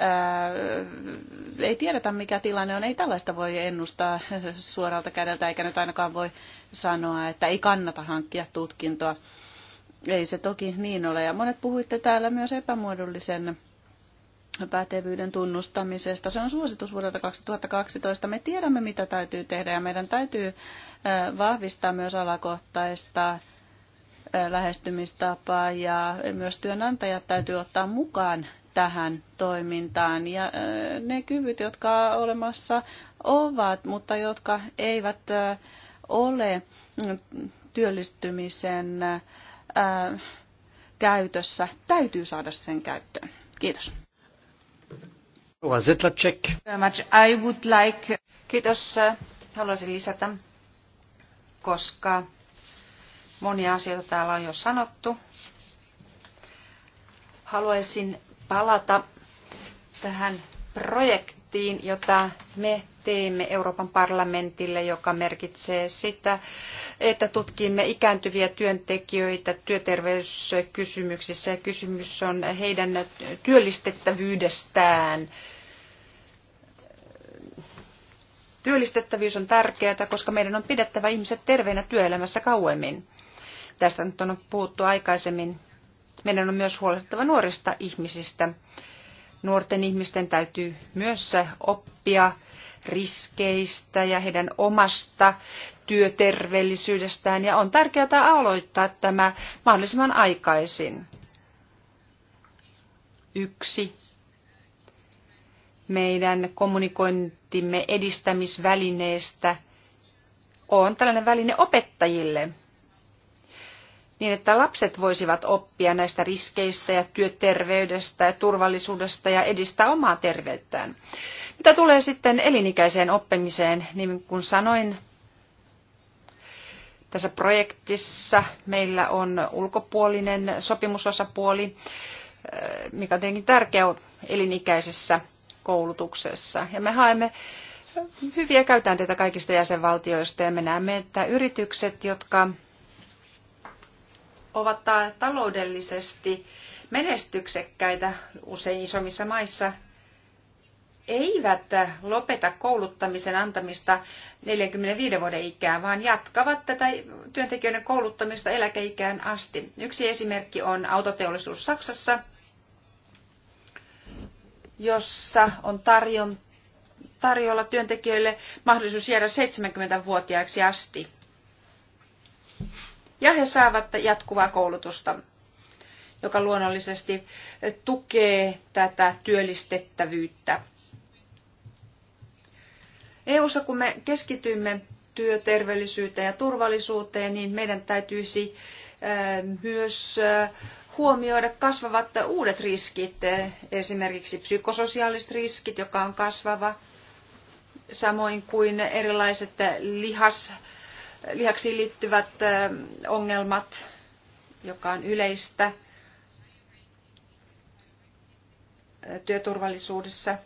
ää, ei tiedetä mikä tilanne on, ei tällaista voi ennustaa suoralta kädeltä, eikä nyt ainakaan voi sanoa, että ei kannata hankkia tutkintoa ei se toki niin ole. Ja monet puhuitte täällä myös epämuodollisen pätevyyden tunnustamisesta. Se on suositus vuodelta 2012. Me tiedämme, mitä täytyy tehdä ja meidän täytyy vahvistaa myös alakohtaista lähestymistapaa ja myös työnantajat täytyy ottaa mukaan tähän toimintaan ja ne kyvyt, jotka olemassa ovat, mutta jotka eivät ole työllistymisen ää, käytössä, täytyy saada sen käyttöön. Kiitos. I would like...
Kiitos. Haluaisin lisätä, koska monia asioita täällä on jo sanottu. Haluaisin palata tähän projektiin budjettiin, jota me teemme Euroopan parlamentille, joka merkitsee sitä, että tutkimme ikääntyviä työntekijöitä työterveyskysymyksissä ja kysymys on heidän työllistettävyydestään. Työllistettävyys on tärkeää, koska meidän on pidettävä ihmiset terveinä työelämässä kauemmin. Tästä nyt on puhuttu aikaisemmin. Meidän on myös huolehdittava nuorista ihmisistä nuorten ihmisten täytyy myös oppia riskeistä ja heidän omasta työterveellisyydestään ja on tärkeää aloittaa tämä mahdollisimman aikaisin. Yksi meidän kommunikointimme edistämisvälineestä on tällainen väline opettajille – niin että lapset voisivat oppia näistä riskeistä ja työterveydestä ja turvallisuudesta ja edistää omaa terveyttään. Mitä tulee sitten elinikäiseen oppimiseen, niin kuin sanoin, tässä projektissa meillä on ulkopuolinen sopimusosapuoli, eh, mikä on tietenkin tärkeä elinikäisessä koulutuksessa. Ja me haemme hyviä käytänteitä kaikista jäsenvaltioista ja me näemme, että yritykset, jotka ovat taloudellisesti menestyksekkäitä usein isommissa maissa, eivät lopeta kouluttamisen antamista 45 vuoden ikään, vaan jatkavat tätä työntekijöiden kouluttamista eläkeikään asti. Yksi esimerkki on autoteollisuus Saksassa, jossa on tarjon, tarjolla työntekijöille mahdollisuus jäädä 70-vuotiaaksi asti ja he saavat jatkuvaa koulutusta, joka luonnollisesti tukee tätä työllistettävyyttä. EU-ssa kun me keskitymme työterveellisyyteen ja turvallisuuteen, niin meidän täytyisi ähm, myös äh, huomioida kasvavat uudet riskit, äh, esimerkiksi psykososiaaliset riskit, joka on kasvava, samoin kuin erilaiset lihas- lihaksiin liittyvät ongelmat, joka on yleistä työturvallisuudessa.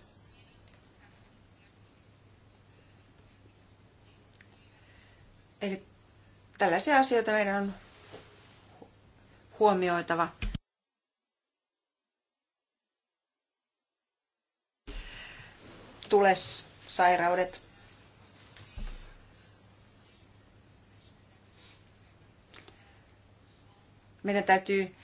Eli tällaisia asioita meidän on huomioitava. Tules, sairaudet, Meidän täytyy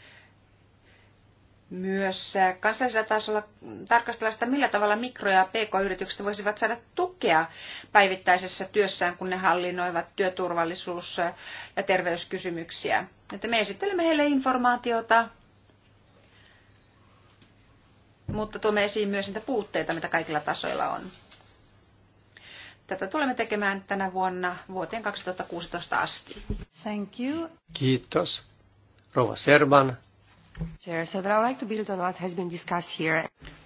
myös äh, kansallisella tasolla tarkastella sitä, millä tavalla mikro- ja pk-yritykset voisivat saada tukea päivittäisessä työssään, kun ne hallinnoivat työturvallisuus- äh, ja terveyskysymyksiä. Että me esittelemme heille informaatiota, mutta tuomme esiin myös niitä puutteita, mitä kaikilla tasoilla on. Tätä tulemme tekemään tänä vuonna vuoteen 2016 asti. Thank you.
Kiitos. Rouva Serban.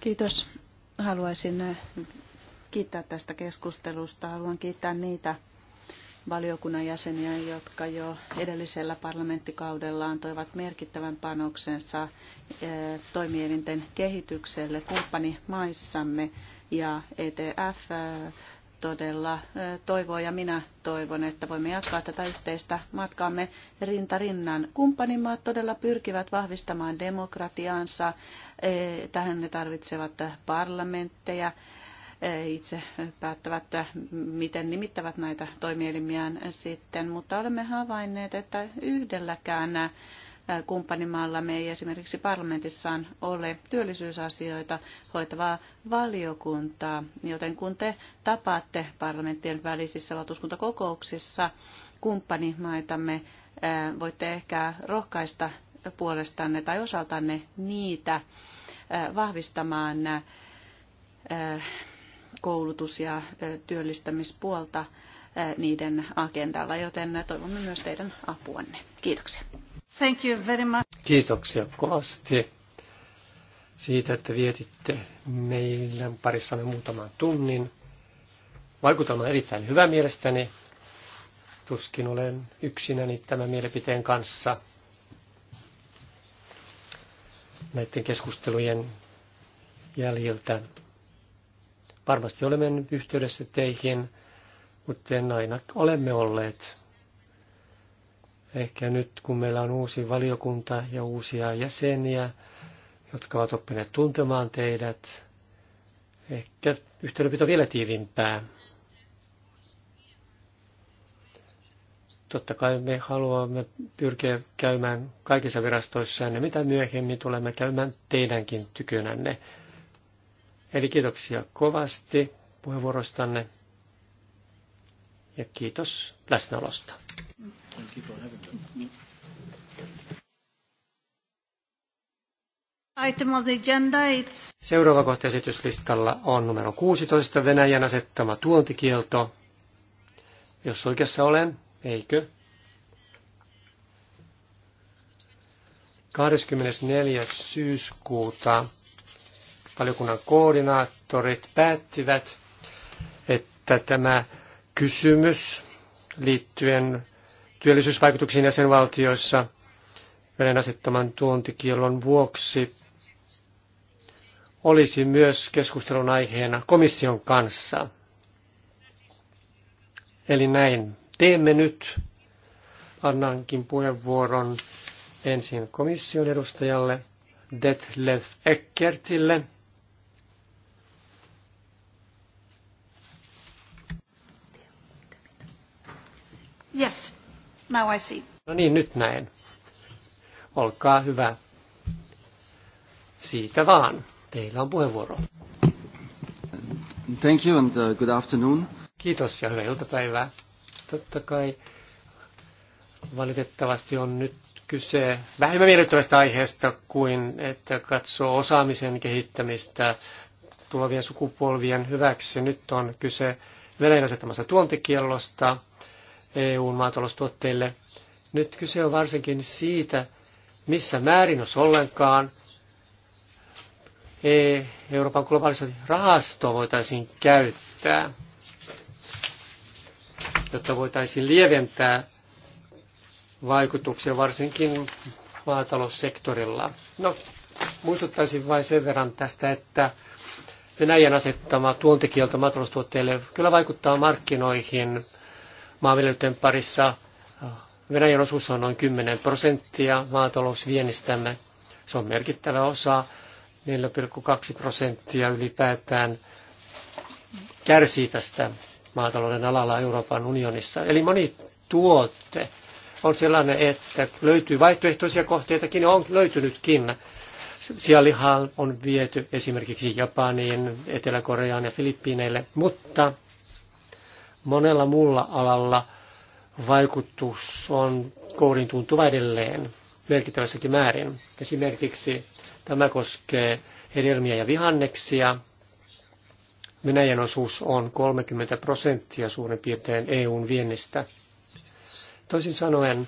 Kiitos. Haluaisin eh, kiittää tästä keskustelusta. Haluan kiittää niitä valiokunnan jäseniä, jotka jo edellisellä parlamenttikaudellaan toivat merkittävän panoksensa eh, toimielinten kehitykselle kumppanimaissamme ja ETF eh, todella toivoo ja minä toivon, että voimme jatkaa tätä yhteistä matkaamme rinta rinnan. Kumppanimaat todella pyrkivät vahvistamaan demokratiaansa. Tähän ne tarvitsevat parlamentteja. Itse päättävät, miten nimittävät näitä toimielimiään sitten, mutta olemme havainneet, että yhdelläkään kumppanimaallamme ei esimerkiksi parlamentissaan ole työllisyysasioita hoitavaa valiokuntaa, joten kun te tapaatte parlamenttien välisissä valtuuskuntakokouksissa kumppanimaitamme, voitte ehkä rohkaista puolestanne tai osaltanne niitä vahvistamaan koulutus- ja työllistämispuolta niiden agendalla, joten toivomme myös teidän apuanne. Kiitoksia. Thank you very much.
Kiitoksia kovasti siitä, että vietitte meidän parissamme muutaman tunnin. Vaikutelma on erittäin hyvä mielestäni. Tuskin olen yksinäni tämän mielipiteen kanssa. Näiden keskustelujen jäljiltä. Varmasti olemme yhteydessä teihin, en aina olemme olleet. Ehkä nyt kun meillä on uusi valiokunta ja uusia jäseniä, jotka ovat oppineet tuntemaan teidät, ehkä yhteydenpito vielä tiivimpää. Totta kai me haluamme pyrkiä käymään kaikissa virastoissa, ja mitä myöhemmin tulemme käymään teidänkin tykönänne. Eli kiitoksia kovasti puheenvuorostanne ja kiitos läsnäolosta. Thank you for having us.
Item of the agenda,
it's... Seuraava kohta esityslistalla on numero 16, Venäjän asettama tuontikielto. Jos oikeassa olen, eikö? 24. syyskuuta valiokunnan koordinaattorit päättivät, että tämä kysymys liittyen työllisyysvaikutuksiin jäsenvaltioissa Venäjän asettaman tuontikielon vuoksi olisi myös keskustelun aiheena komission kanssa. Eli näin teemme nyt. Annankin puheenvuoron ensin komission edustajalle Detlef Eckertille.
Yes, Now I see.
No niin, nyt näen. Olkaa hyvä. Siitä vaan. Teillä on puheenvuoro.
Thank you and uh, good afternoon.
Kiitos ja hyvää iltapäivää. Totta kai valitettavasti on nyt kyse vähemmän miellyttävästä aiheesta kuin että katsoo osaamisen kehittämistä tulevien sukupolvien hyväksi. Nyt on kyse Venäjän asettamassa tuontikiellosta – EUn maataloustuotteille. Nyt kyse on varsinkin siitä, missä määrin, jos ollenkaan, e- Euroopan globaalista rahastoa voitaisiin käyttää, jotta voitaisiin lieventää vaikutuksia varsinkin maataloussektorilla. No, muistuttaisin vain sen verran tästä, että Venäjän asettama tuontikielto maataloustuotteille kyllä vaikuttaa markkinoihin maanviljelijöiden parissa. Venäjän osuus on noin 10 prosenttia maatalousviennistämme. Se on merkittävä osa, 4,2 prosenttia ylipäätään kärsii tästä maatalouden alalla Euroopan unionissa. Eli moni tuote on sellainen, että löytyy vaihtoehtoisia kohteitakin, on löytynytkin. Sialihan on viety esimerkiksi Japaniin, Etelä-Koreaan ja Filippiineille, mutta monella muulla alalla vaikutus on kourin tuntuva edelleen merkittävässäkin määrin. Esimerkiksi tämä koskee hedelmiä ja vihanneksia. Venäjän osuus on 30 prosenttia suurin piirtein EUn viennistä. Toisin sanoen,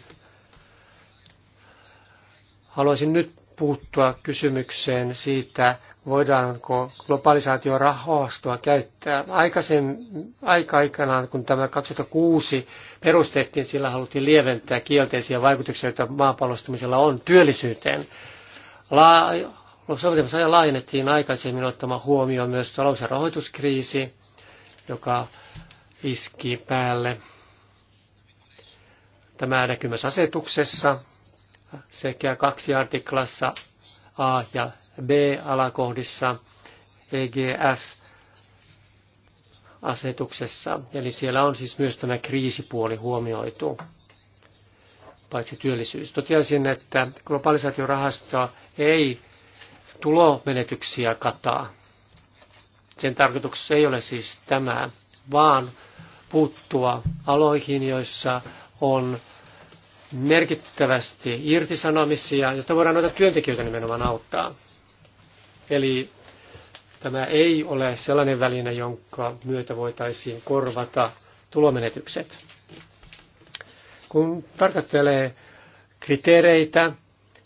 haluaisin nyt puuttua kysymykseen siitä, voidaanko globalisaatiorahastoa käyttää. Aikaisen, aika aikanaan, kun tämä 2006 perustettiin, sillä haluttiin lieventää kielteisiä vaikutuksia, joita maapallostumisella on työllisyyteen. Sovitamassa Soveltamisajan laajennettiin aikaisemmin ottamaan huomioon myös talous- ja rahoituskriisi, joka iski päälle. Tämä näkyy myös asetuksessa sekä kaksi artiklassa A ja B-alakohdissa EGF-asetuksessa. Eli siellä on siis myös tämä kriisipuoli huomioitu, paitsi työllisyys. Totiaisin, että globalisaatiorahasto ei tulomenetyksiä kataa. Sen tarkoituksessa ei ole siis tämä, vaan puuttua aloihin, joissa on merkittävästi irtisanomisia, jotta voidaan noita työntekijöitä nimenomaan auttaa. Eli tämä ei ole sellainen väline, jonka myötä voitaisiin korvata tulomenetykset. Kun tarkastelee kriteereitä,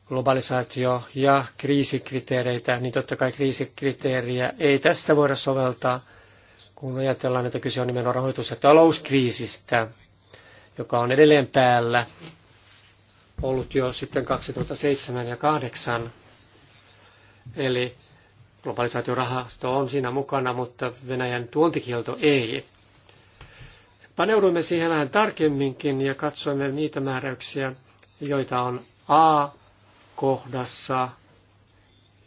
globalisaatio- ja kriisikriteereitä, niin totta kai kriisikriteeriä ei tässä voida soveltaa, kun ajatellaan, että kyse on nimenomaan rahoitus- ja talouskriisistä, joka on edelleen päällä ollut jo sitten 2007 ja 2008. Eli Globalisaatiorahasto on siinä mukana, mutta Venäjän tuontikielto ei. Paneuduimme siihen vähän tarkemminkin ja katsoimme niitä määräyksiä, joita on A-kohdassa.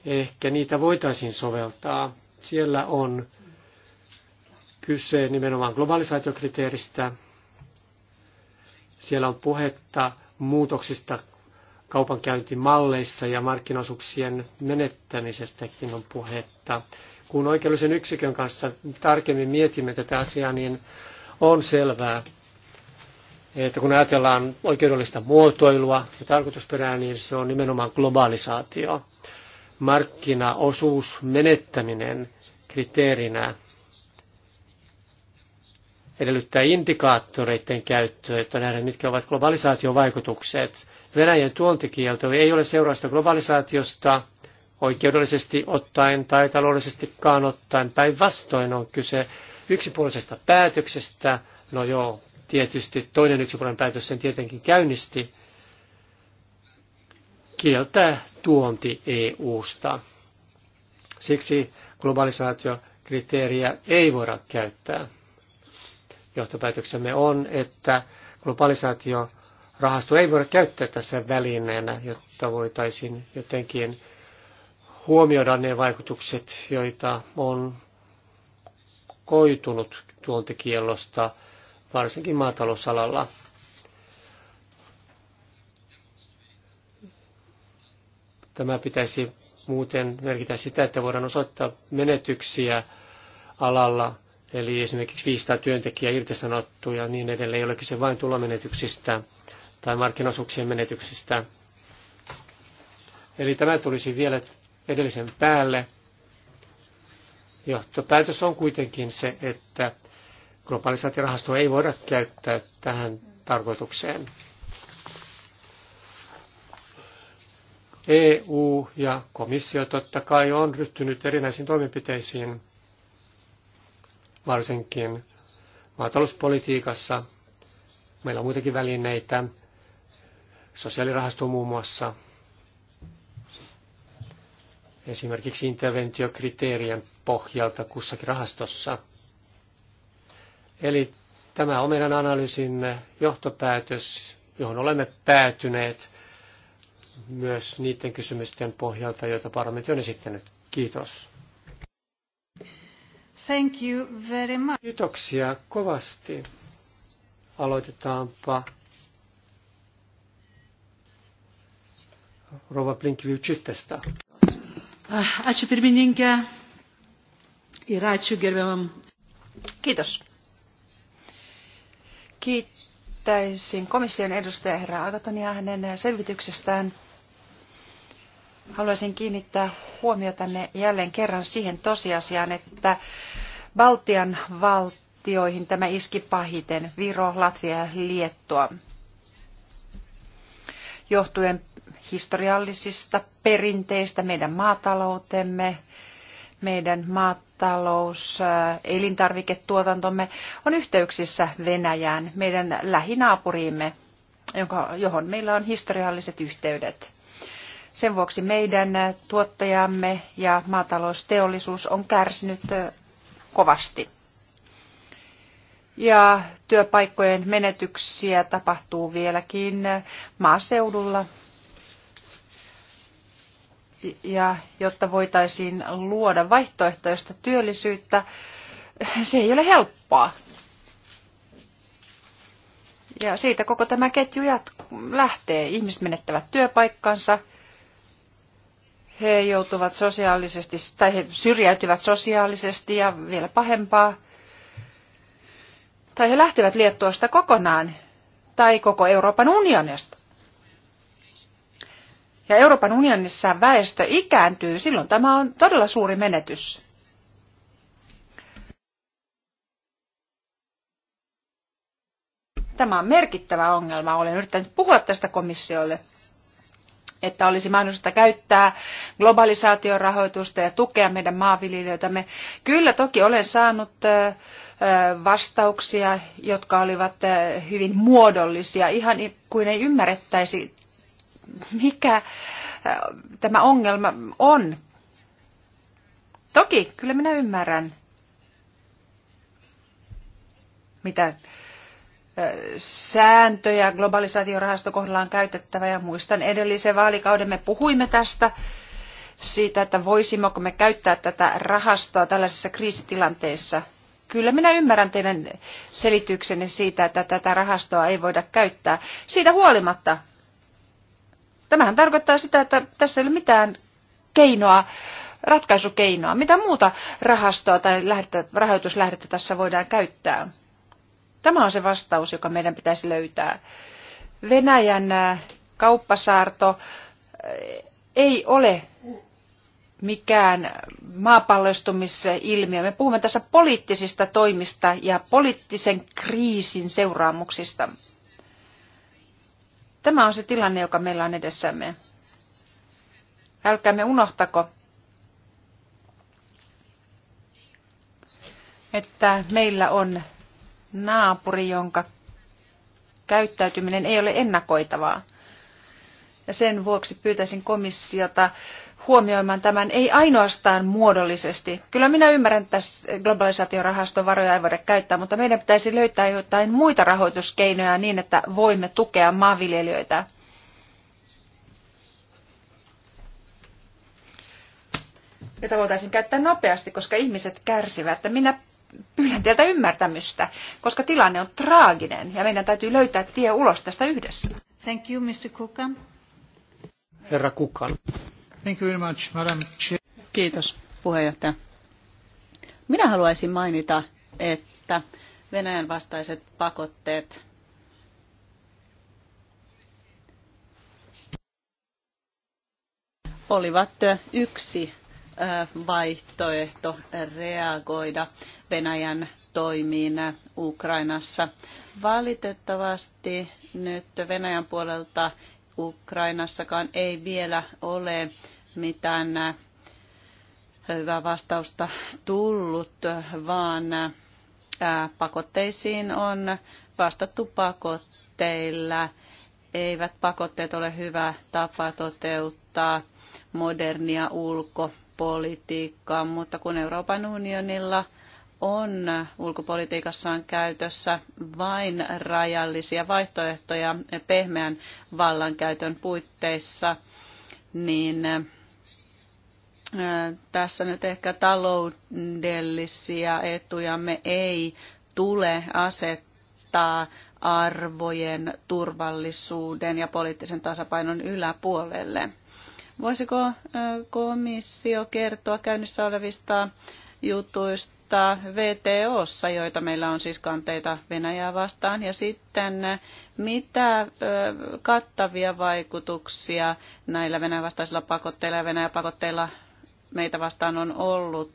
Ehkä niitä voitaisiin soveltaa. Siellä on kyse nimenomaan globalisaatiokriteeristä. Siellä on puhetta muutoksista kaupankäyntimalleissa ja markkinaosuuksien menettämisestäkin on puhetta. Kun oikeudellisen yksikön kanssa tarkemmin mietimme tätä asiaa, niin on selvää, että kun ajatellaan oikeudellista muotoilua ja tarkoitusperää, niin se on nimenomaan globalisaatio. Markkinaosuus menettäminen kriteerinä edellyttää indikaattoreiden käyttöä, että nähdään mitkä ovat globalisaation vaikutukset Venäjän tuontikielto ei ole seurausta globalisaatiosta oikeudellisesti ottaen tai taloudellisestikaan ottaen. Päinvastoin on kyse yksipuolisesta päätöksestä. No joo, tietysti toinen yksipuolinen päätös sen tietenkin käynnisti. Kieltää tuonti EU-sta. Siksi globalisaatiokriteeriä ei voida käyttää. Johtopäätöksemme on, että globalisaatio rahasto ei voida käyttää tässä välineenä, jotta voitaisiin jotenkin huomioida ne vaikutukset, joita on koitunut tuontikielosta, varsinkin maatalousalalla. Tämä pitäisi muuten merkitä sitä, että voidaan osoittaa menetyksiä alalla, eli esimerkiksi 500 työntekijää irtisanottu ja niin edelleen, jollekin se vain tulomenetyksistä menetyksistä tai markkinosuuksien menetyksistä. Eli tämä tulisi vielä edellisen päälle. Johtopäätös on kuitenkin se, että globalisaatiorahastoa ei voida käyttää tähän tarkoitukseen. EU ja komissio totta kai on ryhtynyt erinäisiin toimenpiteisiin, varsinkin maatalouspolitiikassa. Meillä on muitakin välineitä, sosiaalirahasto muun muassa. Esimerkiksi interventiokriteerien pohjalta kussakin rahastossa. Eli tämä on meidän analyysimme johtopäätös, johon olemme päätyneet myös niiden kysymysten pohjalta, joita parlamentti on esittänyt. Kiitos.
Thank you very much.
Kiitoksia kovasti. Aloitetaanpa Rova Plinkvičiūtės tą.
Ah, ačiū pirmininkė ir ačiū gerbiamam. Kiitos. Kiittäisin komission edustaja herra Agatonia hänen selvityksestään. Haluaisin kiinnittää huomiota tänne jälleen kerran siihen tosiasiaan, että Baltian valtioihin tämä iski pahiten, Viro, Latvia ja Liettua, johtuen historiallisista perinteistä, meidän maataloutemme, meidän maatalous, elintarviketuotantomme on yhteyksissä Venäjään, meidän lähinaapuriimme, johon meillä on historialliset yhteydet. Sen vuoksi meidän tuottajamme ja maatalousteollisuus on kärsinyt kovasti. Ja työpaikkojen menetyksiä tapahtuu vieläkin maaseudulla ja jotta voitaisiin luoda vaihtoehtoista työllisyyttä, se ei ole helppoa. Ja siitä koko tämä ketju lähtee. Ihmiset menettävät työpaikkansa, he joutuvat sosiaalisesti, tai he syrjäytyvät sosiaalisesti ja vielä pahempaa. Tai he lähtevät Liettuasta kokonaan, tai koko Euroopan unionista ja Euroopan unionissa väestö ikääntyy, silloin tämä on todella suuri menetys. Tämä on merkittävä ongelma. Olen yrittänyt puhua tästä komissiolle, että olisi mahdollista käyttää globalisaation rahoitusta ja tukea meidän maanviljelijöitämme. Kyllä toki olen saanut vastauksia, jotka olivat hyvin muodollisia, ihan kuin ei ymmärrettäisi mikä äh, tämä ongelma on. Toki, kyllä minä ymmärrän, mitä äh, sääntöjä globalisaatiorahasto kohdalla käytettävä ja muistan edellisen vaalikauden me puhuimme tästä siitä, että voisimmeko me käyttää tätä rahastoa tällaisessa kriisitilanteessa. Kyllä minä ymmärrän teidän selityksenne siitä, että tätä rahastoa ei voida käyttää. Siitä huolimatta Tämähän tarkoittaa sitä, että tässä ei ole mitään keinoa, ratkaisukeinoa. Mitä muuta rahastoa tai lähdettä, rahoituslähdettä tässä voidaan käyttää? Tämä on se vastaus, joka meidän pitäisi löytää. Venäjän kauppasaarto ei ole mikään maapalloistumisilmiö. Me puhumme tässä poliittisista toimista ja poliittisen kriisin seuraamuksista. Tämä on se tilanne, joka meillä on edessämme. Älkäämme unohtako, että meillä on naapuri, jonka käyttäytyminen ei ole ennakoitavaa. Ja sen vuoksi pyytäisin komissiota huomioimaan tämän ei ainoastaan muodollisesti. Kyllä minä ymmärrän, että globalisaatiorahaston varoja ei voida käyttää, mutta meidän pitäisi löytää jotain muita rahoituskeinoja niin, että voimme tukea maanviljelijöitä. jota voitaisiin käyttää nopeasti, koska ihmiset kärsivät. Minä pyydän teiltä ymmärtämystä, koska tilanne on traaginen ja meidän täytyy löytää tie ulos tästä yhdessä. Thank you, Mr. Kukan.
Herra Kukan. Kiitos, puheenjohtaja.
Minä haluaisin mainita, että Venäjän vastaiset pakotteet olivat yksi vaihtoehto reagoida Venäjän toimiin Ukrainassa. Valitettavasti nyt Venäjän puolelta Ukrainassakaan ei vielä ole mitään äh, hyvää vastausta tullut, vaan äh, pakotteisiin on vastattu pakotteilla. Eivät pakotteet ole hyvä tapa toteuttaa modernia ulkopolitiikkaa, mutta kun Euroopan unionilla on ulkopolitiikassaan käytössä vain rajallisia vaihtoehtoja pehmeän vallankäytön puitteissa, niin tässä nyt ehkä taloudellisia etujamme ei tule asettaa arvojen, turvallisuuden ja poliittisen tasapainon yläpuolelle. Voisiko komissio kertoa käynnissä olevista jutuista VTOssa, joita meillä on siis kanteita Venäjää vastaan, ja sitten mitä kattavia vaikutuksia näillä Venäjän vastaisilla pakotteilla ja Venäjän pakotteilla meitä vastaan on ollut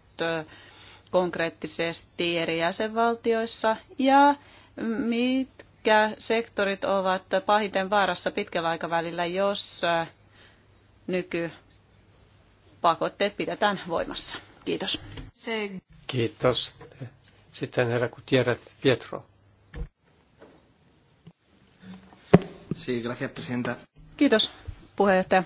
konkreettisesti eri jäsenvaltioissa ja mitkä sektorit ovat pahiten vaarassa pitkällä aikavälillä, jos nykypakotteet pidetään voimassa. Kiitos.
Kiitos. Sitten herra Gutierrez Pietro.
Kiitos puheenjohtaja.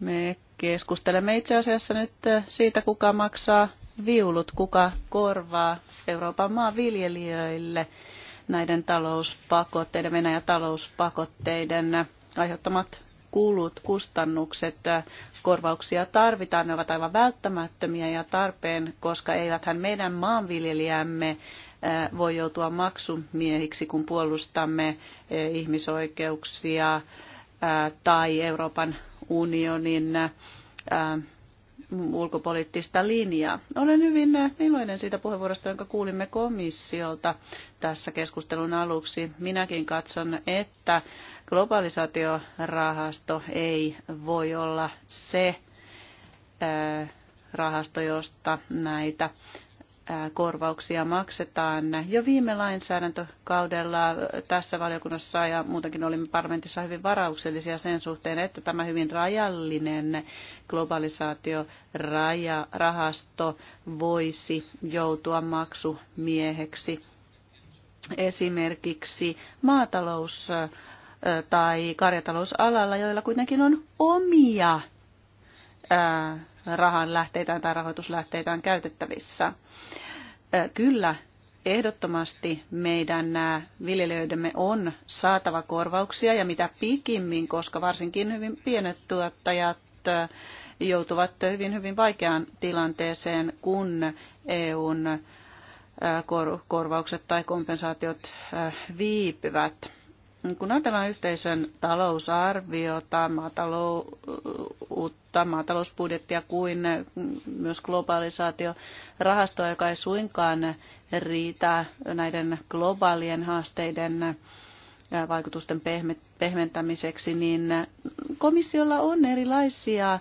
Me keskustelemme itse asiassa nyt siitä, kuka maksaa viulut, kuka korvaa Euroopan maanviljelijöille näiden talouspakotteiden, Venäjän talouspakotteiden aiheuttamat kulut, kustannukset, korvauksia tarvitaan. Ne ovat aivan välttämättömiä ja tarpeen, koska eiväthän meidän maanviljelijämme voi joutua maksumiehiksi, kun puolustamme ihmisoikeuksia tai Euroopan unionin äh, ulkopoliittista linjaa. Olen hyvin äh, iloinen siitä puheenvuorosta, jonka kuulimme komissiolta tässä keskustelun aluksi. Minäkin katson, että globalisaatiorahasto ei voi olla se äh, rahasto, josta näitä korvauksia maksetaan. Jo viime lainsäädäntökaudella tässä valiokunnassa ja muutenkin olimme parlamentissa hyvin varauksellisia sen suhteen, että tämä hyvin rajallinen globalisaatiorahasto voisi joutua maksumieheksi esimerkiksi maatalous- tai karjatalousalalla, joilla kuitenkin on omia rahan lähteitään tai rahoituslähteitään käytettävissä. Kyllä, ehdottomasti meidän nämä viljelijöidemme on saatava korvauksia ja mitä pikimmin, koska varsinkin hyvin pienet tuottajat joutuvat hyvin, hyvin vaikeaan tilanteeseen, kun EUn korvaukset tai kompensaatiot viipyvät. Kun ajatellaan yhteisön talousarviota, maataloutta, maatalousbudjettia kuin myös globalisaatiorahastoa, joka ei suinkaan riitä näiden globaalien haasteiden vaikutusten pehmentämiseksi, niin komissiolla on erilaisia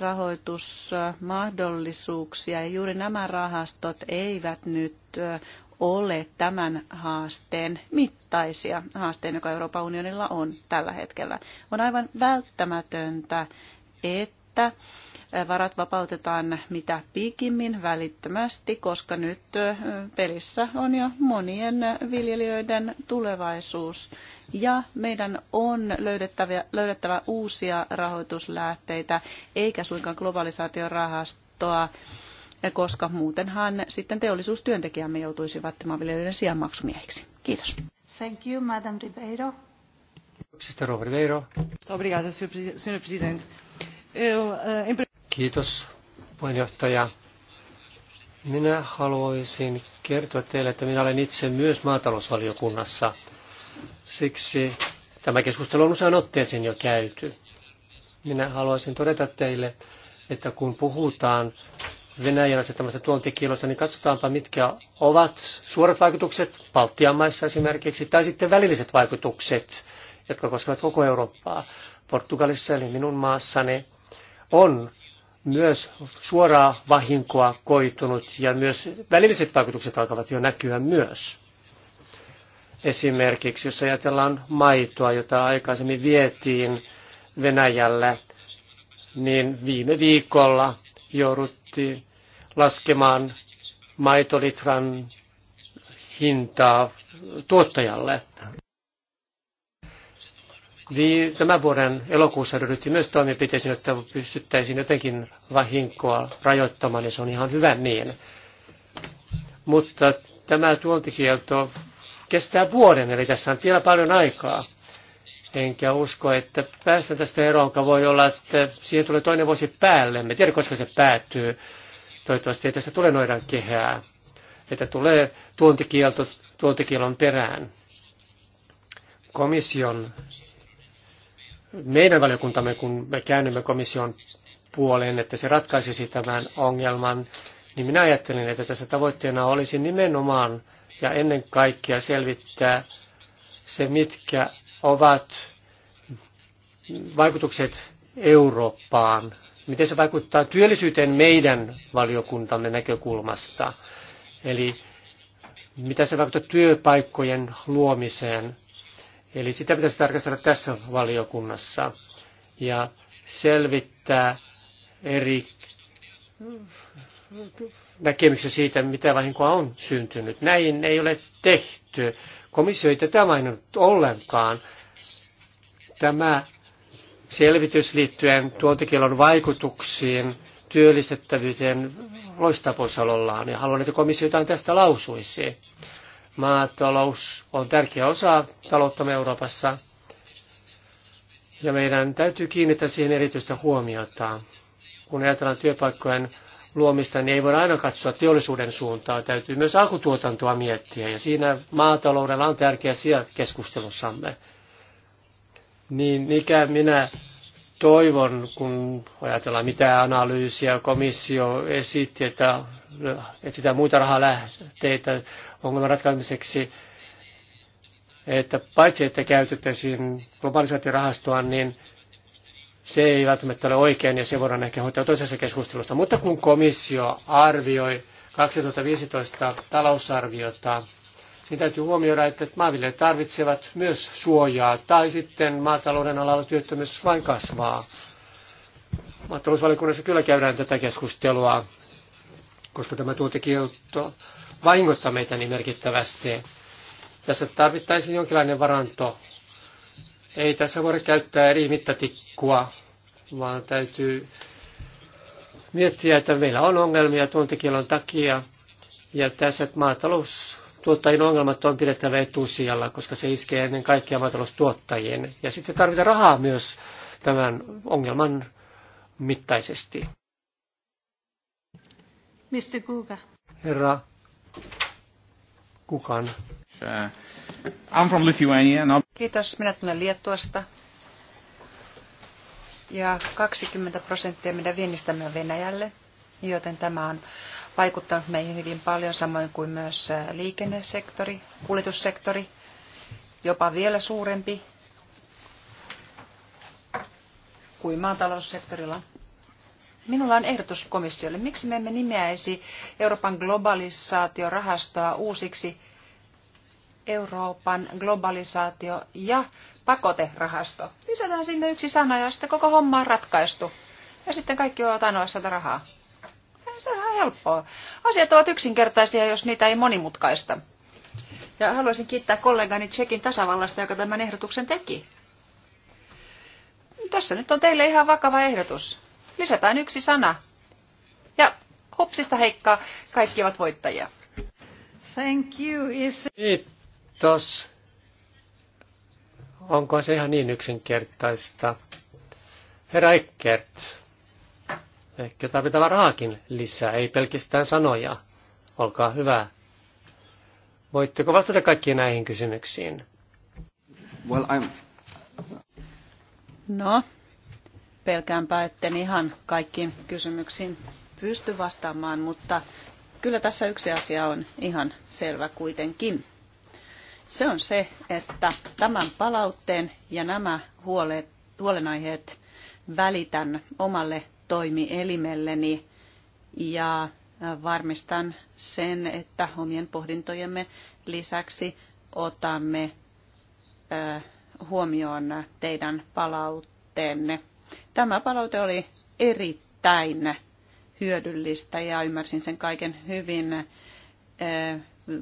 rahoitusmahdollisuuksia ja juuri nämä rahastot eivät nyt ole tämän haasteen mittaisia, haasteen, joka Euroopan unionilla on tällä hetkellä. On aivan välttämätöntä, että varat vapautetaan mitä pikimmin välittömästi, koska nyt pelissä on jo monien viljelijöiden tulevaisuus ja meidän on löydettävä, löydettävä uusia rahoituslähteitä, eikä suinkaan globalisaatiorahastoa, koska muutenhan sitten teollisuustyöntekijämme joutuisivat maanviljelijöiden sijaan maksumiehiksi. Kiitos. Thank you, Madam Ribeiro. Eh,
Kiitos, puheenjohtaja. Minä haluaisin kertoa teille, että minä olen itse myös maatalousvaliokunnassa – Siksi tämä keskustelu on usein otteeseen jo käyty. Minä haluaisin todeta teille, että kun puhutaan Venäjän asettamasta tuontikielosta, niin katsotaanpa mitkä ovat suorat vaikutukset Baltian maissa esimerkiksi, tai sitten välilliset vaikutukset, jotka koskevat koko Eurooppaa. Portugalissa eli minun maassani on myös suoraa vahinkoa koitunut ja myös välilliset vaikutukset alkavat jo näkyä myös. Esimerkiksi jos ajatellaan maitoa, jota aikaisemmin vietiin Venäjälle, niin viime viikolla jouduttiin laskemaan maitolitran hintaa tuottajalle. Tämän vuoden elokuussa ryhdyttiin myös toimenpiteisiin, että pystyttäisiin jotenkin vahinkoa rajoittamaan, ja se on ihan hyvä niin. Mutta tämä tuontikielto kestää vuoden, eli tässä on vielä paljon aikaa. Enkä usko, että päästään tästä eroon, voi olla, että siihen tulee toinen vuosi päälle. Me tiedä, koska se päättyy. Toivottavasti ei tästä tule noidan kehää, että tulee tuontikielto tuontikielon perään. Komission, meidän valiokuntamme, kun me käännymme komission puoleen, että se ratkaisisi tämän ongelman, niin minä ajattelin, että tässä tavoitteena olisi nimenomaan ja ennen kaikkea selvittää se, mitkä ovat vaikutukset Eurooppaan, miten se vaikuttaa työllisyyteen meidän valiokuntamme näkökulmasta. Eli mitä se vaikuttaa työpaikkojen luomiseen. Eli sitä pitäisi tarkastella tässä valiokunnassa ja selvittää eri näkemyksen siitä, mitä vahinkoa on syntynyt. Näin ei ole tehty. Komissio ei tätä maininnut ollenkaan. Tämä selvitys liittyen tuontikielon vaikutuksiin työllistettävyyteen loistaa ja haluan, että komissio jotain tästä lausuisi. Maatalous on tärkeä osa talouttamme Euroopassa ja meidän täytyy kiinnittää siihen erityistä huomiota. Kun ajatellaan työpaikkojen luomista, niin ei voida aina katsoa teollisuuden suuntaa. Täytyy myös alkutuotantoa miettiä, ja siinä maataloudella on tärkeä sija keskustelussamme. Niin mikä minä toivon, kun ajatellaan mitä analyysiä komissio esitti, että etsitään muita rahalähteitä ongelman ratkaisemiseksi, että paitsi että käytettäisiin globalisaatiorahastoa, niin se ei välttämättä ole oikein ja se voidaan ehkä hoitaa toisessa keskustelussa. Mutta kun komissio arvioi 2015 talousarviota, niin täytyy huomioida, että maanviljelijät tarvitsevat myös suojaa tai sitten maatalouden alalla työttömyys vain kasvaa. Maatalousvaliokunnassa kyllä käydään tätä keskustelua, koska tämä tuotekielto vahingoittaa meitä niin merkittävästi. Tässä tarvittaisiin jonkinlainen varanto ei tässä voida käyttää eri mittatikkua, vaan täytyy miettiä, että meillä on ongelmia tuontikielon takia, ja tässä maataloustuottajien ongelmat on pidettävä etusijalla, koska se iskee ennen kaikkea maataloustuottajien. Ja sitten tarvitaan rahaa myös tämän ongelman mittaisesti.
Mr. Kuka.
Herra Kukan. I'm from Lithuania.
Kiitos, minä tulen Liettuasta. Ja 20 prosenttia meidän viennistämme on Venäjälle, joten tämä on vaikuttanut meihin hyvin paljon, samoin kuin myös liikennesektori, kuljetussektori, jopa vielä suurempi kuin maataloussektorilla. Minulla on ehdotus komissiolle. Miksi me emme nimeäisi Euroopan globalisaatiorahastoa uusiksi Euroopan globalisaatio- ja pakoterahasto. Lisätään sinne yksi sana ja sitten koko homma on ratkaistu. Ja sitten kaikki ovat anoa sieltä rahaa. Ja se on ihan helppoa. Asiat ovat yksinkertaisia, jos niitä ei monimutkaista. Ja haluaisin kiittää kollegani Tsekin tasavallasta, joka tämän ehdotuksen teki. Tässä nyt on teille ihan vakava ehdotus. Lisätään yksi sana. Ja hupsista heikkaa, kaikki ovat voittajia.
Thank you. Is... It. Kiitos. Onko se ihan niin yksinkertaista? Herra Eckert, ehkä tarvitaan rahakin lisää, ei pelkästään sanoja. Olkaa hyvä. Voitteko vastata kaikkiin näihin kysymyksiin? Well, I'm...
No, pelkäänpä, etten ihan kaikkiin kysymyksiin pysty vastaamaan, mutta kyllä tässä yksi asia on ihan selvä kuitenkin se on se, että tämän palautteen ja nämä huolet, huolenaiheet välitän omalle toimielimelleni ja varmistan sen, että omien pohdintojemme lisäksi otamme huomioon teidän palautteenne. Tämä palaute oli erittäin hyödyllistä ja ymmärsin sen kaiken hyvin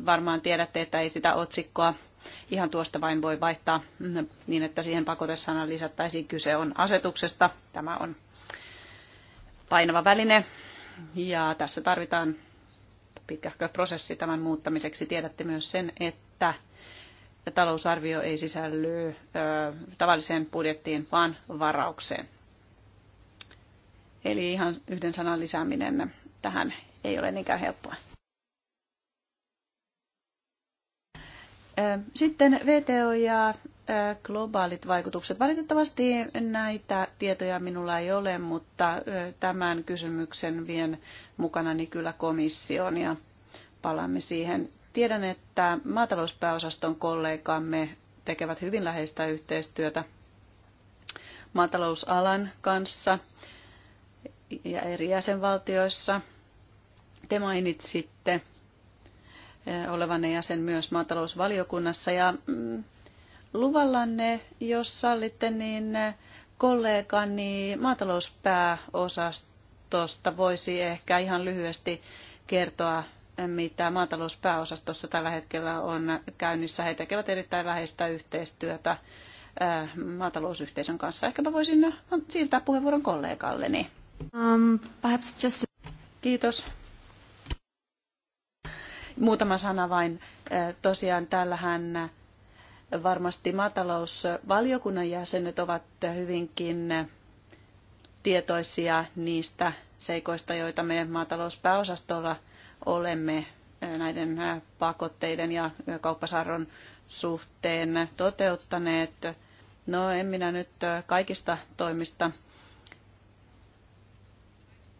varmaan tiedätte, että ei sitä otsikkoa ihan tuosta vain voi vaihtaa mm, niin, että siihen pakotesana lisättäisiin kyse on asetuksesta. Tämä on painava väline ja tässä tarvitaan pitkähkö prosessi tämän muuttamiseksi. Tiedätte myös sen, että talousarvio ei sisälly ö, tavalliseen budjettiin, vaan varaukseen. Eli ihan yhden sanan lisääminen tähän ei ole niinkään helppoa. Sitten VTO ja globaalit vaikutukset. Valitettavasti näitä tietoja minulla ei ole, mutta tämän kysymyksen vien mukanani kyllä komission ja palaamme siihen. Tiedän, että maatalouspääosaston kollegamme tekevät hyvin läheistä yhteistyötä maatalousalan kanssa ja eri jäsenvaltioissa. Te mainitsitte Eh, olevanne jäsen myös maatalousvaliokunnassa. Ja mm, luvallanne, jos sallitte, niin eh, kollegani maatalouspääosastosta voisi ehkä ihan lyhyesti kertoa, eh, mitä maatalouspääosastossa tällä hetkellä on käynnissä. He tekevät erittäin läheistä yhteistyötä maatalousyhteisön kanssa. mä voisin siirtää puheenvuoron kollegalleni. Um, perhaps just... Kiitos Muutama sana vain. Tosiaan täällähän varmasti maatalousvaliokunnan jäsenet ovat hyvinkin tietoisia niistä seikoista, joita me maatalouspääosastolla olemme näiden pakotteiden ja kauppasarron suhteen toteuttaneet. No en minä nyt kaikista toimista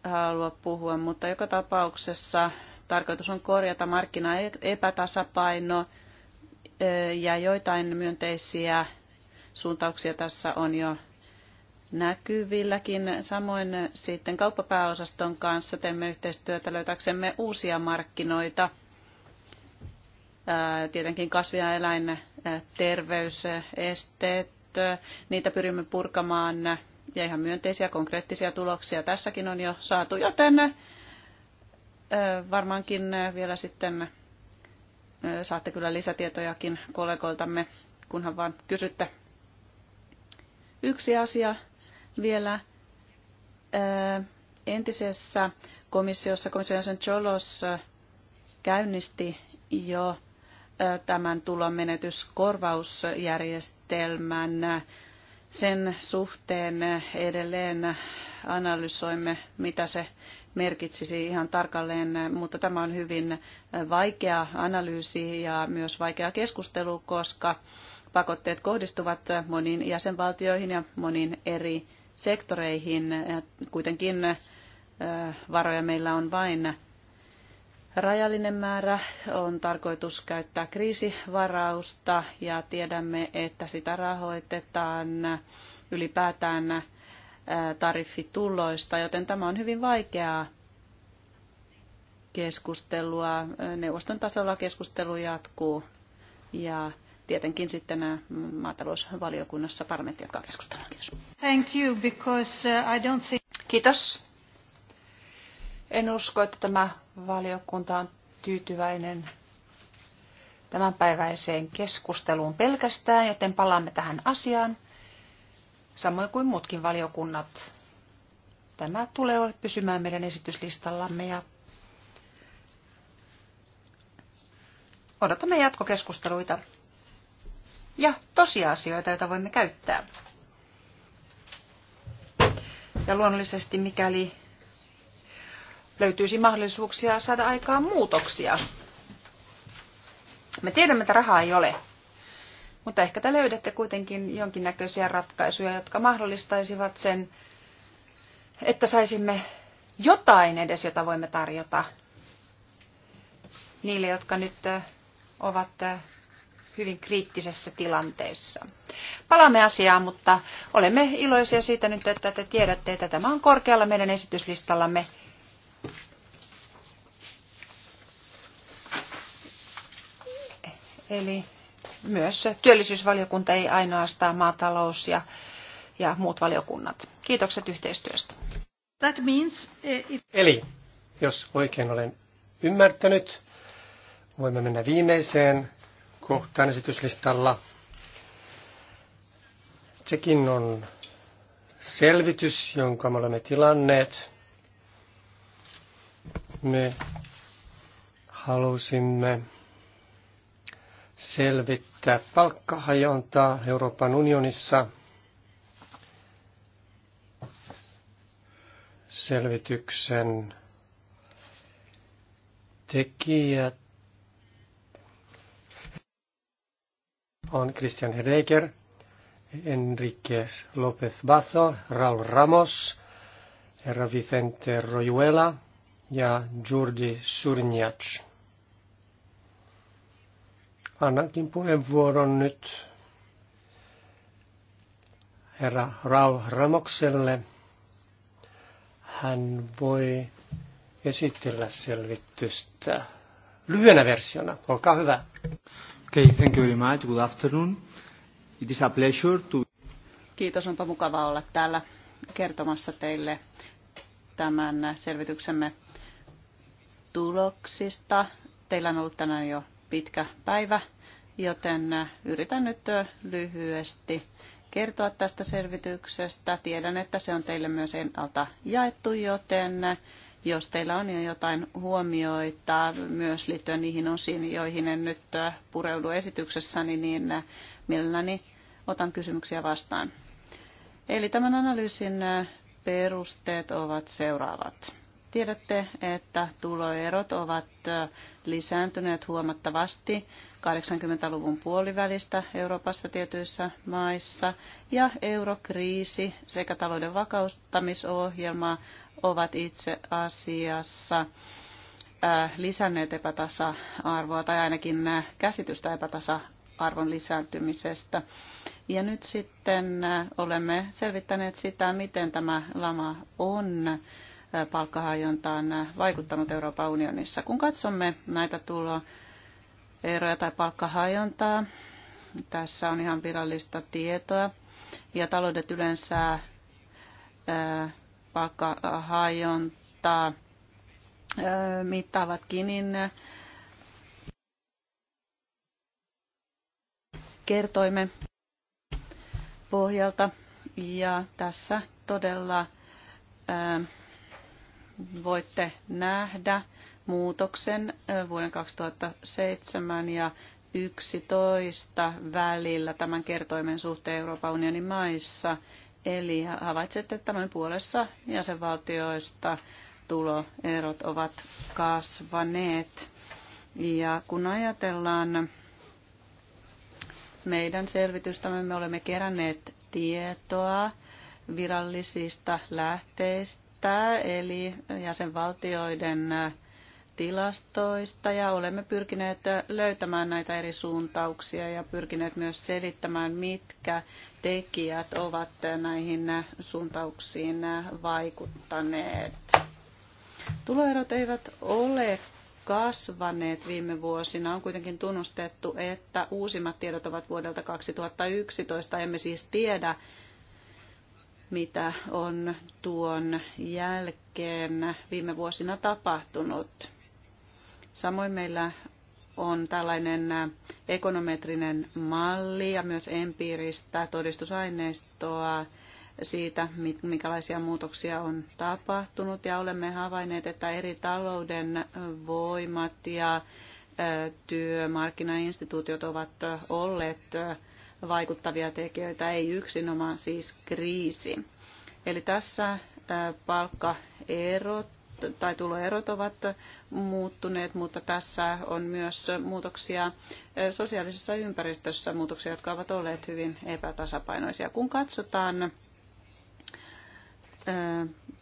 halua puhua, mutta joka tapauksessa tarkoitus on korjata markkinaepätasapaino ja joitain myönteisiä suuntauksia tässä on jo näkyvilläkin. Samoin sitten kauppapääosaston kanssa teemme yhteistyötä löytäksemme uusia markkinoita. Tietenkin kasvi- ja eläinterveysesteet, niitä pyrimme purkamaan ja ihan myönteisiä konkreettisia tuloksia tässäkin on jo saatu, joten varmaankin vielä sitten saatte kyllä lisätietojakin kollegoiltamme, kunhan vaan kysytte. Yksi asia vielä entisessä komissiossa, komission jäsen Cholos käynnisti jo tämän tulonmenetyskorvausjärjestelmän sen suhteen edelleen analysoimme, mitä se merkitsisi ihan tarkalleen, mutta tämä on hyvin vaikea analyysi ja myös vaikea keskustelu, koska pakotteet kohdistuvat moniin jäsenvaltioihin ja moniin eri sektoreihin. Kuitenkin varoja meillä on vain rajallinen määrä. On tarkoitus käyttää kriisivarausta ja tiedämme, että sitä rahoitetaan ylipäätään tariffituloista, joten tämä on hyvin vaikeaa keskustelua. Neuvoston tasolla keskustelu jatkuu ja tietenkin sitten maatalousvaliokunnassa parlamentti jatkaa keskustelua. Kiitos.
Thank you, because uh, I don't see... Kiitos. En usko, että tämä valiokunta on tyytyväinen tämänpäiväiseen keskusteluun pelkästään, joten palaamme tähän asiaan samoin kuin muutkin valiokunnat. Tämä tulee pysymään meidän esityslistallamme ja odotamme jatkokeskusteluita ja tosiasioita, joita voimme käyttää. Ja luonnollisesti, mikäli löytyisi mahdollisuuksia saada aikaan muutoksia. Me tiedämme, että rahaa ei ole, mutta ehkä te löydätte kuitenkin jonkinnäköisiä ratkaisuja, jotka mahdollistaisivat sen, että saisimme jotain edes, jota voimme tarjota niille, jotka nyt äh, ovat äh, hyvin kriittisessä tilanteessa. Palaamme asiaan, mutta olemme iloisia siitä nyt, että te tiedätte, että tämä on korkealla meidän esityslistallamme. Eli myös työllisyysvaliokunta, ei ainoastaan maatalous ja, ja muut valiokunnat. Kiitokset yhteistyöstä.
That means
eh, Eli, jos oikein olen ymmärtänyt, voimme mennä viimeiseen kohtaan esityslistalla. Sekin on selvitys, jonka me olemme tilanneet. Me halusimme selvittää palkkahajontaa Euroopan unionissa. Selvityksen tekijät on Christian Hedeker, Enriquez López Bazo, Raul Ramos, herra Vicente Royuela ja Jordi Surniac. Annankin puheenvuoron nyt herra Raul Ramokselle. Hän voi esitellä selvitystä lyhyenä versiona. Olkaa hyvä. Okay, thank you very much. Good afternoon. It is a pleasure to...
Kiitos, onpa mukava olla täällä kertomassa teille tämän selvityksemme tuloksista. Teillä on ollut tänään jo pitkä päivä, joten äh, yritän nyt äh, lyhyesti kertoa tästä selvityksestä. Tiedän, että se on teille myös ennalta jaettu, joten äh, jos teillä on jo jotain huomioita myös liittyen niihin osiin, joihin en nyt pureudu esityksessäni, niin mielelläni otan kysymyksiä vastaan. Eli tämän analyysin perusteet ovat seuraavat. Tiedätte, että tuloerot ovat lisääntyneet huomattavasti 80-luvun puolivälistä Euroopassa tietyissä maissa, ja eurokriisi sekä talouden vakauttamisohjelma ovat itse asiassa lisänneet epätasa-arvoa tai ainakin käsitystä epätasa-arvon lisääntymisestä. Ja nyt sitten olemme selvittäneet sitä, miten tämä lama on palkkahajontaan vaikuttanut Euroopan unionissa. Kun katsomme näitä tuloeroja tai palkkahajontaa, tässä on ihan virallista tietoa, ja taloudet yleensä palkkahajontaa mittaavatkin, niin kertoimme pohjalta. Ja tässä todella voitte nähdä muutoksen vuoden 2007 ja 11 välillä tämän kertoimen suhteen Euroopan unionin maissa. Eli havaitsette, että noin puolessa jäsenvaltioista tuloerot ovat kasvaneet. Ja kun ajatellaan meidän selvitystämme, me olemme keränneet tietoa virallisista lähteistä päättää, eli jäsenvaltioiden äh, tilastoista ja olemme pyrkineet äh, löytämään näitä eri suuntauksia ja pyrkineet myös selittämään, mitkä tekijät ovat äh, näihin suuntauksiin vaikuttaneet. Tuloerot eivät ole kasvaneet viime vuosina. On kuitenkin tunnustettu, että uusimmat tiedot ovat vuodelta 2011. Emme siis tiedä, mitä on tuon jälkeen viime vuosina tapahtunut. Samoin meillä on tällainen ekonometrinen malli ja myös empiiristä todistusaineistoa siitä, minkälaisia muutoksia on tapahtunut ja olemme havainneet, että eri talouden voimat ja työmarkkinainstituutiot ovat olleet vaikuttavia tekijöitä, ei yksinomaan siis kriisi. Eli tässä äh, palkkaerot tai tuloerot ovat muuttuneet, mutta tässä on myös muutoksia äh, sosiaalisessa ympäristössä, muutoksia, jotka ovat olleet hyvin epätasapainoisia. Kun katsotaan äh,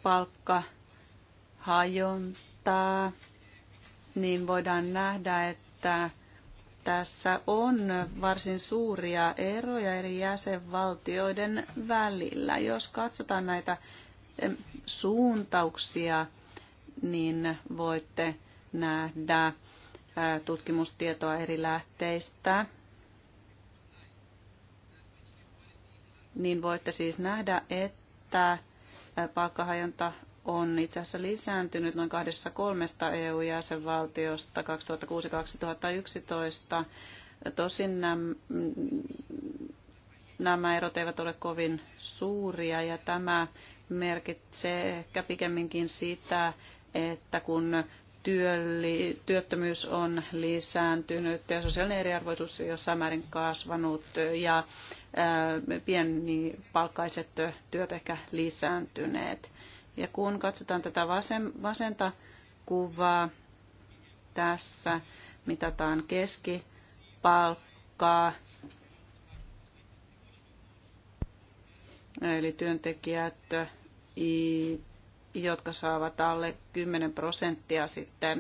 palkkahajontaa, niin voidaan nähdä, että tässä on varsin suuria eroja eri jäsenvaltioiden välillä. Jos katsotaan näitä suuntauksia, niin voitte nähdä tutkimustietoa eri lähteistä. Niin voitte siis nähdä, että palkkahajonta on itse asiassa lisääntynyt noin kahdessa kolmesta EU-jäsenvaltiosta 2006-2011. Tosin nämä, nämä erot eivät ole kovin suuria ja tämä merkitsee ehkä pikemminkin sitä, että kun työli, työttömyys on lisääntynyt ja sosiaalinen eriarvoisuus jossain määrin kasvanut ja pienipalkkaiset työt ehkä lisääntyneet. Ja kun katsotaan tätä vasen, vasenta kuvaa, tässä mitataan keskipalkkaa, eli työntekijät, jotka saavat alle 10 prosenttia sitten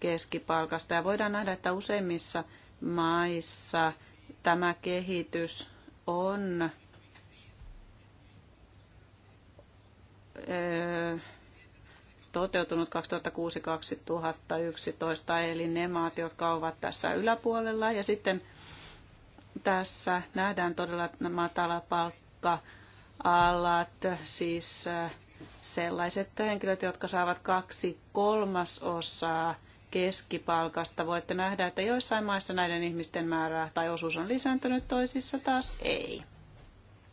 keskipalkasta. Ja voidaan nähdä, että useimmissa maissa tämä kehitys on toteutunut 2006-2011, eli ne maat, jotka ovat tässä yläpuolella. Ja sitten tässä nähdään todella matalapalkka-alat, siis sellaiset henkilöt, jotka saavat kaksi kolmasosaa keskipalkasta. Voitte nähdä, että joissain maissa näiden ihmisten määrä tai osuus on lisääntynyt, toisissa taas ei.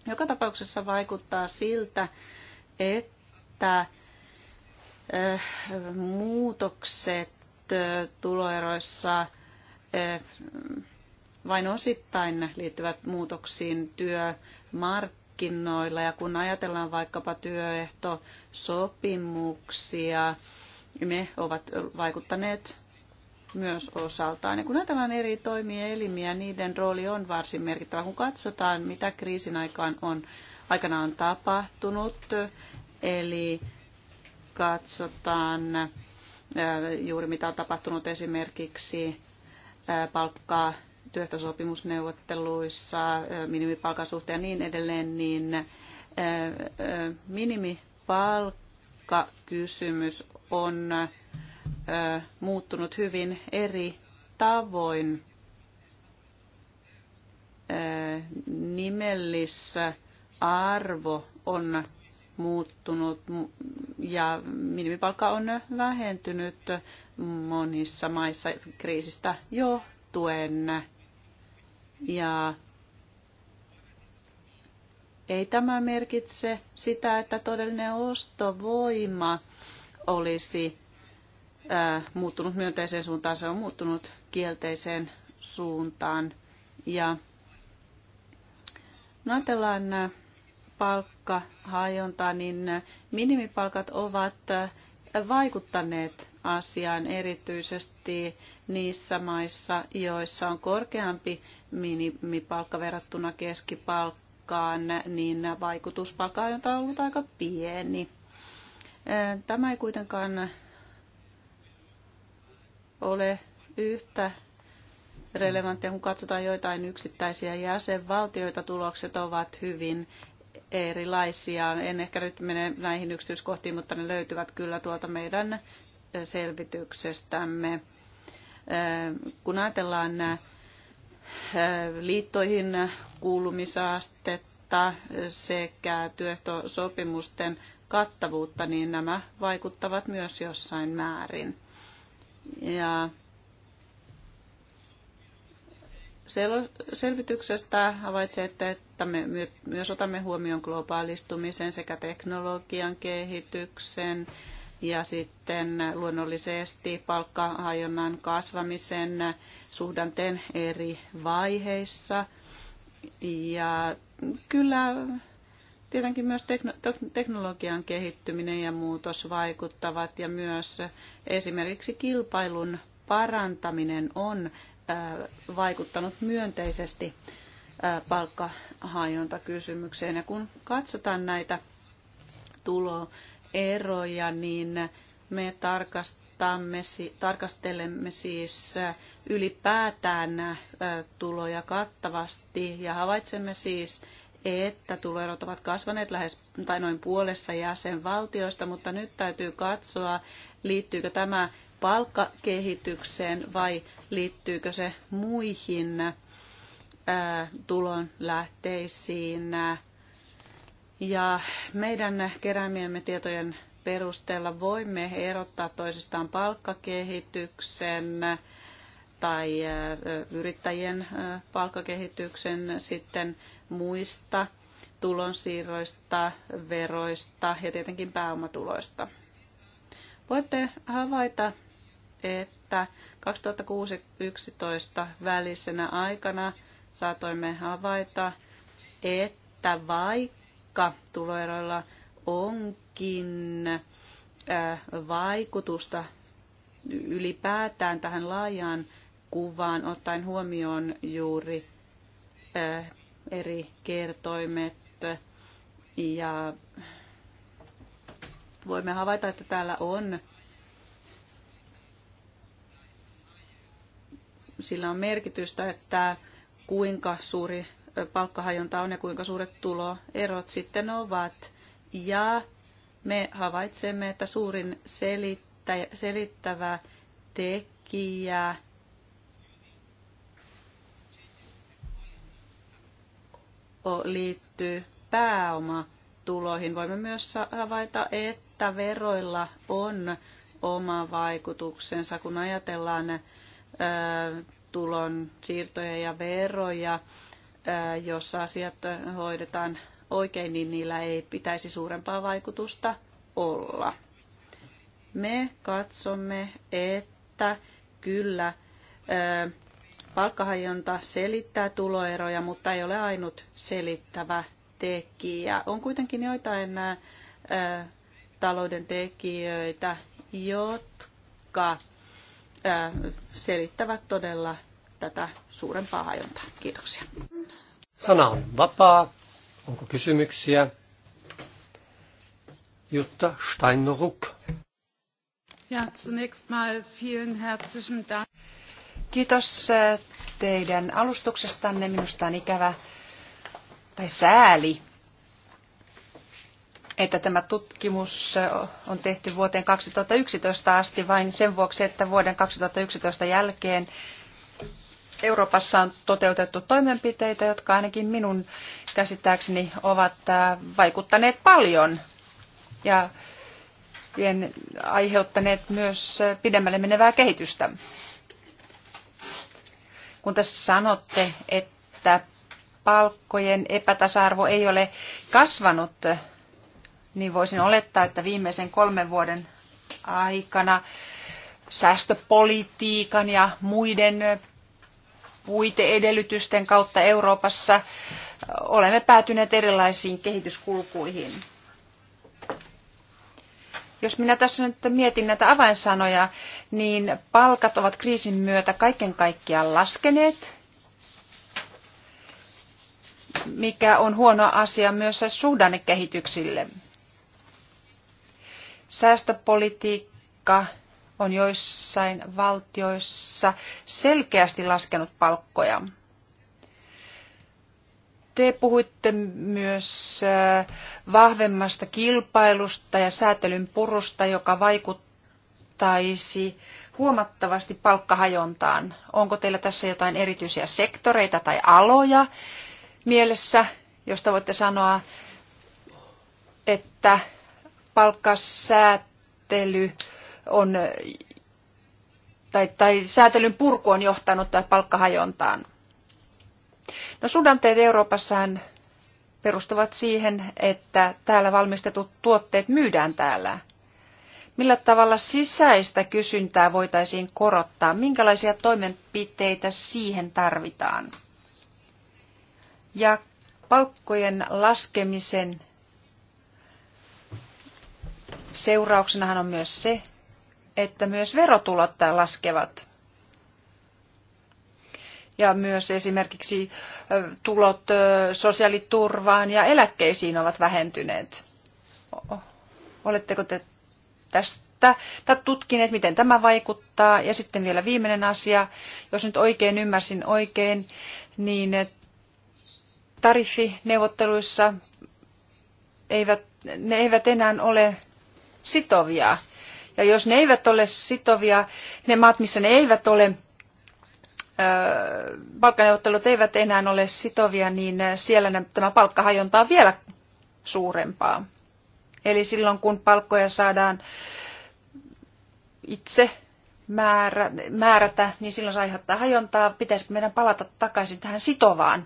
Joka tapauksessa vaikuttaa siltä, että että muutokset tuloeroissa vain osittain liittyvät muutoksiin työmarkkinoilla. Ja kun ajatellaan vaikkapa työehtosopimuksia, ne ovat vaikuttaneet myös osaltaan. Ja kun ajatellaan eri toimielimiä, niiden rooli on varsin merkittävä. Kun katsotaan, mitä kriisin aikaan on aikana on tapahtunut, Eli katsotaan äh, juuri mitä on tapahtunut esimerkiksi äh, palkkaa työhtösopimusneuvotteluissa, äh, minimipalkan suhteen ja niin edelleen, niin minimipalkkakysymys on muuttunut hyvin eri tavoin nimellisarvo arvo on muuttunut ja minimipalkka on vähentynyt monissa maissa kriisistä johtuen. Ja ei tämä merkitse sitä, että todellinen ostovoima olisi ää, muuttunut myönteiseen suuntaan, se on muuttunut kielteiseen suuntaan. Ja no ajatellaan palkkahajonta, niin minimipalkat ovat vaikuttaneet asiaan erityisesti niissä maissa, joissa on korkeampi minimipalkka verrattuna keskipalkkaan, niin vaikutus on ollut aika pieni. Tämä ei kuitenkaan ole yhtä relevanttia, kun katsotaan joitain yksittäisiä jäsenvaltioita, tulokset ovat hyvin erilaisia. En ehkä nyt mene näihin yksityiskohtiin, mutta ne löytyvät kyllä tuolta meidän selvityksestämme. Kun ajatellaan liittoihin kuulumisastetta sekä työehtosopimusten kattavuutta, niin nämä vaikuttavat myös jossain määrin. Ja selvityksestä havaitsette, että me myös otamme huomioon globaalistumisen sekä teknologian kehityksen ja sitten luonnollisesti palkkahajonnan kasvamisen suhdanteen eri vaiheissa. Ja kyllä tietenkin myös teknologian kehittyminen ja muutos vaikuttavat ja myös esimerkiksi kilpailun parantaminen on vaikuttanut myönteisesti palkkahajontakysymykseen. Ja kun katsotaan näitä tuloeroja, niin me tarkastamme, tarkastelemme siis ylipäätään tuloja kattavasti ja havaitsemme siis, että tuloerot ovat kasvaneet lähes tai noin puolessa jäsenvaltioista, mutta nyt täytyy katsoa, liittyykö tämä palkkakehitykseen vai liittyykö se muihin tulonlähteisiin. Ja meidän keräämiemme tietojen perusteella voimme erottaa toisistaan palkkakehityksen tai yrittäjien palkkakehityksen sitten muista tulonsiirroista, veroista ja tietenkin pääomatuloista. Voitte havaita, että 2006-2011 välisenä aikana saatoimme havaita, että vaikka tuloeroilla onkin vaikutusta ylipäätään tähän laajaan kuvaan, ottaen huomioon juuri eri kertoimet ja voimme havaita, että täällä on sillä on merkitystä, että kuinka suuri palkkahajonta on ja kuinka suuret tuloerot sitten ovat. Ja me havaitsemme, että suurin selittä, selittävä tekijä liittyy pääomatuloihin. Voimme myös havaita, että veroilla on oma vaikutuksensa, kun ajatellaan tulon siirtoja ja veroja, jos asiat hoidetaan oikein, niin niillä ei pitäisi suurempaa vaikutusta olla. Me katsomme, että kyllä palkkahajonta selittää tuloeroja, mutta ei ole ainut selittävä tekijä. On kuitenkin joitain talouden tekijöitä, jotka selittävät todella tätä suurempaa hajontaa. Kiitoksia.
Sana on vapaa. Onko kysymyksiä? Jutta Steinruck.
Ja, zunächst mal vielen herzlichen Dank.
Kiitos teidän alustuksestanne. Minusta on ikävä tai sääli, että tämä tutkimus on tehty vuoteen 2011 asti vain sen vuoksi, että vuoden 2011 jälkeen Euroopassa on toteutettu toimenpiteitä, jotka ainakin minun käsittääkseni ovat vaikuttaneet paljon ja aiheuttaneet myös pidemmälle menevää kehitystä. Kun tässä sanotte, että palkkojen epätasa-arvo ei ole kasvanut niin voisin olettaa, että viimeisen kolmen vuoden aikana säästöpolitiikan ja muiden puiteedellytysten kautta Euroopassa olemme päätyneet erilaisiin kehityskulkuihin. Jos minä tässä nyt mietin näitä avainsanoja, niin palkat ovat kriisin myötä kaiken kaikkiaan laskeneet, mikä on huono asia myös suhdannekehityksille. kehityksille Säästöpolitiikka on joissain valtioissa selkeästi laskenut palkkoja. Te puhuitte myös äh, vahvemmasta kilpailusta ja säätelyn purusta, joka vaikuttaisi huomattavasti palkkahajontaan. Onko teillä tässä jotain erityisiä sektoreita tai aloja mielessä, josta voitte sanoa, että palkkasäätely on, tai, tai säätelyn purku on johtanut palkkahajontaan. No sudanteet Euroopassahan perustuvat siihen, että täällä valmistetut tuotteet myydään täällä. Millä tavalla sisäistä kysyntää voitaisiin korottaa? Minkälaisia toimenpiteitä siihen tarvitaan? Ja palkkojen laskemisen seurauksenahan on myös se, että myös verotulot laskevat. Ja myös esimerkiksi tulot sosiaaliturvaan ja eläkkeisiin ovat vähentyneet. Oletteko te tästä tutkineet, miten tämä vaikuttaa? Ja sitten vielä viimeinen asia, jos nyt oikein ymmärsin oikein, niin tariffineuvotteluissa eivät, ne eivät enää ole sitovia. Ja jos ne eivät ole sitovia, ne maat, missä ne eivät ole, palkkaneuvottelut eivät enää ole sitovia, niin siellä tämä palkkahajonta on vielä suurempaa. Eli silloin kun palkkoja saadaan itse määrä, määrätä, niin silloin se aiheuttaa hajontaa. Pitäisikö meidän palata takaisin tähän sitovaan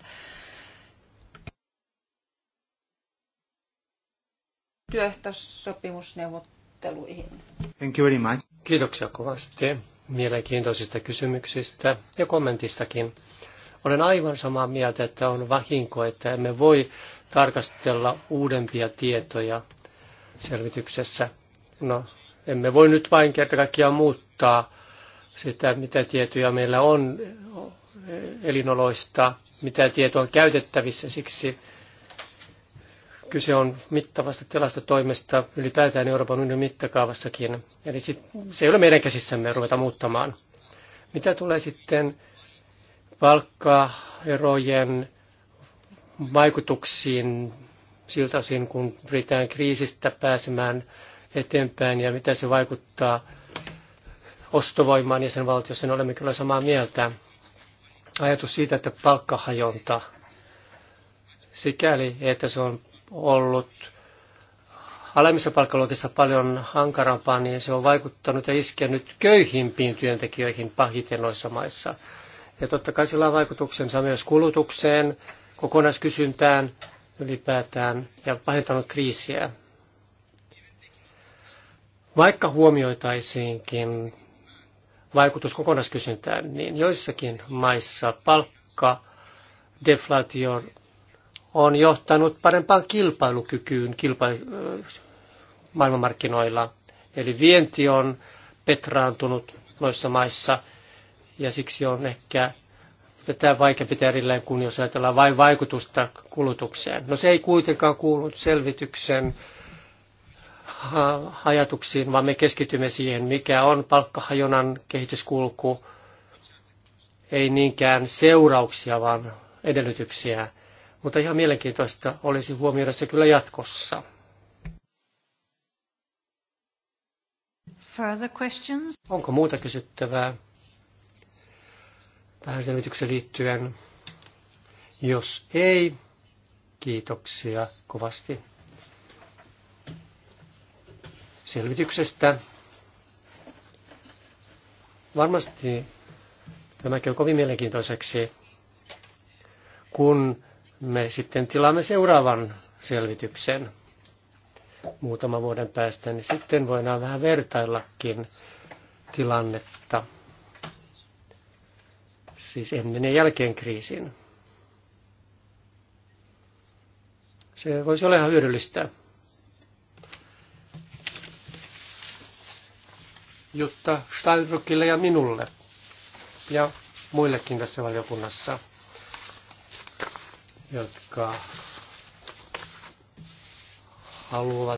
työehtosopimusneuvotteluihin.
Thank you very much. Kiitoksia kovasti mielenkiintoisista kysymyksistä ja kommentistakin. Olen aivan samaa mieltä, että on vahinko, että emme voi tarkastella uudempia tietoja selvityksessä. No, emme voi nyt vain kerta kaikkiaan muuttaa sitä, mitä tietoja meillä on eh, elinoloista, mitä tietoa on käytettävissä. Siksi Kyse on mittavasta tilastotoimesta ylipäätään Euroopan unionin mittakaavassakin. Eli sit, se ei ole meidän käsissämme ruveta muuttamaan. Mitä tulee sitten palkkaerojen vaikutuksiin siltä osin, kun pyritään kriisistä pääsemään eteenpäin ja mitä se vaikuttaa ostovoimaan valtiossa, niin olemme kyllä samaa mieltä. Ajatus siitä, että palkkahajonta, sikäli että se on ollut alemmissa palkkaluokissa paljon hankarampaa, niin se on vaikuttanut ja iskenyt köyhimpiin työntekijöihin pahiten noissa maissa. Ja totta kai sillä on vaikutuksensa myös kulutukseen, kokonaiskysyntään ylipäätään ja pahentanut kriisiä. Vaikka huomioitaisiinkin vaikutus kokonaiskysyntään, niin joissakin maissa palkka deflaation on johtanut parempaan kilpailukykyyn kilpailu, maailmanmarkkinoilla. Eli vienti on petraantunut noissa maissa ja siksi on ehkä tätä vaikeampi pitää erillään kuin jos ajatellaan vain vaikutusta kulutukseen. No se ei kuitenkaan kuulu selvityksen ajatuksiin, vaan me keskitymme siihen, mikä on palkkahajonan kehityskulku, ei niinkään seurauksia, vaan edellytyksiä mutta ihan mielenkiintoista olisi huomioida se kyllä jatkossa. Further questions? Onko muuta kysyttävää tähän selvitykseen liittyen? Jos ei, kiitoksia kovasti selvityksestä. Varmasti tämäkin on kovin mielenkiintoiseksi, kun me sitten tilaamme seuraavan selvityksen muutaman vuoden päästä, niin sitten voidaan vähän vertaillakin tilannetta, siis ennen ja jälkeen kriisin. Se voisi olla ihan hyödyllistä, Jutta Steinbrückille ja minulle ja muillekin tässä valiokunnassa – jotka haluavat